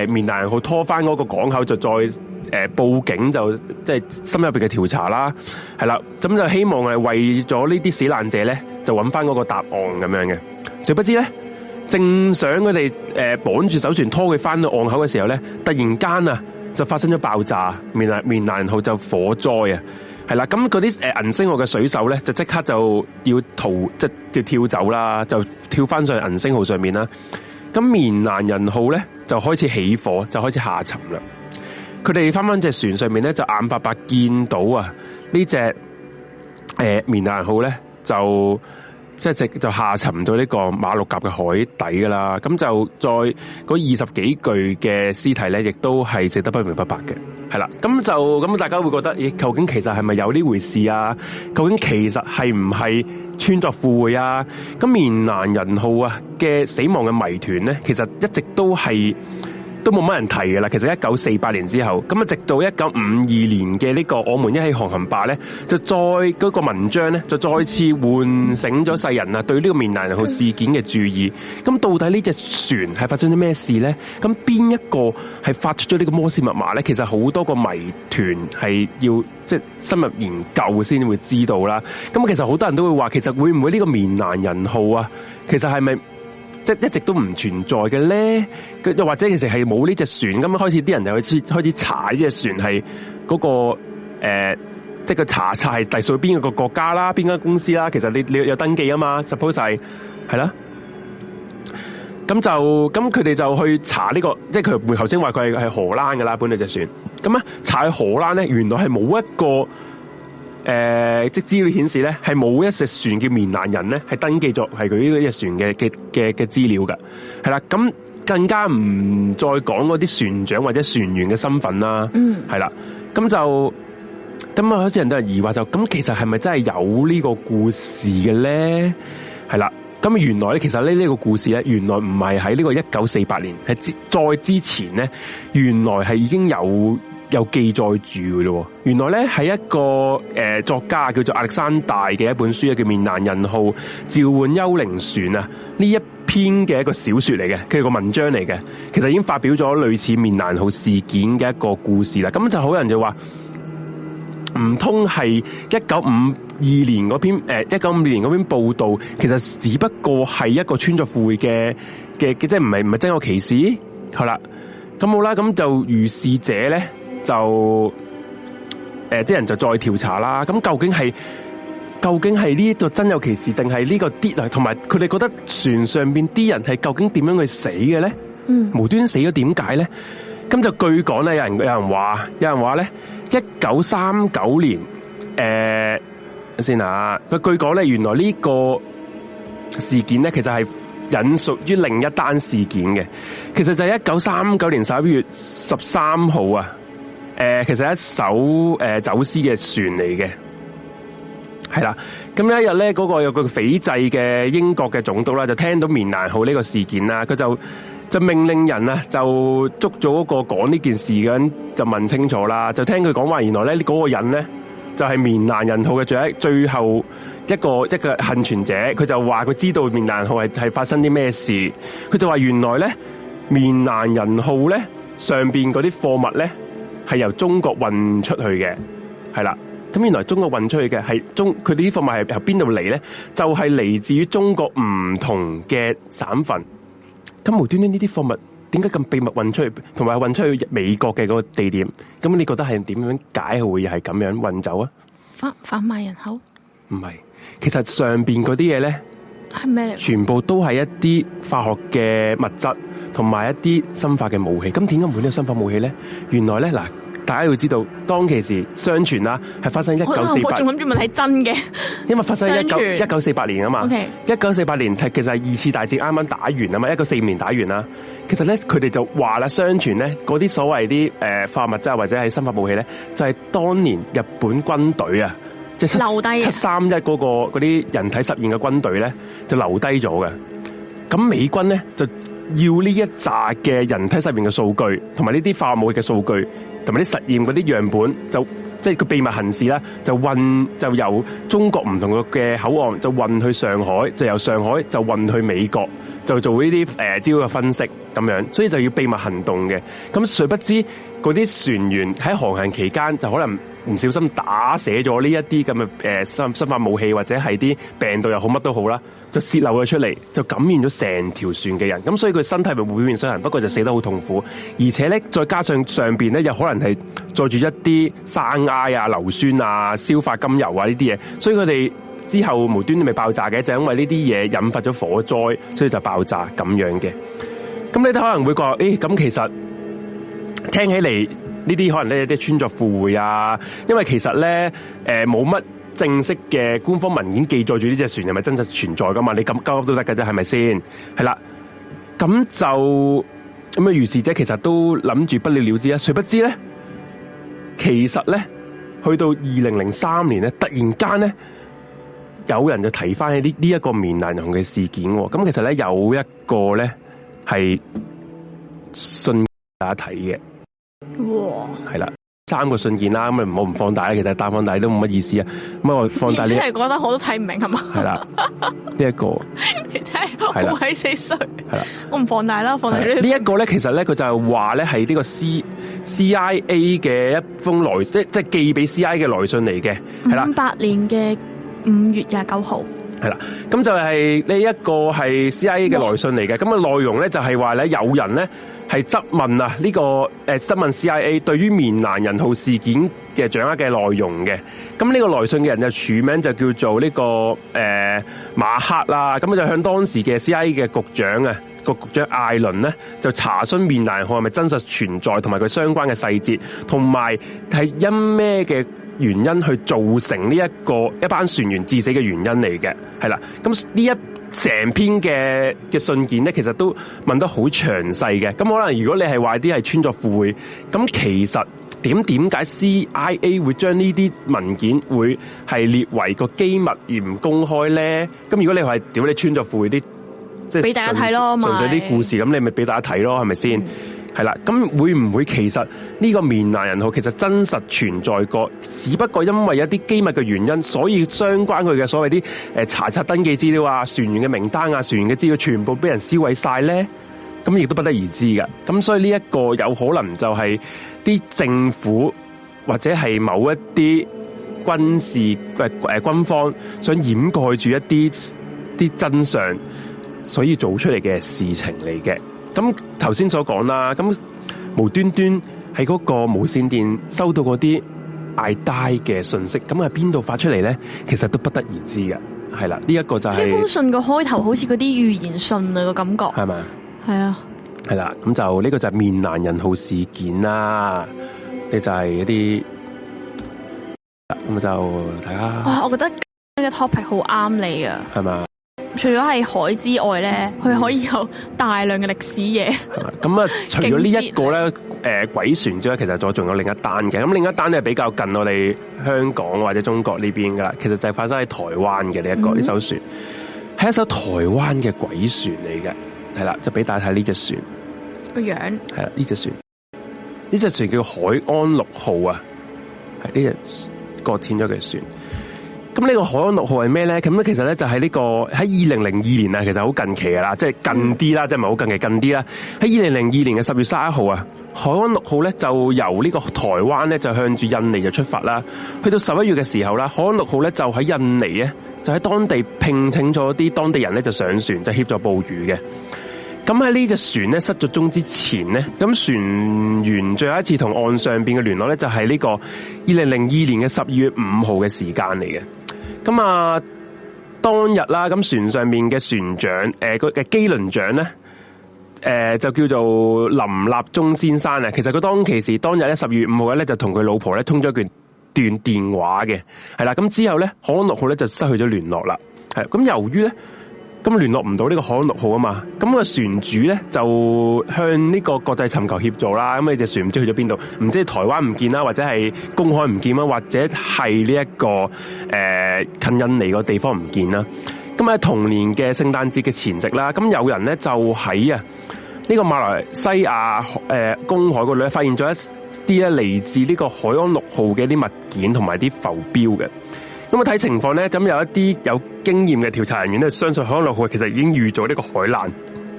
棉、呃、蘭號拖翻嗰個港口，就再誒、呃、報警，就即係深入嘅調查啦，係啦。咁就希望係為咗呢啲死難者咧，就揾翻嗰個答案咁樣嘅。誰不知咧，正想佢哋誒綁住艘船拖佢翻到岸口嘅時候咧，突然間啊就發生咗爆炸，棉蘭棉蘭號就火災啊！係啦，咁嗰啲銀星號嘅水手咧，就即刻就要逃，即就要跳走啦，就跳翻上銀星號上面啦。咁棉蘭人號咧就開始起火，就開始下沉啦。佢哋翻翻隻船上面咧，就眼白白見到啊隻、呃、蘭人呢隻誒棉蘭號咧就。即係直就下沉到呢個馬六甲嘅海底噶啦，咁就再嗰二十幾具嘅屍體咧，亦都係值得不明不白嘅，係啦，咁就咁大家會覺得，咦？究竟其實係咪有呢回事啊？究竟其實係唔係穿鑿附會啊？咁棉蘭人號啊嘅死亡嘅謎團咧，其實一直都係。都冇乜人提嘅啦。其實一九四八年之後，咁啊，直到一九五二年嘅呢、這個《我們一起航行吧》呢，就再嗰、那個文章呢，就再次喚醒咗世人啊對呢個棉蘭人號事件嘅注意。咁到底呢隻船係發生咗咩事呢？咁邊一個係發出咗呢個摩斯密碼呢？其實好多個謎團係要即係、就是、深入研究先會知道啦。咁其實好多人都會話，其實會唔會呢個棉蘭人號啊？其實係咪？即一直都唔存在嘅咧，又或者其實係冇呢隻船咁樣開始，啲人又開始開始查呢隻船係嗰個呃，即係佢查查係隸屬邊個個國家啦，邊間公司啦。其實你你有登記啊嘛？Suppose 係係啦，咁就咁佢哋就去查呢個，即係佢頭先話佢係係荷蘭噶啦，本嚟隻船咁啊，查去荷蘭咧，原來係冇一個。誒、呃，即資料顯示咧，係冇一隻船嘅，棉蘭人呢咧，係登記咗係佢呢隻船嘅嘅嘅資料噶，係啦。咁更加唔再講嗰啲船長或者船員嘅身份啦，嗯，係啦。咁就咁啊，好似人都係疑惑就，咁其實係咪真係有呢個故事嘅咧？係啦，咁原來咧，其實呢呢個故事咧，原來唔係喺呢個一九四八年，係之再之前咧，原來係已經有。有記載住嘅喎。原來咧係一個誒、呃、作家叫做亞歷山大嘅一本書，叫《面難人號召喚幽靈船》啊，呢一篇嘅一個小說嚟嘅，佢係個文章嚟嘅，其實已經發表咗類似面難號事件嘅一個故事啦。咁就好人就話唔通係一九五二年嗰篇誒一九五二年嗰篇報道，其實只不過係一個穿鑿附會嘅嘅，即係唔係唔係真有其事，係啦。咁好啦，咁就如是者咧。就誒，啲、呃、人就再調查啦。咁究竟係究竟係呢個真有其事，定係呢個啲啊？同埋佢哋覺得船上邊啲人係究竟點樣去死嘅咧？無、嗯、無端死咗點解咧？咁就據講咧，有人有人話，有人話咧，一九三九年誒、呃，先啊，佢據講咧，原來呢個事件咧，其實係引屬於另一單事件嘅。其實就係一九三九年十一月十三號啊。誒、呃，其實是一艘誒、呃、走私嘅船嚟嘅係啦。咁有一日咧，嗰、那個有個匪制嘅英國嘅總督啦，就聽到棉蘭號呢個事件啦，佢就就命令人啊，就捉咗一個講呢件事嘅人，就問清楚啦。就聽佢講話，原來咧嗰、那個人咧就係棉蘭人號嘅最一最後一個一個幸存者，佢就話佢知道棉蘭號係係發生啲咩事。佢就話原來咧棉蘭人號咧上邊嗰啲貨物咧。係由中國運出去嘅，係啦。咁原來中國運出去嘅係中，佢哋啲貨物係由邊度嚟咧？就係、是、嚟自於中國唔同嘅省份。咁無端端呢啲貨物點解咁秘密運出去，同埋運出去美國嘅嗰個地點？咁你覺得係點樣解會係咁樣運走啊？販販賣人口？唔係，其實上邊嗰啲嘢咧。係咩全部都係一啲化學嘅物質，同埋一啲生化嘅武器。咁點解會呢啲生化武器咧？原來咧嗱，大家要知道，當其時相傳啦，係發生一九四八，我仲諗住問係真嘅，因為發生一九一九四八年啊嘛，一九四八年係其實係二次大戰啱啱打完啊嘛，一九四五年打完啦。其實咧，佢哋就話啦，相傳咧，嗰啲所謂啲誒化學物質或者係生化武器咧，就係、是、當年日本軍隊啊。即係七三一嗰個嗰啲人體實驗嘅軍隊咧，就留低咗嘅。咁美軍咧就要呢一扎嘅人體實驗嘅數據，同埋呢啲化武嘅數據，同埋啲實驗嗰啲樣本，就即係個秘密行事咧，就運就由中國唔同嘅口岸就運去上海，就由上海就運去美國，就做呢啲誒，呢、呃、嘅分析。咁樣，所以就要秘密行動嘅。咁誰不知嗰啲船員喺航行期間就可能唔小心打瀉咗呢一啲咁嘅誒生生化武器，或者係啲病毒又好，乜都好啦，就泄漏咗出嚟，就感染咗成條船嘅人。咁所以佢身體咪會表面傷痕，不過就死得好痛苦。而且咧，再加上上邊咧又可能係載住一啲生壓啊、硫酸啊、硝化甘油啊呢啲嘢，所以佢哋之後無端咪爆炸嘅，就因為呢啲嘢引發咗火災，所以就爆炸咁樣嘅。咁你都可能會覺得，誒、欸、咁其實聽起嚟呢啲可能咧有啲穿鑿附會啊，因為其實咧冇乜正式嘅官方文件記載住呢隻船係咪真實存在噶嘛？你咁噏都得㗎啫，係咪先？係啦，咁就咁啊，如是者，其實都諗住不了了之啊！誰不知咧，其實咧去到二零零三年咧，突然間咧有人就提返起呢呢一個棉蘭號嘅事件喎。咁其實咧有一個咧。係信大家睇嘅，係啦，三個信件啦，咁你唔好唔放大啦，其實大放大都冇乜意思啊。咁我放大你係覺得我都睇唔明係嘛？係啦，呢 一個，你睇，我鬼死衰，係啦，我唔放大啦，放大呢？呢一個咧，其實咧，佢就係話咧，係呢個 C C I A 嘅一封來，即即係寄俾 C I A 嘅來信嚟嘅，係啦，五八年嘅五月廿九號。係啦，咁就係呢一個係 CIA 嘅來信嚟嘅，咁啊內容咧就係話咧，有人咧係質問啊、這、呢個誒質問 CIA 對於棉蘭人號事件嘅掌握嘅內容嘅，咁呢個來信嘅人就署名就叫做呢、這個誒、呃、馬克啦，咁就向當時嘅 CIA 嘅局長啊，局、局長艾倫咧就查詢棉蘭人號係咪真實存在同埋佢相關嘅細節，同埋係因咩嘅？原因去造成呢、這、一個一班船員致死嘅原因嚟嘅，係啦。咁呢一成篇嘅嘅信件咧，其實都問得好詳細嘅。咁可能如果你係話啲係穿鑿附會，咁其實點點解 CIA 會將呢啲文件會係列為個機密而唔公開咧？咁如果你係點解你穿鑿附會啲，即係俾大家睇咯，純粹啲故事咁，你咪俾大家睇咯，係咪先？是係啦，咁會唔會其實呢個棉蘭人號其實真實存在過？只不過因為一啲機密嘅原因，所以相關佢嘅所謂啲誒查冊登記資料啊、船員嘅名單啊、船員嘅資料全部俾人銷毀晒呢？咁亦都不得而知嘅。咁所以呢一個有可能就係啲政府或者係某一啲軍事誒誒、呃呃、軍方想掩蓋住一啲啲真相，所以做出嚟嘅事情嚟嘅。咁頭先所講啦，咁無端端喺嗰個無綫電收到嗰啲 I die 嘅信息，咁喺邊度發出嚟咧？其實都不得而知嘅，係啦，呢一個就係。呢封信個開頭好似嗰啲預言信啊個感覺。係咪？係啊。係啦，咁就呢個就係面難人號事件啦，你就係一啲，咁就睇下。哇，我覺得呢個 topic 好啱你啊。係嘛？除咗係海之外咧，佢可以有大量嘅歷史嘢。咁、嗯、啊，除咗呢一個咧，誒，鬼船之外，其實再仲有另一單嘅。咁另一單咧係比較近我哋香港或者中國呢邊噶啦。其實就係發生喺台灣嘅呢一個呢、嗯、艘船，係一艘台灣嘅鬼船嚟嘅。係啦，就俾大家睇呢隻船個樣。係啦，呢隻船呢隻船叫海安六號啊，係呢隻擱淺咗嘅船。咁呢個海安六號係咩咧？咁咧其實咧就係呢個喺二零零二年啊，其實好近期噶啦，即係近啲啦，即係唔係好近期，近啲啦。喺二零零二年嘅十月三十一號啊，海安六號咧就由呢個台灣咧就向住印尼就出發啦。去到十一月嘅時候啦，海安六號咧就喺印尼咧就喺當地聘請咗啲當地人咧就上船就協助捕魚嘅。咁喺呢隻船咧失咗蹤之前咧，咁船員最後一次同岸上邊嘅聯絡咧就係呢個二零零二年嘅十二月五號嘅時間嚟嘅。咁啊，當日啦，咁船上面嘅船長，誒、呃，佢嘅機輪長咧，誒、呃，就叫做林立忠先生啊。其實佢當其時當日咧，十月五號咧就同佢老婆咧通咗一段段電話嘅，係啦。咁之後咧，可能六號咧就失去咗聯絡啦。係咁，由於咧。咁聯絡唔到呢個海安六號啊嘛，咁個船主咧就向呢個國際尋求協助啦。咁你隻船唔知去咗邊度，唔知台灣唔見啦，或者係公海唔見啦，或者係呢一個誒、呃、近印尼個地方唔見啦。咁喺同年嘅聖誕節嘅前夕啦，咁有人咧就喺啊呢個馬來西亞誒公海嗰度咧，發現咗一啲咧嚟自呢個海安六號嘅啲物件同埋啲浮標嘅。咁啊睇情況咧，咁有一啲有經驗嘅調查人員咧，相信康落去其實已經遇咗呢個海難，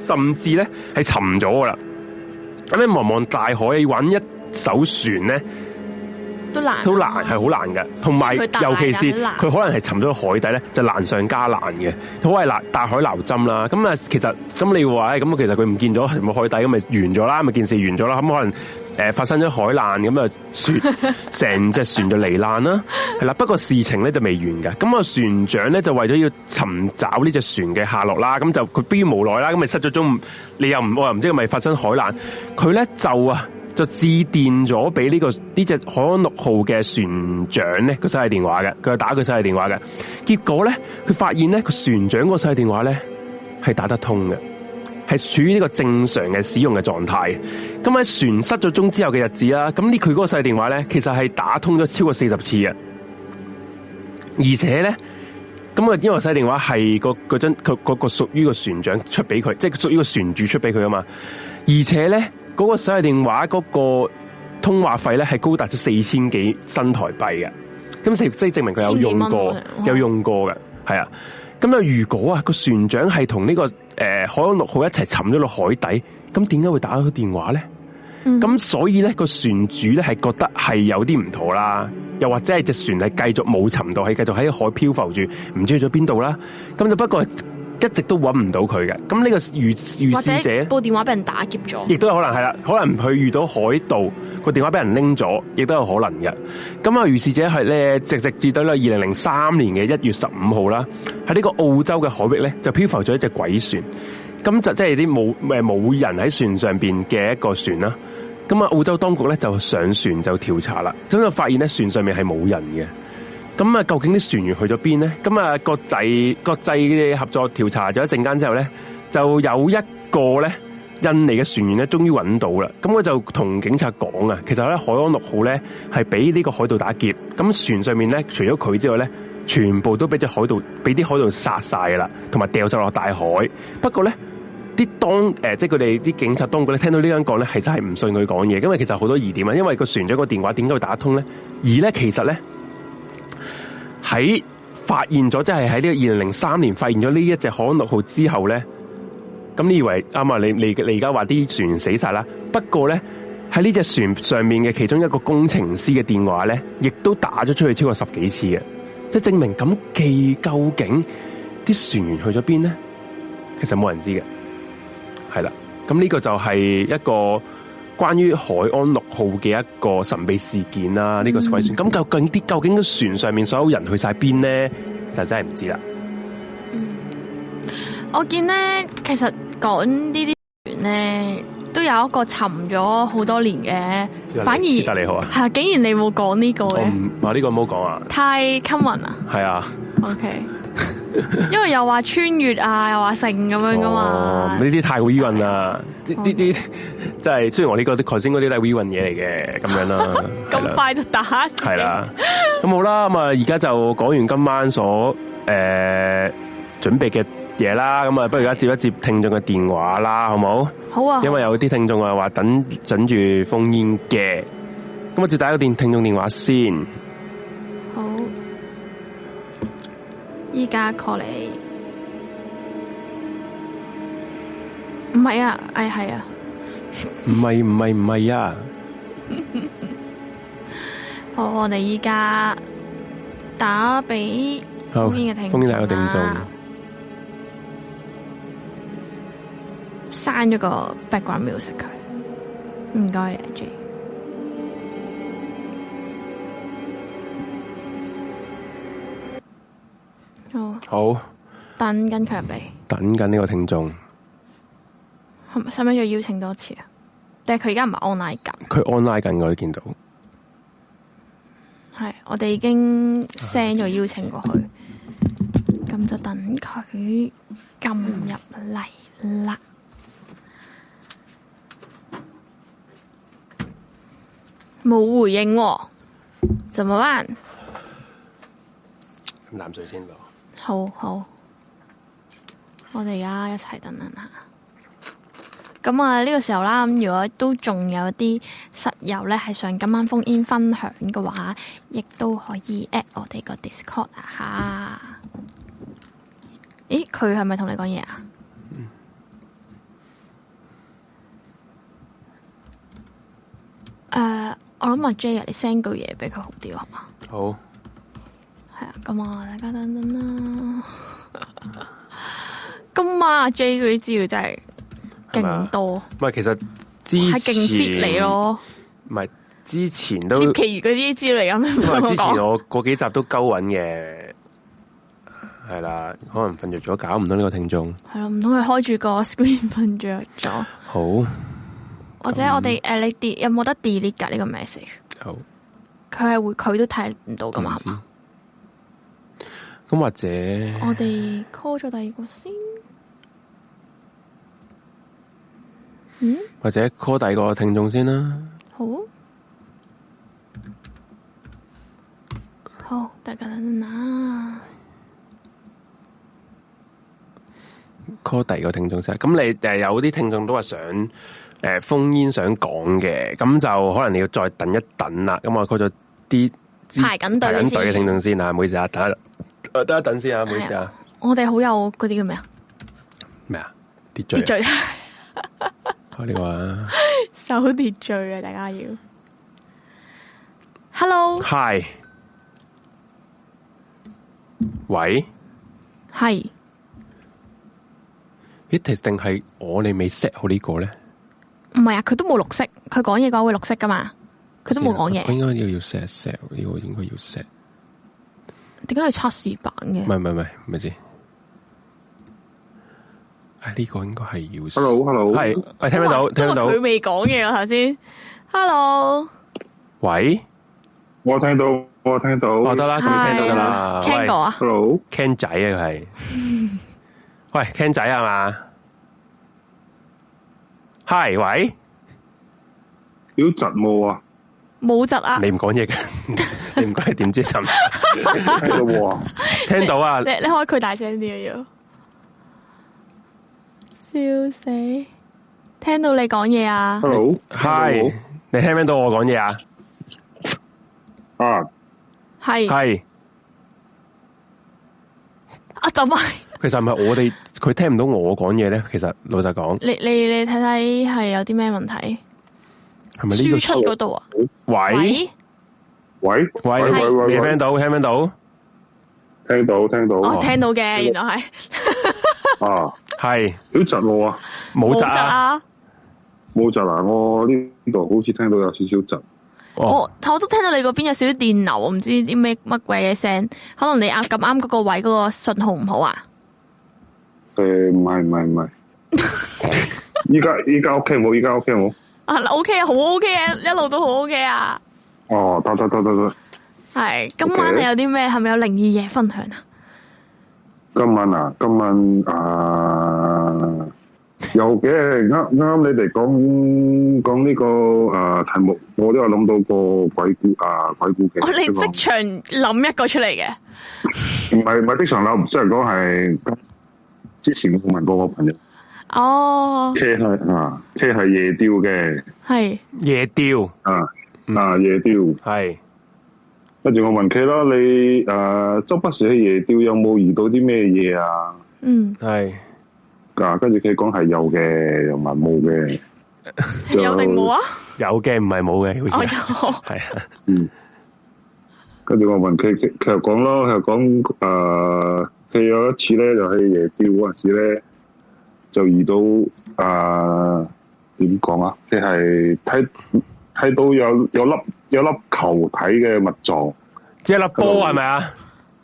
甚至咧係沉咗噶啦。咁你茫茫大海，揾一艘船咧。都難，都難，都難係好難嘅，同埋尤其是佢可能係沉咗海底咧，就難上加難嘅，好係難大海撈針啦。咁啊，其實咁你話咁其實佢唔見咗冇海底，咁咪完咗啦，咪件事完咗啦。咁可能誒、呃、發生咗海難，咁啊船成隻船就罹難啦。係 啦，不過事情咧就未完嘅。咁啊，船長咧就為咗要尋找呢隻船嘅下落啦，咁就佢逼於無奈啦，咁咪失咗蹤。你又唔我又唔知，係咪發生海難？佢 咧就啊。就致電咗俾呢個呢隻海安六號嘅船長咧個細嘅電話嘅，佢係打佢細嘅電話嘅。結果咧，佢發現咧，佢船長個個細電話咧係打得通嘅，係處於呢個正常嘅使用嘅狀態。咁喺船失咗蹤之後嘅日子啦，咁呢佢嗰個細電話咧，其實係打通咗超過四十次嘅，而且咧，咁啊，因為細電話係、嗰個、嗰陣佢嗰個屬於個船長出俾佢，即係屬於個船主出俾佢啊嘛，而且咧。嗰、那個手提電話嗰個通話費咧係高達咗四千幾新台幣嘅，咁即即係證明佢有用過，啊、有用過嘅，係啊。咁啊，如果啊個船長係同呢個誒、呃、海洋六號一齊沉咗落海底，咁點解會打到電話咧？咁、嗯、所以咧個船主咧係覺得係有啲唔妥啦，又或者係隻船係繼續冇沉到，係繼續喺海漂浮住，唔知去咗邊度啦。咁就不過。一直都揾唔到佢嘅，咁呢個如如是者部電話俾人打劫咗，亦都有可能係啦，可能佢遇到海盜，個電話俾人拎咗，亦都有可能嘅。咁啊，如是者係咧，直直至到咧二零零三年嘅一月十五號啦，喺呢個澳洲嘅海域咧就漂浮咗一隻鬼船，咁就即係啲冇咩冇人喺船上邊嘅一個船啦。咁啊，澳洲當局咧就上船就調查啦，咁就發現咧船上面係冇人嘅。咁啊，究竟啲船員去咗邊咧？咁啊，國際國際嘅合作調查咗一陣間之後咧，就有一個咧印尼嘅船員咧，終於揾到啦。咁我就同警察講啊，其實咧，海安六號咧係俾呢個海盜打劫。咁船上面咧，除咗佢之外咧，全部都俾隻海盜俾啲海盜殺晒啦，同埋掉晒落大海。不過咧，啲當誒，即係佢哋啲警察當佢咧，聽到呢樣講咧，其實係唔信佢講嘢，因為其實好多疑點啊。因為個船長個電話點解會打得通咧？而咧，其實咧。喺發現咗，即係喺呢個二零零三年發現咗呢一隻海諾號之後咧，咁你以為啱啊、嗯？你你你而家話啲船員死晒啦，不過咧喺呢隻船上面嘅其中一個工程師嘅電話咧，亦都打咗出去超過十幾次嘅，即係證明咁記究竟啲船員去咗邊咧？其實冇人知嘅，係啦，咁呢個就係一個。關於海安六號嘅一個神秘事件啦、啊，呢、這個鬼船，咁、嗯、究竟啲究竟個船上面所有人去晒邊咧？就真係唔知啦、嗯。我見咧，其實講呢啲船咧，都有一個沉咗好多年嘅，反而得你好啊，係竟然你冇講呢個嘅，我話呢個唔好講啊，這個、啊太 common 啦，係啊，OK。 因為又話穿越啊，又話成咁樣噶、啊、嘛？呢、哦、啲太 we run 啦，啲即係雖然我呢、這個啲頭先嗰啲都係 we 嘢嚟嘅，咁樣啦、啊。咁 快就打？係啦，咁好啦，咁啊，而家就講完今晚所誒、呃、準備嘅嘢啦，咁啊，不如而家接一接聽眾嘅電話啦，好唔好？好啊，因為有啲聽眾啊話等住封煙嘅，咁我接第一個電聽眾電話先。而家 call 你，唔係啊，哎係啊，唔係唔係唔係啊， 我我哋而家打畀，好，phone in 嘅聽眾，刪咗個 background music 佢，唔該你啊 J。G Oh, 好，等緊佢入嚟，等緊呢個聽眾，使唔使再邀請多次啊？但係佢而家唔係 online 緊，佢 online 緊我都見到，係我哋已經 send 咗邀請過去，咁 就等佢入嚟啦，冇回應啊，怎麼辦？啖水先。好好，我哋而家一齊等等下。咁啊，呢個時候啦，咁如果都仲有啲室友咧，係上今晚封煙分享嘅話，亦都可以 at 我哋個 Discord 啊。吓？咦，佢係咪同你講嘢啊？誒、嗯，uh, 我諗阿 Jay，你 send 句嘢俾佢好啲，好嘛？好。係啊，今晚啊，大家等等啦。今晚啊，J 佢啲資料真係勁多。唔係，其實之前係勁 fit 你咯。唔係之前都其餘嗰啲資料咁。因為之前我嗰幾集都勾穩嘅，係 啦、啊，可能瞓着咗，搞唔到呢個聽眾。係啦，唔通佢開住個 screen 瞓着咗？好，或者我哋誒，你 e l e t e 有冇得 delete 噶呢個 message？好，佢係會，佢都睇唔到噶嘛。咁或者我哋 call 咗第二個先，嗯，或者 call 第二個聽眾先啦。好，好，大家等等啊！call 第二個聽眾先，咁你誒有啲聽眾都話想誒、呃、phone in 想講嘅，咁就可能你要再等一等啦。咁我 call 咗啲排緊隊嘅聽眾先啊，唔好意思啊，等一等。等一等先啊，唔好意思啊。哎、我哋好有嗰啲叫咩啊？咩啊？秩序秩序。開呢 個啊？守秩序啊！大家要。Hello Hi.。Hi, Hi.。喂。係。It is 定係我哋未 set 好呢個咧？唔係啊，佢都冇綠色，佢講嘢講會綠色噶嘛？佢都冇講嘢。啊、我應該要我應該要 set set，呢個應該要 set。點解係測試版嘅？唔係唔係唔係，唔知。哎，呢、個應該係要。Hello，Hello，係 hello，哎，聽得到，聽得到，佢未講嘢，啊。頭先？Hello，喂，我聽到，我聽到，得、哦、啦，咁聽到噶啦。聽過啊？Hello，Ken 仔啊，係。 喂，Ken 仔係嘛？Hi，喂，好雜我啊。冇窒啊！你唔講嘢嘅，你唔該點知？聽到啊！你你開佢大聲啲啊！要笑死！聽到你講嘢啊！Hello，Hi，Hello? 你聽唔聽到我講嘢啊？啊，係係啊，就 係。其實唔係我哋佢聽唔到我講嘢咧？其實老實講，你你你睇睇係有啲咩問題？輸、這個、出嗰度啊，喂喂喂喂！喂喂喂喂，你聽到聽唔聽到？聽到聽到，我、哦、聽到嘅，原來係啊，係好窒冇啊，冇窒！啊，冇窒嗱，我呢度好似聽到有少少窒！我我都聽到你嗰邊有少少電流，我唔知啲咩乜鬼嘢聲，可能你啊咁啱嗰個位嗰、嗰個信號唔好啊？誒唔係唔係唔係，依家依家屋企冇，依家屋企冇。 啊，OK 啊，好 OK 啊、OK、一路都好 OK 啊。哦，得得得得得。係，今晚你有啲咩？係、okay? 咪有靈異嘢分享啊？今晚啊，今晚啊、呃，有嘅，啱啱你哋講講呢個誒、呃、題目，我都有諗到個鬼故啊、呃，鬼故嘅。我、哦、哋即場諗、這個、一個出嚟嘅。唔係唔係即場諗，即係講係我之前問過個朋友。哦，車係啊，車係夜釣嘅，係夜釣啊啊，夜釣係。跟住我問佢啦，你誒周不時去夜釣，有冇遇到啲咩嘢啊？嗯，係。嗱，跟住佢講係有嘅，又問冇嘅，有定冇啊？有嘅唔係冇嘅，係啊，嗯。跟住我問佢，佢又講咯，佢又講誒，佢有一次咧就去夜釣陣時咧，就遇到誒，點講啊？即係睇睇到有有粒有粒球體嘅物狀，即係粒波係咪啊？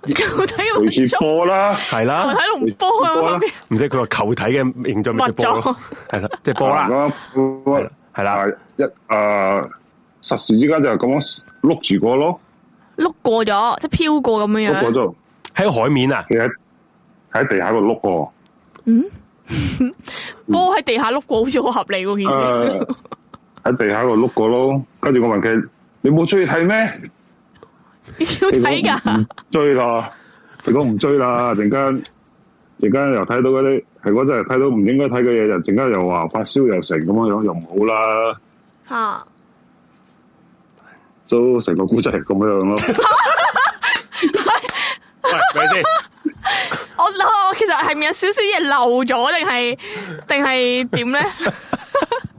球體好似波啦，係啦，睇龍波啊？唔知佢話球體嘅形狀物狀，係啦，即係波啦。咁係啦，一誒，霎時之間就咁樣碌住過咯，碌過咗即係飄過咁樣樣。喺海面啊？佢喺喺地下度碌過，嗯。波 喺地下碌過，嗯、好似好合理喎。其實喺地下度碌過咯，跟住我問佢：你冇出去睇咩？要睇噶，追個，如果唔追啦。陣間，陣間又睇到嗰啲，如果真係睇到唔應該睇嘅嘢，就陣間又話發燒又成咁樣樣，又唔好啦。吓、啊，都成個古仔咁樣咯。喂， 喂等 我我其實係咪有少少嘢漏咗，定係定係點咧？還是怎樣呢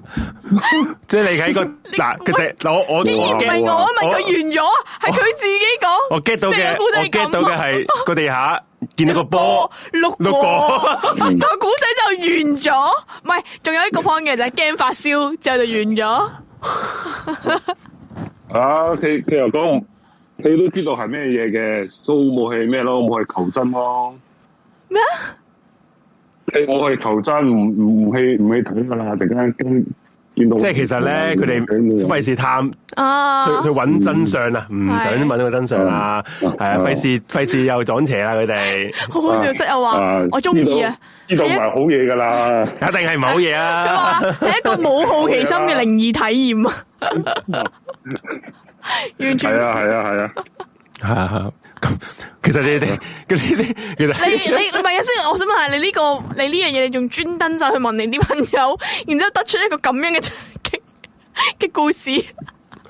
即係你喺個嗱，佢第嗱我我我驚，我咪佢完咗，係佢自己講。我 get 到嘅，我 get 到嘅係個地下 見到個波碌過，個古仔 就完咗，唔係仲有一個方嘅就係驚發燒，之後就完咗。 啊，佢佢又講，你都知道係咩嘢嘅，蘇冇係咩咯，冇係求真咯。咩啊？你我去求真，唔唔去唔去睇噶啦，突然間見到即係其實咧，佢哋費事探啊，啊，去去揾真相啊，唔想問個真相啊，係啊，費事費事又撞邪啊，佢哋好好笑，識又話我中意啊，知道唔係好嘢噶啦，一、欸、定係唔好嘢啊，係、啊、一個冇好奇心嘅靈異體驗啊，完全係啊係啊係啊，啊，啊 其實你哋，你哋，其實你你唔係啊？先， 我想問下你呢、這個，你呢樣嘢，你仲專登走去問你啲朋友，然之後得出一個咁樣嘅嘅 故事。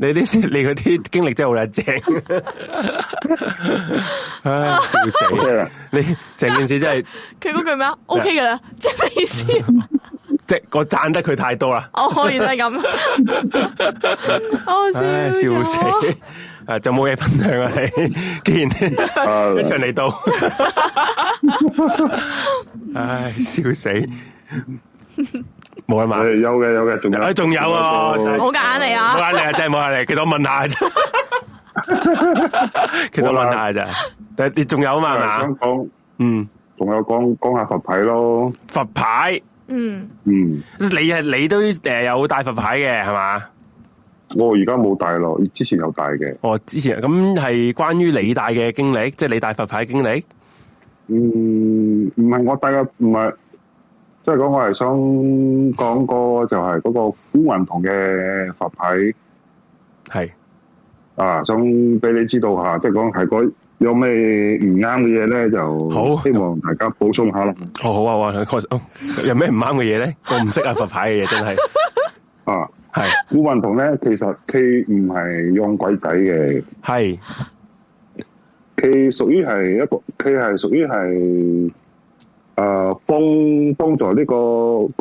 你啲你嗰啲經歷真係好正，唉笑死！你成件事真係佢嗰句咩啊？OK 㗎喇，即係咩意思？即係我讚得佢太多啦！我可以都係咁，我笑死！啊，就冇嘢分享啊！係，既然你一場嚟到，唉，笑死！冇啊嘛，有嘅有嘅，仲有誒仲有啊，唔好夾硬嚟啊，唔好夾硬嚟啊，真係冇夾硬嚟，其實我問下， 其實我問下啫，你 仲有嘛嘛，想講嗯，仲有講講下佛牌咯，佛牌嗯嗯，你係你都誒有帶佛牌嘅係嘛？我而家冇帶咯，之前有帶嘅。哦，之前咁係關於你帶嘅經歷，即係你帶佛牌經歷。嗯，唔係我帶嘅，唔係。即係講，我係想講個就係嗰個烏雲同嘅佛牌，係啊，想俾你知道下。即係講，係嗰有咩唔啱嘅嘢咧，就好希望大家補充下咯。哦，好啊，好啊，確實，有咩唔啱嘅嘢咧？我唔識啊佛牌嘅嘢真係啊，係烏雲同咧，其實佢唔係用鬼仔嘅，係佢屬於係一個，佢係屬於係。誒、呃，幫幫助、這個那個、呢個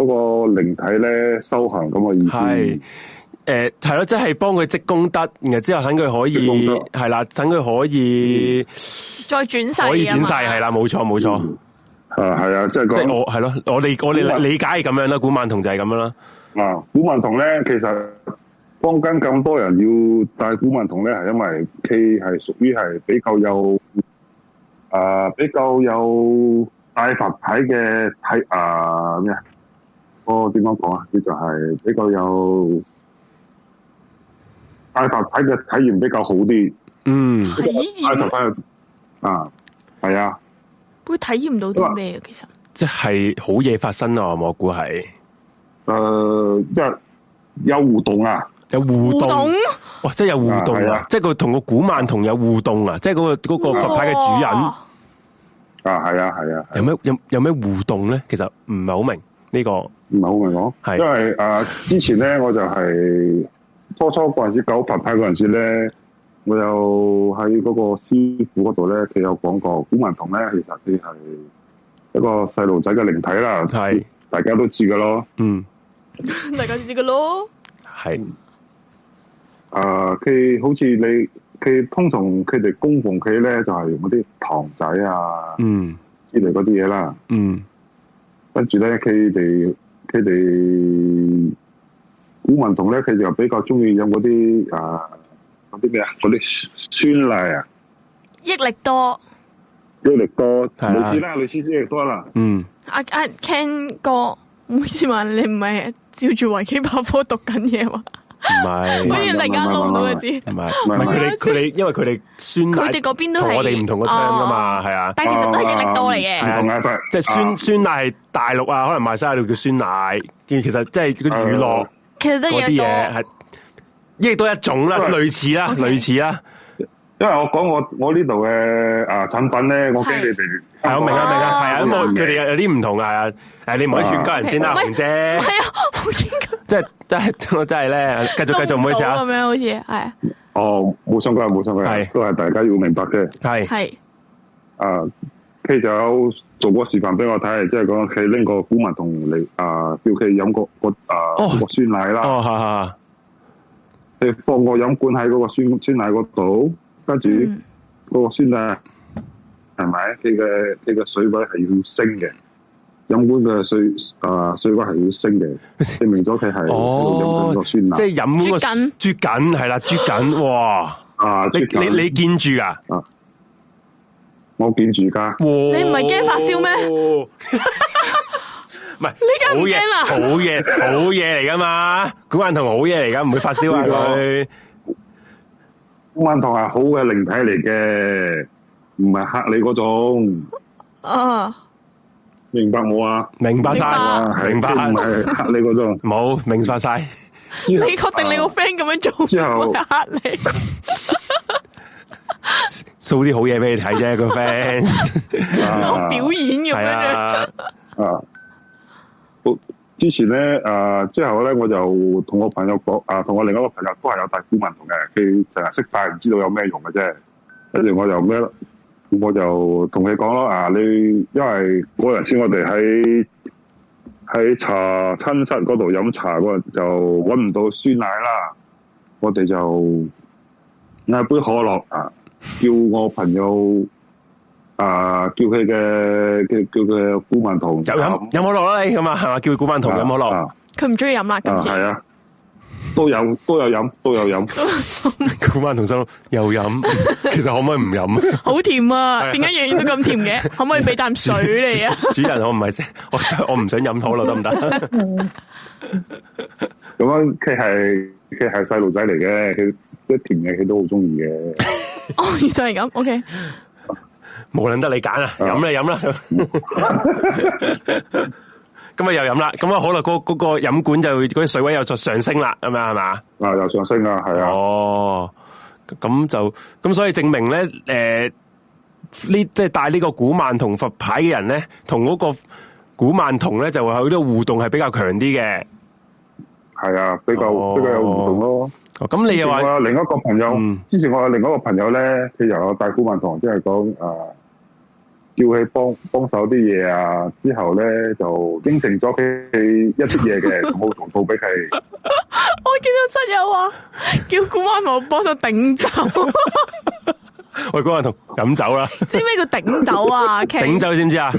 嗰個靈體咧修行咁嘅意思係，誒係咯，即係幫佢積功德，然後之後等佢可以係啦，等佢可以再轉世，可以轉世係啦，冇錯冇錯，啊係、就是那個、啊，即係我係咯，我哋我哋理解係咁樣啦，古曼童就係咁樣啦。啊古曼童咧，其實坊間咁多人要帶古曼童咧，係因為佢係屬於係比較有，啊、呃、比較有。大佛牌嘅體啊咩啊？我點講講啊？佢就係比較有大佛牌嘅體驗比較好啲。嗯，佛體驗啊，係啊。會體驗到啲咩啊？其實即係好嘢發生啊！我估係誒，即係有互動啊，有互動哇、哦！即係有互動啊！啊啊即係佢同個古曼童有互動啊！啊即係嗰個嗰個佛牌嘅主人。啊，係啊，係啊,啊,啊，有咩有有咩互動咧？其實唔係好明呢、這個，唔係好明咯、啊。係因為、呃、之前咧我就係、是、初初嗰陣時搞佛牌陣時咧，我又喺嗰個師傅嗰度咧，佢有講過，古曼童咧其實佢係一個細路仔嘅靈體啦，係大家都知嘅咯。嗯，大家都知嘅咯，係、嗯、啊，佢、 呃、好似你。佢通常佢哋供奉佢咧就係嗰啲糖仔啊，嗯，之類嗰啲嘢啦，嗯，跟住咧佢哋佢哋古文同咧佢就比較中意飲嗰啲啊嗰啲咩啊嗰啲酸奶啊益力多，益力多，冇事啦，你先益力多啦，嗯，阿、啊、阿、啊、Ken 哥，唔好意、啊、你唔係照住維基百科讀緊嘢嘛？唔係，唔係而家唔到嗰啲。唔係，唔係佢哋佢哋，因為佢哋酸奶， 佢哋嗰邊都係我哋唔同嘅腔㗎嘛，係、哦、啊。哦、但係其實都係益力多嚟嘅，唔同即係酸、嗯、酸奶係大陸啊，可能賣晒喺度叫酸奶，嗯、其實即係嗰啲娛樂嗰啲嘢，係亦都一種啦，類似啦、啊 okay. 類似啦、啊因為我講我我呢度嘅啊產品咧，我俾你哋係我明啊明啊係啊，佢哋有啲唔同啊誒你唔可以勸家人先啊，紅姐係啊，紅、okay, 啊、姐即係係，係我 真係咧，繼繼續繼繼續唔好，好意思、啊，咁樣好似係哦冇相關冇相關係，都係大家要明白啫，係係啊，譬如就有做過視頻俾我睇，即係講佢拎個古文同你啊，叫佢飲個啊酸奶啦，哦，哈哈、哦啊啊，你放個飲罐喺嗰個酸酸奶嗰度。跟住嗰個酸奶係咪？呢個呢個水位係要升嘅，飲管嘅水啊、呃，水位係要升嘅，證明咗佢係飲管個酸啊、哦，即係飲緊，啜緊係啦，啜緊哇！啊，你你你見住啊？我見住噶，你唔係驚發燒咩？唔 係， 好嘢，好嘢，好嘢嚟噶嘛？ 古眼同好嘢嚟噶，唔會發燒啊佢。 公安堂係好嘅靈體嚟嘅，唔係嚇你嗰種。哦，明白冇啊，明白晒，明白係嚇你嗰種。冇明白晒，你確定你個 friend 咁樣做唔會嚇你？掃啲好嘢俾你睇啫，個 friend。我表演咁樣。啊。好。之前咧，啊之後咧，我就同我朋友講，啊同我另一個朋友都係有大疑問同嘅，佢就係識帶，唔知道有咩用嘅啫。跟住我就咩啦？我就同佢講咯，啊你因為嗰日先我哋喺喺茶餐室嗰度飲茶嗰陣就搵唔到酸奶啦，我哋就嗌杯可樂啊，叫我朋友。啊！叫佢嘅嘅叫佢古曼童有飲有可樂啦？你咁啊，係嘛？叫古曼童飲可樂，佢唔中意飲啦。今次係啊，都有都有飲都有飲。古曼童生又飲，其實可唔可以唔飲？好甜啊！點解樣樣都咁甜嘅？可唔可以俾啖水你啊？主人，我唔係我我唔想飲可樂得唔得？咁樣佢係佢係細路仔嚟嘅，佢啲甜嘢佢都好中意嘅。哦，就係咁。O K。無論得你揀啊，飲就飲啦。咁啊又飲啦，咁啊可能，嗰嗰個飲管就嗰啲水位又就上升啦，咁樣係嘛？啊，又上升啊，係啊。哦，咁就咁，所以證明咧，誒，呢即係帶呢個古曼童佛牌嘅人咧，同嗰個古曼童咧，就會有啲互動係比較強啲嘅。係啊，比較比較有互動咯。咁你又話，我另一個朋友，之前我有另一個朋友咧，佢又有帶古曼童，即係講啊。叫佢幫幫手啲嘢啊，之後咧就應承咗佢一啲嘢嘅，我同杜碧係，我見到室友話，叫古安同幫手頂酒，餵古安同飲酒啦，知咩叫頂酒啊？頂酒知唔知啊？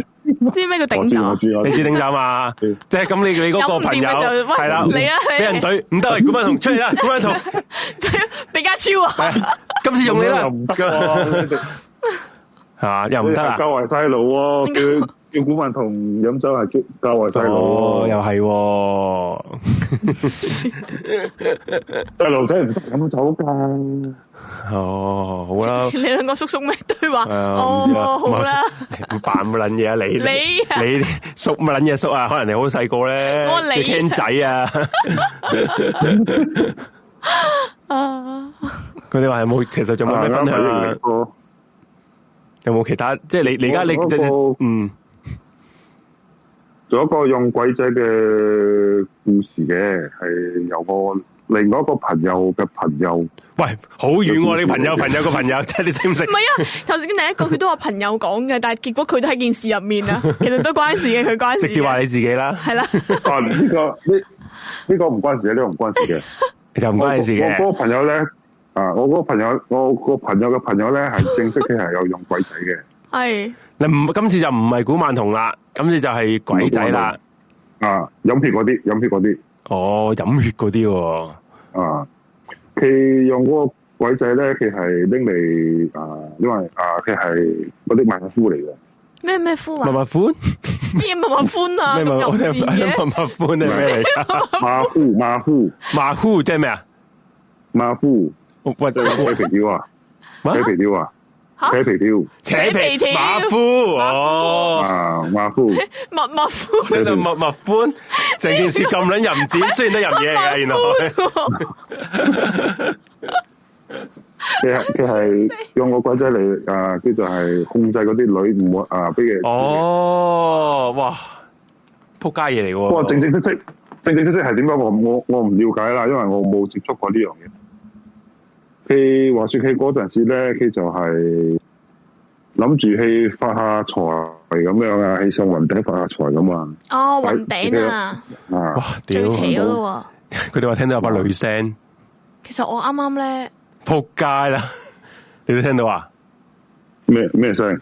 知咩叫頂酒？你知頂酒嘛？即係咁，你你嗰個朋友就係啦，你啊俾人懟唔得啦！古安同出嚟啦，古安同，比家超啊，今次用你啦。吓又唔得啦！教壞細路，叫叫古曼同飲酒係教壞細路，又係細路仔唔得飲酒噶。哦，好啦，你兩個叔叔咩對話？哦，好啦，扮乜撚嘢啊？你你你叔乜撚嘢叔啊？可能你好細個咧，啲僆仔啊！佢哋話有冇其實仲有咩分享啊？有冇其他？即係你你而家你嗯，做一個用鬼仔嘅故事嘅，係由個另外一個朋友嘅朋、啊、朋友。喂，好遠喎！你朋友朋友個朋友，即係你識唔識？唔係啊，頭先第一個佢都話朋友講嘅， 但係結果佢都喺件事入面啊，其實都關事嘅。佢關事 直接話你自己啦，係 啦、啊。呢、這個呢呢、這個唔關事嘅，呢 個唔關事嘅，其實唔關事嘅。我嗰、那個朋友咧。啊！我個朋友，我個朋友嘅朋友咧，係正式佢係有用鬼仔嘅。係，你唔今次就唔係古曼童啦，今次就係鬼仔啦。啊，飲血嗰啲，飲血嗰啲。哦，飲血嗰啲喎。啊，佢用嗰個鬼仔咧，佢係拎嚟啊，因為啊，佢係嗰啲萬夫嚟嘅。咩咩夫？萬萬夫？咩萬萬夫啊？咩 萬媽寬？咩萬萬夫？咩嚟噶？馬 夫，馬夫，馬夫，即係咩啊？馬喂，就扯皮條啊，扯皮條啊，扯皮條，扯皮條，馬夫哦，啊馬夫，陌陌夫，叫做陌陌夫，成件事咁卵淫賤，雖然得淫嘢嚟噶，原來。即係即係，用個鬼仔嚟誒，叫做係控制嗰啲女唔好啊，畀佢哦，哇，仆街嘢嚟噶，正正式式，正正式式係點解？我我我唔了解啦，因為我冇接觸過呢樣嘢。佢話說佢嗰陣時咧，佢就係諗住去發下財咁樣啊，去上雲頂發下財咁啊。哦，雲頂啊，哇，屌邪啦！佢哋話聽到有把女聲。其實我啱啱咧，撲街啦！你都聽到啊？咩咩聲？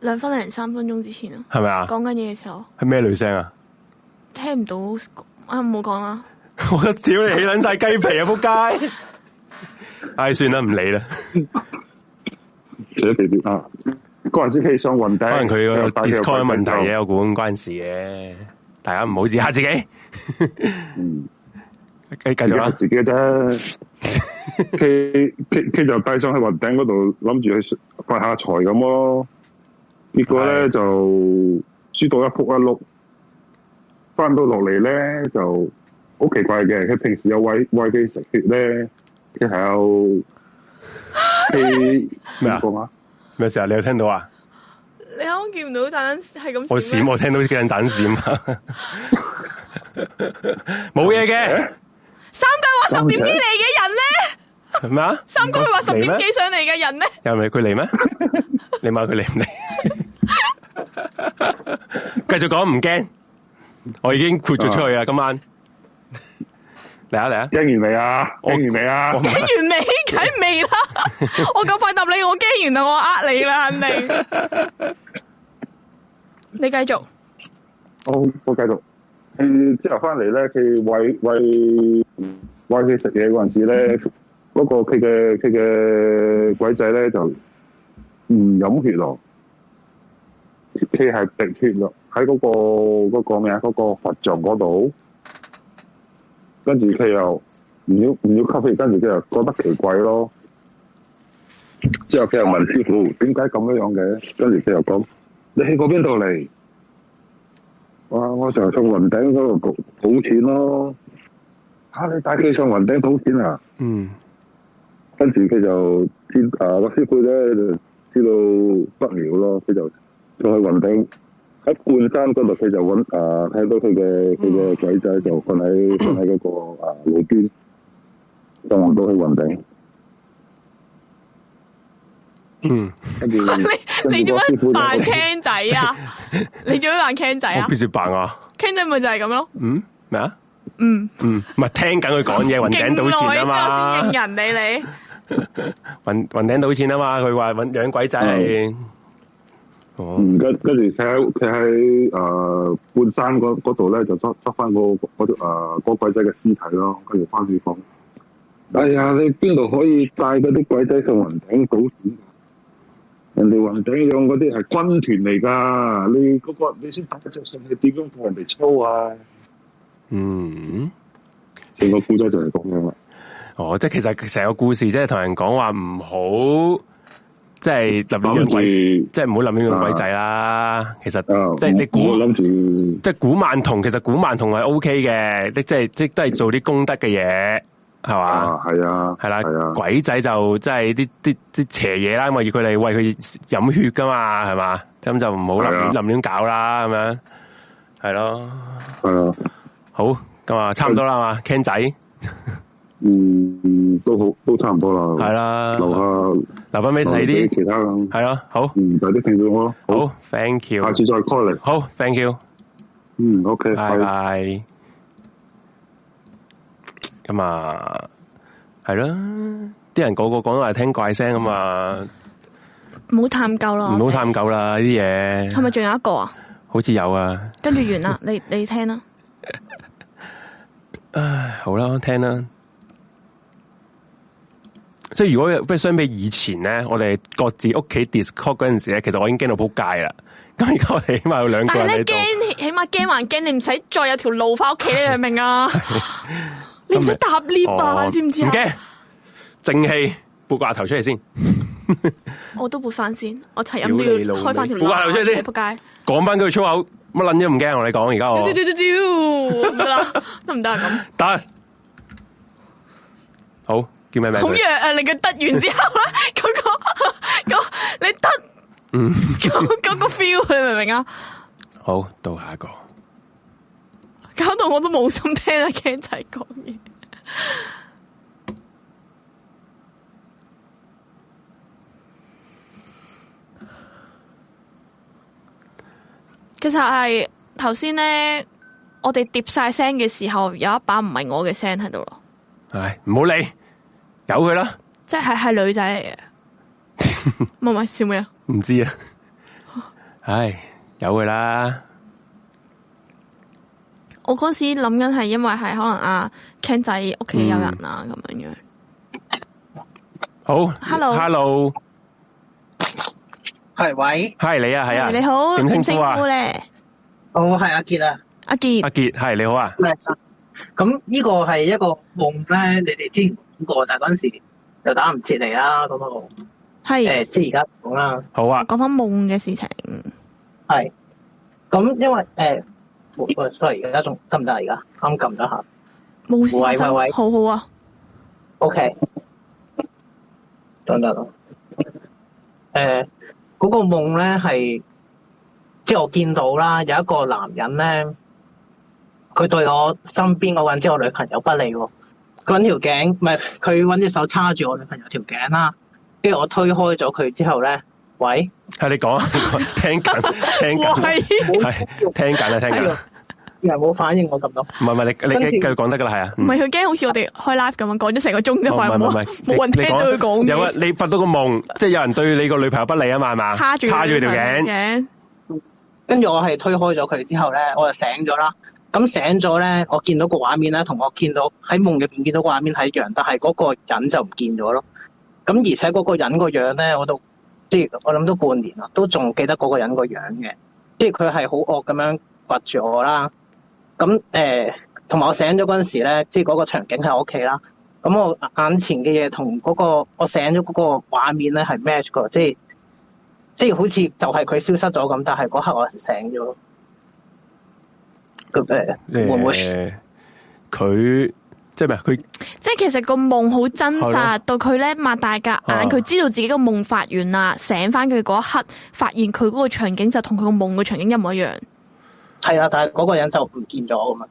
兩分零三分鐘之前啊，係咪啊？講緊嘢嘅時候。係咩女聲啊？聽唔到啊，唔好講啦。我屌 你起捻晒雞皮啊！撲街。唉，算啦，唔理啦。坐地啊，個人先企上雲頂，可能佢個 discord 問題嘢，有管關事嘅。大家唔好自嚇自己。嗯， 繼續自己啫。佢 傾就低上去雲頂嗰度諗住去發下財咁咯。結果咧就輸到一扑一碌，翻到落嚟咧就好奇怪嘅。佢平時有餵餵佢食血咧。你係你，咩 啊？咩事啊？你有聽到啊？你可見唔到盞係咁我閃，我聽到見盞閃啊！冇嘢嘅。三哥話十點幾嚟嘅人咧？係咪啊？三哥佢話十點幾上嚟嘅人咧？人呢 又係咪佢嚟咩？ 你問下佢嚟唔嚟？繼 續講唔驚，我已經豁咗出去啊！今晚。嚟啊嚟啊，驚完未啊？驚完未啊？驚完未？梗未啦！我咁 快答你，我驚完啦，我呃你啦，係咪？ 你繼續。好，我繼續。之後翻嚟咧，佢喂喂喂佢食嘢嗰陣時咧，嗰、嗰個佢嘅佢嘅鬼仔咧就唔飲血咯，佢係滴血咯，喺嗰、嗰個嗰、嗰個咩啊？嗰、嗰個佛像嗰度。跟住佢又唔要唔要吸氣，跟住佢又覺得奇怪咯。之後佢又問師傅點解咁樣樣嘅，跟住佢又講：你去過邊度嚟？哇！我成日上雲頂嗰度賭錢咯。嚇、啊！你帶佢上雲頂賭錢啊？嗯。跟住佢就知啊，個師傅咧就知道不了咯。佢就再去雲頂。喺冠山嗰度，佢就揾啊，聽到佢嘅佢嘅鬼仔就瞓喺瞓喺嗰個啊路邊，望到去雲頂。嗯，跟住你你點樣扮 can 仔啊？你做咩扮 can 仔啊？必須扮啊！can 仔咪就係咁咯。嗯，咩啊？嗯嗯，唔係聽緊佢講嘢，雲頂賭錢啊嘛。認人哋你雲雲頂賭錢啊嘛，佢話揾養鬼仔係。嗯、oh.，跟跟住企喺企喺誒半山嗰度咧，就捉返翻個嗰誒、呃、鬼仔嘅屍體咯，跟住翻去放。哎呀，你邊度可以帶嗰啲鬼仔上雲頂搞錢？人哋雲頂用嗰啲係軍團嚟噶，你嗰、那個你先打一仗上去，點樣同人哋抽啊？嗯，成、這個故仔就係咁樣啦。 哦，即係其實成個故事即係同人講話唔好。即係諗亂鬼，即係唔好諗亂鬼仔啦。啊、其實即係你估，即係古曼童，其實古曼童係 O K 嘅。你即係即都係做啲功德嘅嘢，係嘛？係啊，係啦、啊啊啊啊，鬼仔就即係啲啲啲邪嘢啦，因為要佢哋餵佢飲血㗎嘛，係嘛？咁就唔好諗亂搞啦，咁樣係咯，係啊，啊，好咁啊，差唔多啦嘛，Ken 仔。 嗯，都好，都差唔多啦。係啦，留下留翻俾你睇啲其他噶。係咯，好，嗯，大家聽住我咯。好，Thank you，下次再 call 你。好，Thank you。嗯，OK，拜拜。咁啊，係啦，啲人個個講都係聽怪聲啊嘛，唔好探究咯，唔好探究啦，呢啲嘢。係咪仲有一個啊？好似有啊。跟住完啦，你你聽啦。唉，好啦，聽啦。即係如果，相比以前咧，我哋各自屋企 Discord 嗰陣時咧，其實我已經驚到撲街啦。咁而家我哋起碼有兩個人喺度，但係你驚，起碼驚還驚，你唔使再有條路翻屋企，你明唔明啊？你唔使搭 lift 啊，知唔知？唔驚，正氣撥個頭出嚟先。我都撥翻先，我齊飲都要開翻條路。撥頭出嚟先，撲街。講翻句粗口，乜捻都唔驚，我哋講而家我。得唔得？得唔得咁？得。好。好弱誒、呃！你嘅得完之後咧，嗰、 嗰個嗰、嗰個、你得，嗯，嗰個 feel，你明唔明啊？好，到下一個，搞到我都冇心聽阿 Ken 仔講嘢。 其實係頭先咧，我哋疊晒聲嘅時候，有一把唔係我嘅聲喺度咯。係唔好理。有佢啦，即係係女仔嚟嘅，唔係唔係笑咩啊？唔知啊，唉，有佢啦。我嗰時諗緊係因為係可能阿 Ken 仔屋企有人啊，咁樣樣。好，hello hello，係喂，係你啊，係啊，你好，點稱呼啊咧？好，係阿杰啊，阿杰，阿杰係你好啊。係，咁呢個係一個夢咧，你哋知。咁過，但係嗰陣時又打唔切嚟啦。咁啊，係誒，即係而家講啦。好啊，講翻夢嘅事情。係，咁因為誒，我我 sorry，而家仲得唔得？而家啱撳咗下，冇事。喂喂喂，喂，喂，好好啊。OK，得唔得啊？誒、呃，嗰、嗰個夢咧係，即係我見到啦，有一個男人咧，佢對我身邊嗰位即係我女朋友不利喎。搵條頸，唔係佢搵隻手叉住我女朋友條頸啦，跟住我推開咗佢之後咧，喂，係你講啊，聽緊，聽緊，係聽緊 啊，嗯、 你聽緊，人冇反應我咁多，唔係唔係，你你繼續講得噶啦，係啊，唔係佢驚好似我哋開 live 咁樣講咗成個鐘，唔係唔係唔係，冇人聽到佢講，有啊，你發到個夢， 即係有人對你個女朋友不利啊嘛，係嘛，叉住叉住條頸，跟、嗯、住我係推開咗佢之後咧，我就醒咗啦。咁醒咗咧，我見到個畫面咧，同我見到喺夢入邊見到個畫面係一樣，但係嗰個人就唔見咗咯。咁而且嗰個人個樣咧，我都即係我諗都半年啦，都仲記得嗰個人個樣嘅。即係佢係好惡咁樣掘住我啦。咁誒，同埋我醒咗嗰陣時咧，即係嗰個場景喺我屋企啦。咁我眼前嘅嘢同嗰個我醒咗嗰個畫面咧係 match 過，即係即係好似就係佢消失咗咁，但係嗰刻我醒咗。誒，佢、呃、即係咩？佢即係其實個夢好真實，到佢咧擘大夾眼，佢、啊、知道自己個夢發完啦。醒翻佢嗰一刻，發現佢嗰個場景就同佢個夢嘅場景一模一樣。係啊，但係嗰個人就唔見咗咁啊！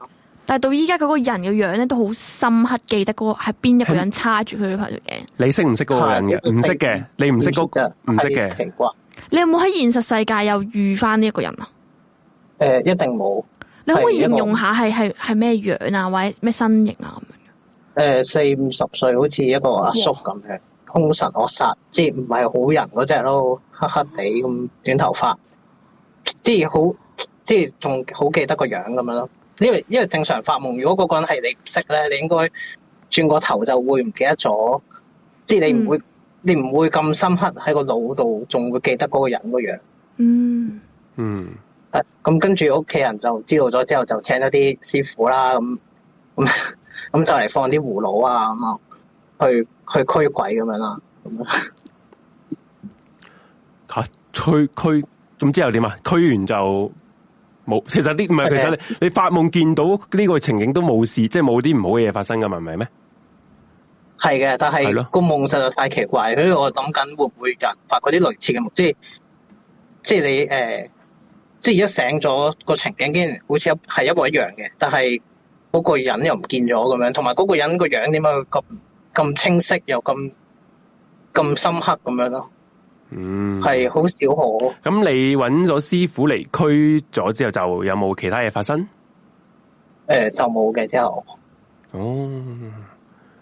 但係到依家，佢個人嘅樣咧都好深刻，記得嗰個係邊一個人插住佢對眼鏡。你識唔識嗰個人嘅？唔識嘅，你唔識嗰個唔識嘅。奇怪，你有冇喺現實世界又遇翻呢一個人啊？誒、呃，一定冇。你可唔可以形容一下係係係咩樣啊，或者咩身形啊咁樣。誒、呃，四五十歲，好似一個阿叔咁樣，凶神惡煞，即係唔係好人嗰隻咯，黑黑地咁，短頭髮，即係好，即係仲好記得個樣咁樣咯。因為因為正常發夢，如果嗰個人係你唔識咧，你應該轉個頭就會唔記得咗，即係你唔會，嗯、你唔會咁深刻喺個腦度，仲會記得嗰個人個樣。嗯。嗯。咁、嗯、跟住屋企人就知道咗之後就了，就請咗啲師傅啦，咁咁咁就嚟放啲葫蘆啊，咁、嗯嗯、啊，去去驅鬼咁樣啦。吓驅驅咁之後點啊？驅完就冇。其實啲唔係，okay. 其實你你發夢見到呢個情景都冇事，即係冇啲唔好嘅嘢發生噶嘛，係咪咩？係嘅，但係個夢實在太奇怪。所以我諗緊會唔會人發過啲類似嘅夢，即係即係你誒。呃即係一醒咗，個情景，竟然好似係係一模一樣嘅，但係嗰個人又唔見咗咁樣，同埋嗰個人個樣點解咁咁清晰又咁咁深刻咁樣咯？嗯，係好少可，咁你揾咗師傅嚟驅咗之後，就有冇其他嘢發生？誒、呃，就冇嘅之後。哦，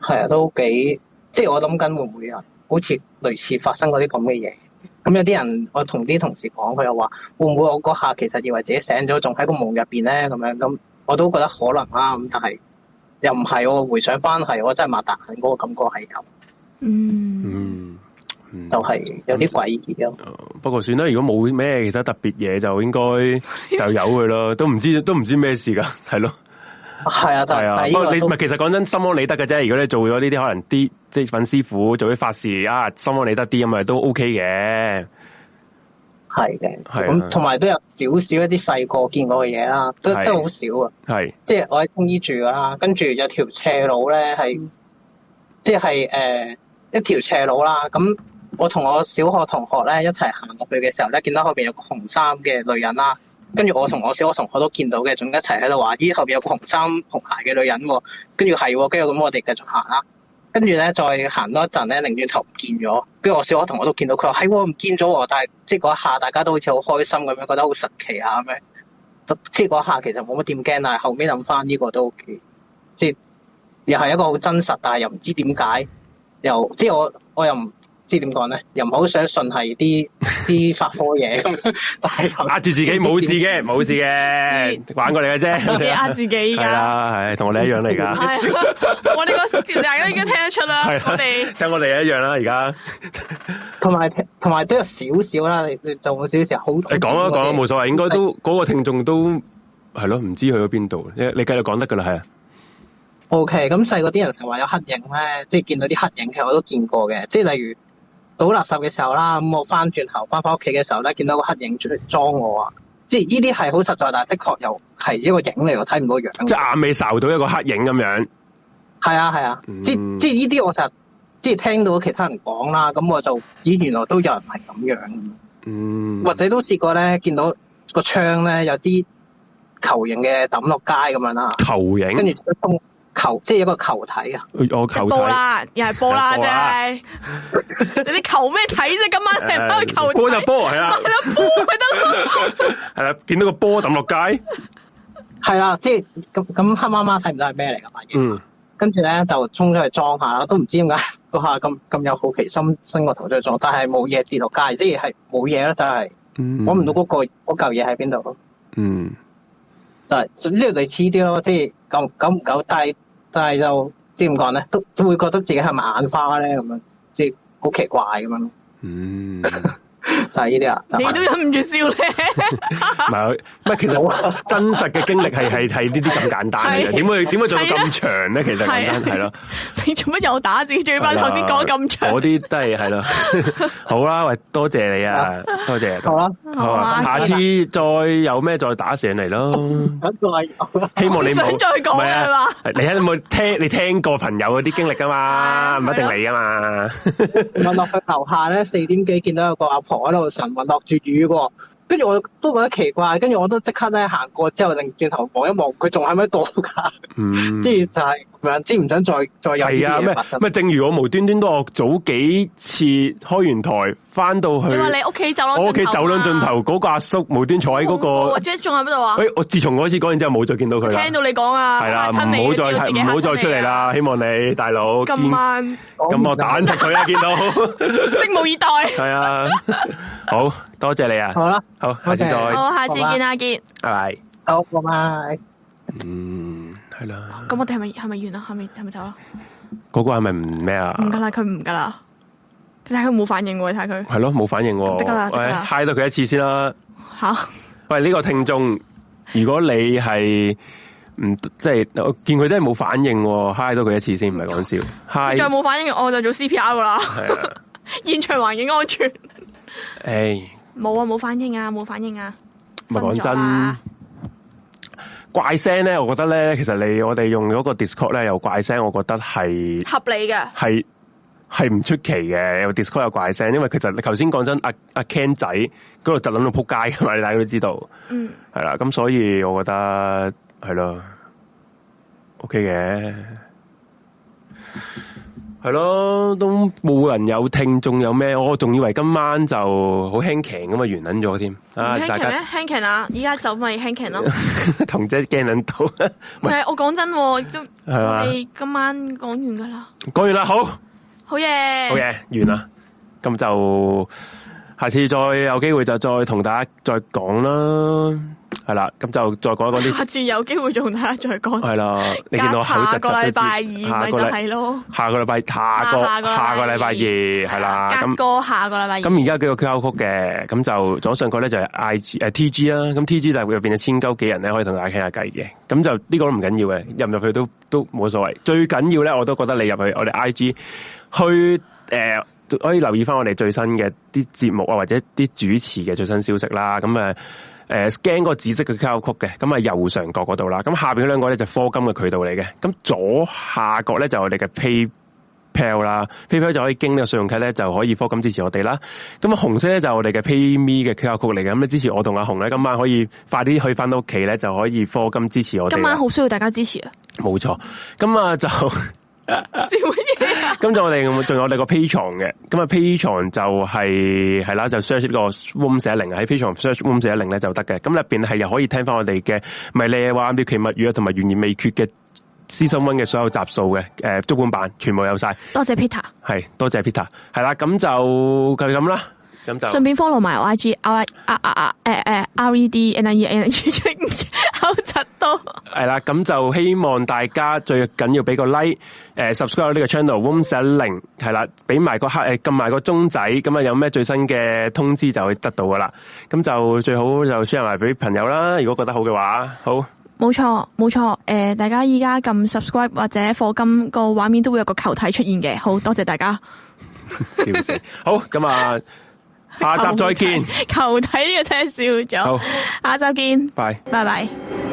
係啊，都幾即係我諗緊會唔會係好似類似發生嗰啲咁嘅嘢？咁有啲人，我同啲同事講，佢又話：會唔會我嗰下其實以為自己醒咗，仲喺個夢入邊咧？咁樣咁，我都覺得可能啦。咁但係又唔係我回想翻，係我真係擘大眼嗰個感覺係咁。嗯，嗯，就係有啲詭異咯。不過算啦，如果冇咩其他特別嘢，就應該就有佢咯。都唔知都唔知咩事噶，係咯。係啊，就係啊。不過你唔其實講真，心安理得嘅啫。如果你做咗呢啲可能啲。即係搵師傅做啲法事啊，心安理得啲咁啊，都 OK 嘅。係嘅，係咁，同埋都有少少一啲細個見過嘅嘢啦，都都好少啊。係，即係我喺中醫住噶啦，跟住有條斜路咧，係即係誒一條斜路啦。咁我同我小學同學咧一齊行落去嘅時候咧，見到後邊有個紅衫嘅女人啦。我跟住我同我小學同學都見到嘅，仲一齊喺度話：咦，後邊有個紅衫紅鞋嘅女人。跟住係，跟住咁我哋繼續行啦。跟住咧，再行多一陣咧，擰轉頭唔見咗。跟住我小學同學都見到佢話：哎，唔見咗喎。但係即係嗰一下，大家都好似好開心咁樣，覺得好神奇啊咁樣。即係嗰一下，其實冇乜點驚啦。但後尾諗翻呢個都，OK，即係又係一個好真實，但係又唔知點解，又即係我我又唔。知點講咧？又唔好想信係啲啲發科嘢咁，但係壓住自己冇事嘅，冇事嘅，玩過嚟嘅啫。壓自己㗎，係啊，同、啊啊、我哋一樣嚟㗎、 啊。我哋個大家已經聽得出啦、啊。我哋，聽我哋一樣啦。而家同埋同埋都有少少啦。你做少少好。你講啊，講啊，冇所謂。應該都嗰、嗰個聽眾都係咯，唔、嗯啊、知去咗邊度。你你繼續講得㗎啦，係啊。OK，咁細個啲人成日話有黑影咧，即係見到啲黑影，其實我都見過嘅。即係例如。倒垃圾嘅時候啦，咁我翻轉頭翻返屋企嘅時候咧，見到個黑影出嚟裝我啊！即係呢啲係好實在，但係的確又係一個影嚟，我睇唔到樣。即係眼尾受到一個黑影咁樣。係啊係啊，啊嗯、即係即係呢啲，我實即係聽到其他人講啦，咁我就咦原來都有人係咁樣，嗯，或者都試過咧見到個窗咧有啲球形嘅抌落街咁樣啦，球形，跟住。球即係一個球體啊！波、哦、啦，又係波啦啫！ 你球咩體啫？今晚成日球球、哎，波就波係啊。係啦、啊，見、 啊、到個波抌落街，係 啦、啊，即係咁咁黑媽媽睇唔到係咩嚟嘅反應？嗯，跟住咧就衝出去裝下啦，都唔知點解個下咁咁有好奇心，伸個頭出去裝，但係冇嘢跌落街，即係冇嘢咯，就係搵唔到嗰、嗰個嗰嚿嘢喺邊度。嗯，就係即係類似啲咯，即係。咁咁唔久，但係但係就點講咧？都都會覺得自己係咪眼花咧？咁樣即係好奇怪咁樣、嗯。就呢啲啊，你都忍唔住笑咧。唔係，唔係，其實真實嘅經歷係係係呢啲咁簡單嘅，點會點會做到咁長咧？其實簡單係咯，你做乜又打自己嘴巴頭先講咁長？嗰 啲都係係咯，好啦，喂，多謝你啊，多謝，好啦，好啊，下次再有咩再打上嚟咯。希望你想再講係嘛？你有冇聽？你聽過朋友嗰啲經歷噶嘛？唔一定你啊嘛。我落去樓下咧，四點幾見到有個阿婆，喺度神密落住雨喎，跟住我都覺得奇怪，跟住我都即刻咧行過之後，擰轉頭望一望佢仲喺唔喺度噶，嗯，即係就係。唔知唔想再再入係啊咩咩？正如我無端端都我早幾次開完台翻到去，你話你屋企走我屋企走廊盡頭嗰、啊那個阿叔無端坐喺嗰、那個，杰仲喺邊度啊？哎、欸啊欸，我自從嗰次嗰陣之後冇再見到佢啦。聽到你講啊，係啦、啊，唔好再唔好、啊、再出嚟啦。希望你大佬今晚咁我，我打擊佢啊，見到拭 目以待。係 啊，好多謝你啊，好啦，好，下次再好，下次見阿杰，拜拜，好，拜拜，嗯。係啦，咁我哋係咪係咪完啦？係咪係咪走啦？嗰、那個係咪唔咩啊？唔得啦，佢唔噶啦。你睇佢冇反應喎，睇佢係咯冇反應得。得啦，嗨到佢一次先啦。吓、啊，喂，呢、這個聽眾，如果你係唔即係，我見佢真係冇反應嗨嗨到佢一次先，唔係講笑。嗨再冇反應，我就做 CPR 噶啦。啊、 現場環境安全。誒、 欸，冇啊，冇反應啊，冇反應啊。唔係講真。怪聲咧，我覺得咧，其實你我哋用嗰個 Discord 咧，有怪聲，我覺得係合理嘅，係係唔出奇嘅。有 Discord 有怪聲，因為其實你頭先講真，阿阿 Ken 仔嗰度就諗到撲街㗎嘛，你大家都知道，嗯，係啦，咁所以我覺得係咯，OK 嘅。 係咯，都冇人有聽，仲有咩？我仲以為今晚就好輕騎咁啊，完捻咗添啊！輕騎咩？輕騎啊，依家就咪輕騎咯。 同姐驚捻到，唔係我講真，都係你今晚講完噶啦。講完啦，好，好嘢，好嘢，完啦，咁就下次再有機會就再同大家再講啦。係啦，咁就再講一講啲。下次有機會仲同大家再講。係啦，你見到下個禮拜二咪就係咯。下個禮拜下個下個禮拜二係啦，咁個下個禮拜二。咁而家幾個 q 曲嘅，咁就左上角咧就係 IG 誒、呃、TG 啦，咁 TG 就入邊嘅千鳩幾人咧可以同大家傾下偈嘅。咁就呢、這個都唔緊要嘅，入唔入去都都冇所謂。最緊要咧，我都覺得你入去我哋 IG 去誒、呃，可以留意翻我哋最新嘅啲節目啊，或者啲主持嘅最新消息啦。咁誒。呃誒、呃、，scan 個紫色嘅 QR Code 嘅，咁啊右上角嗰度啦，咁下邊嗰兩個咧就課金嘅渠道嚟嘅，咁左下角咧就我哋嘅 PayPal 啦，PayPal 就可以經呢個信用卡咧就可以課金支持我哋啦，咁啊紅色咧就我哋嘅 PayMe 嘅 QR Code 嚟嘅，咁咧支持我同阿紅咧今晚可以快啲去翻到屋企咧就可以課金支持我哋，今晚好需要大家支持啊，冇錯，咁啊就。 咁 就我哋仲有我哋個 Patreon 嘅，咁啊 Patreon 就係、是、係啦，就 search 呢個 Room410 喺 Patreon search Room410 咧就得嘅，咁入邊係又可以聽翻我哋嘅迷離夜話啱啲奇物語啊，同埋懸而未決嘅 season one 嘅所有集數嘅，誒、呃，足本版全部有晒。多謝 Peter，係多謝 Peter，係啦，咁就佢咁啦。咁就順便 follow 埋 IG R I 啊啊啊誒誒 R, R, R, R, R E D N I N I N I g 好柒多係啦，咁就希望大家最緊要俾個 like，誒 subscribe 呢個 channel，Room 410係啦，俾埋個黑誒撳埋個鐘仔，咁啊、哦、有咩最新嘅通知就可以得到噶啦，咁就最好就 share 埋俾朋友啦。如果覺得好嘅話，好，冇錯冇錯，誒、呃、大家依家撳 subscribe 或者課金個畫面都會有個球體出現嘅。好多謝大家 siğ roads。好，咁啊。s systemic 沒有錯 s quello 親 awa 下集再見，球體呢個聽笑咗。好，下集見。拜，拜拜。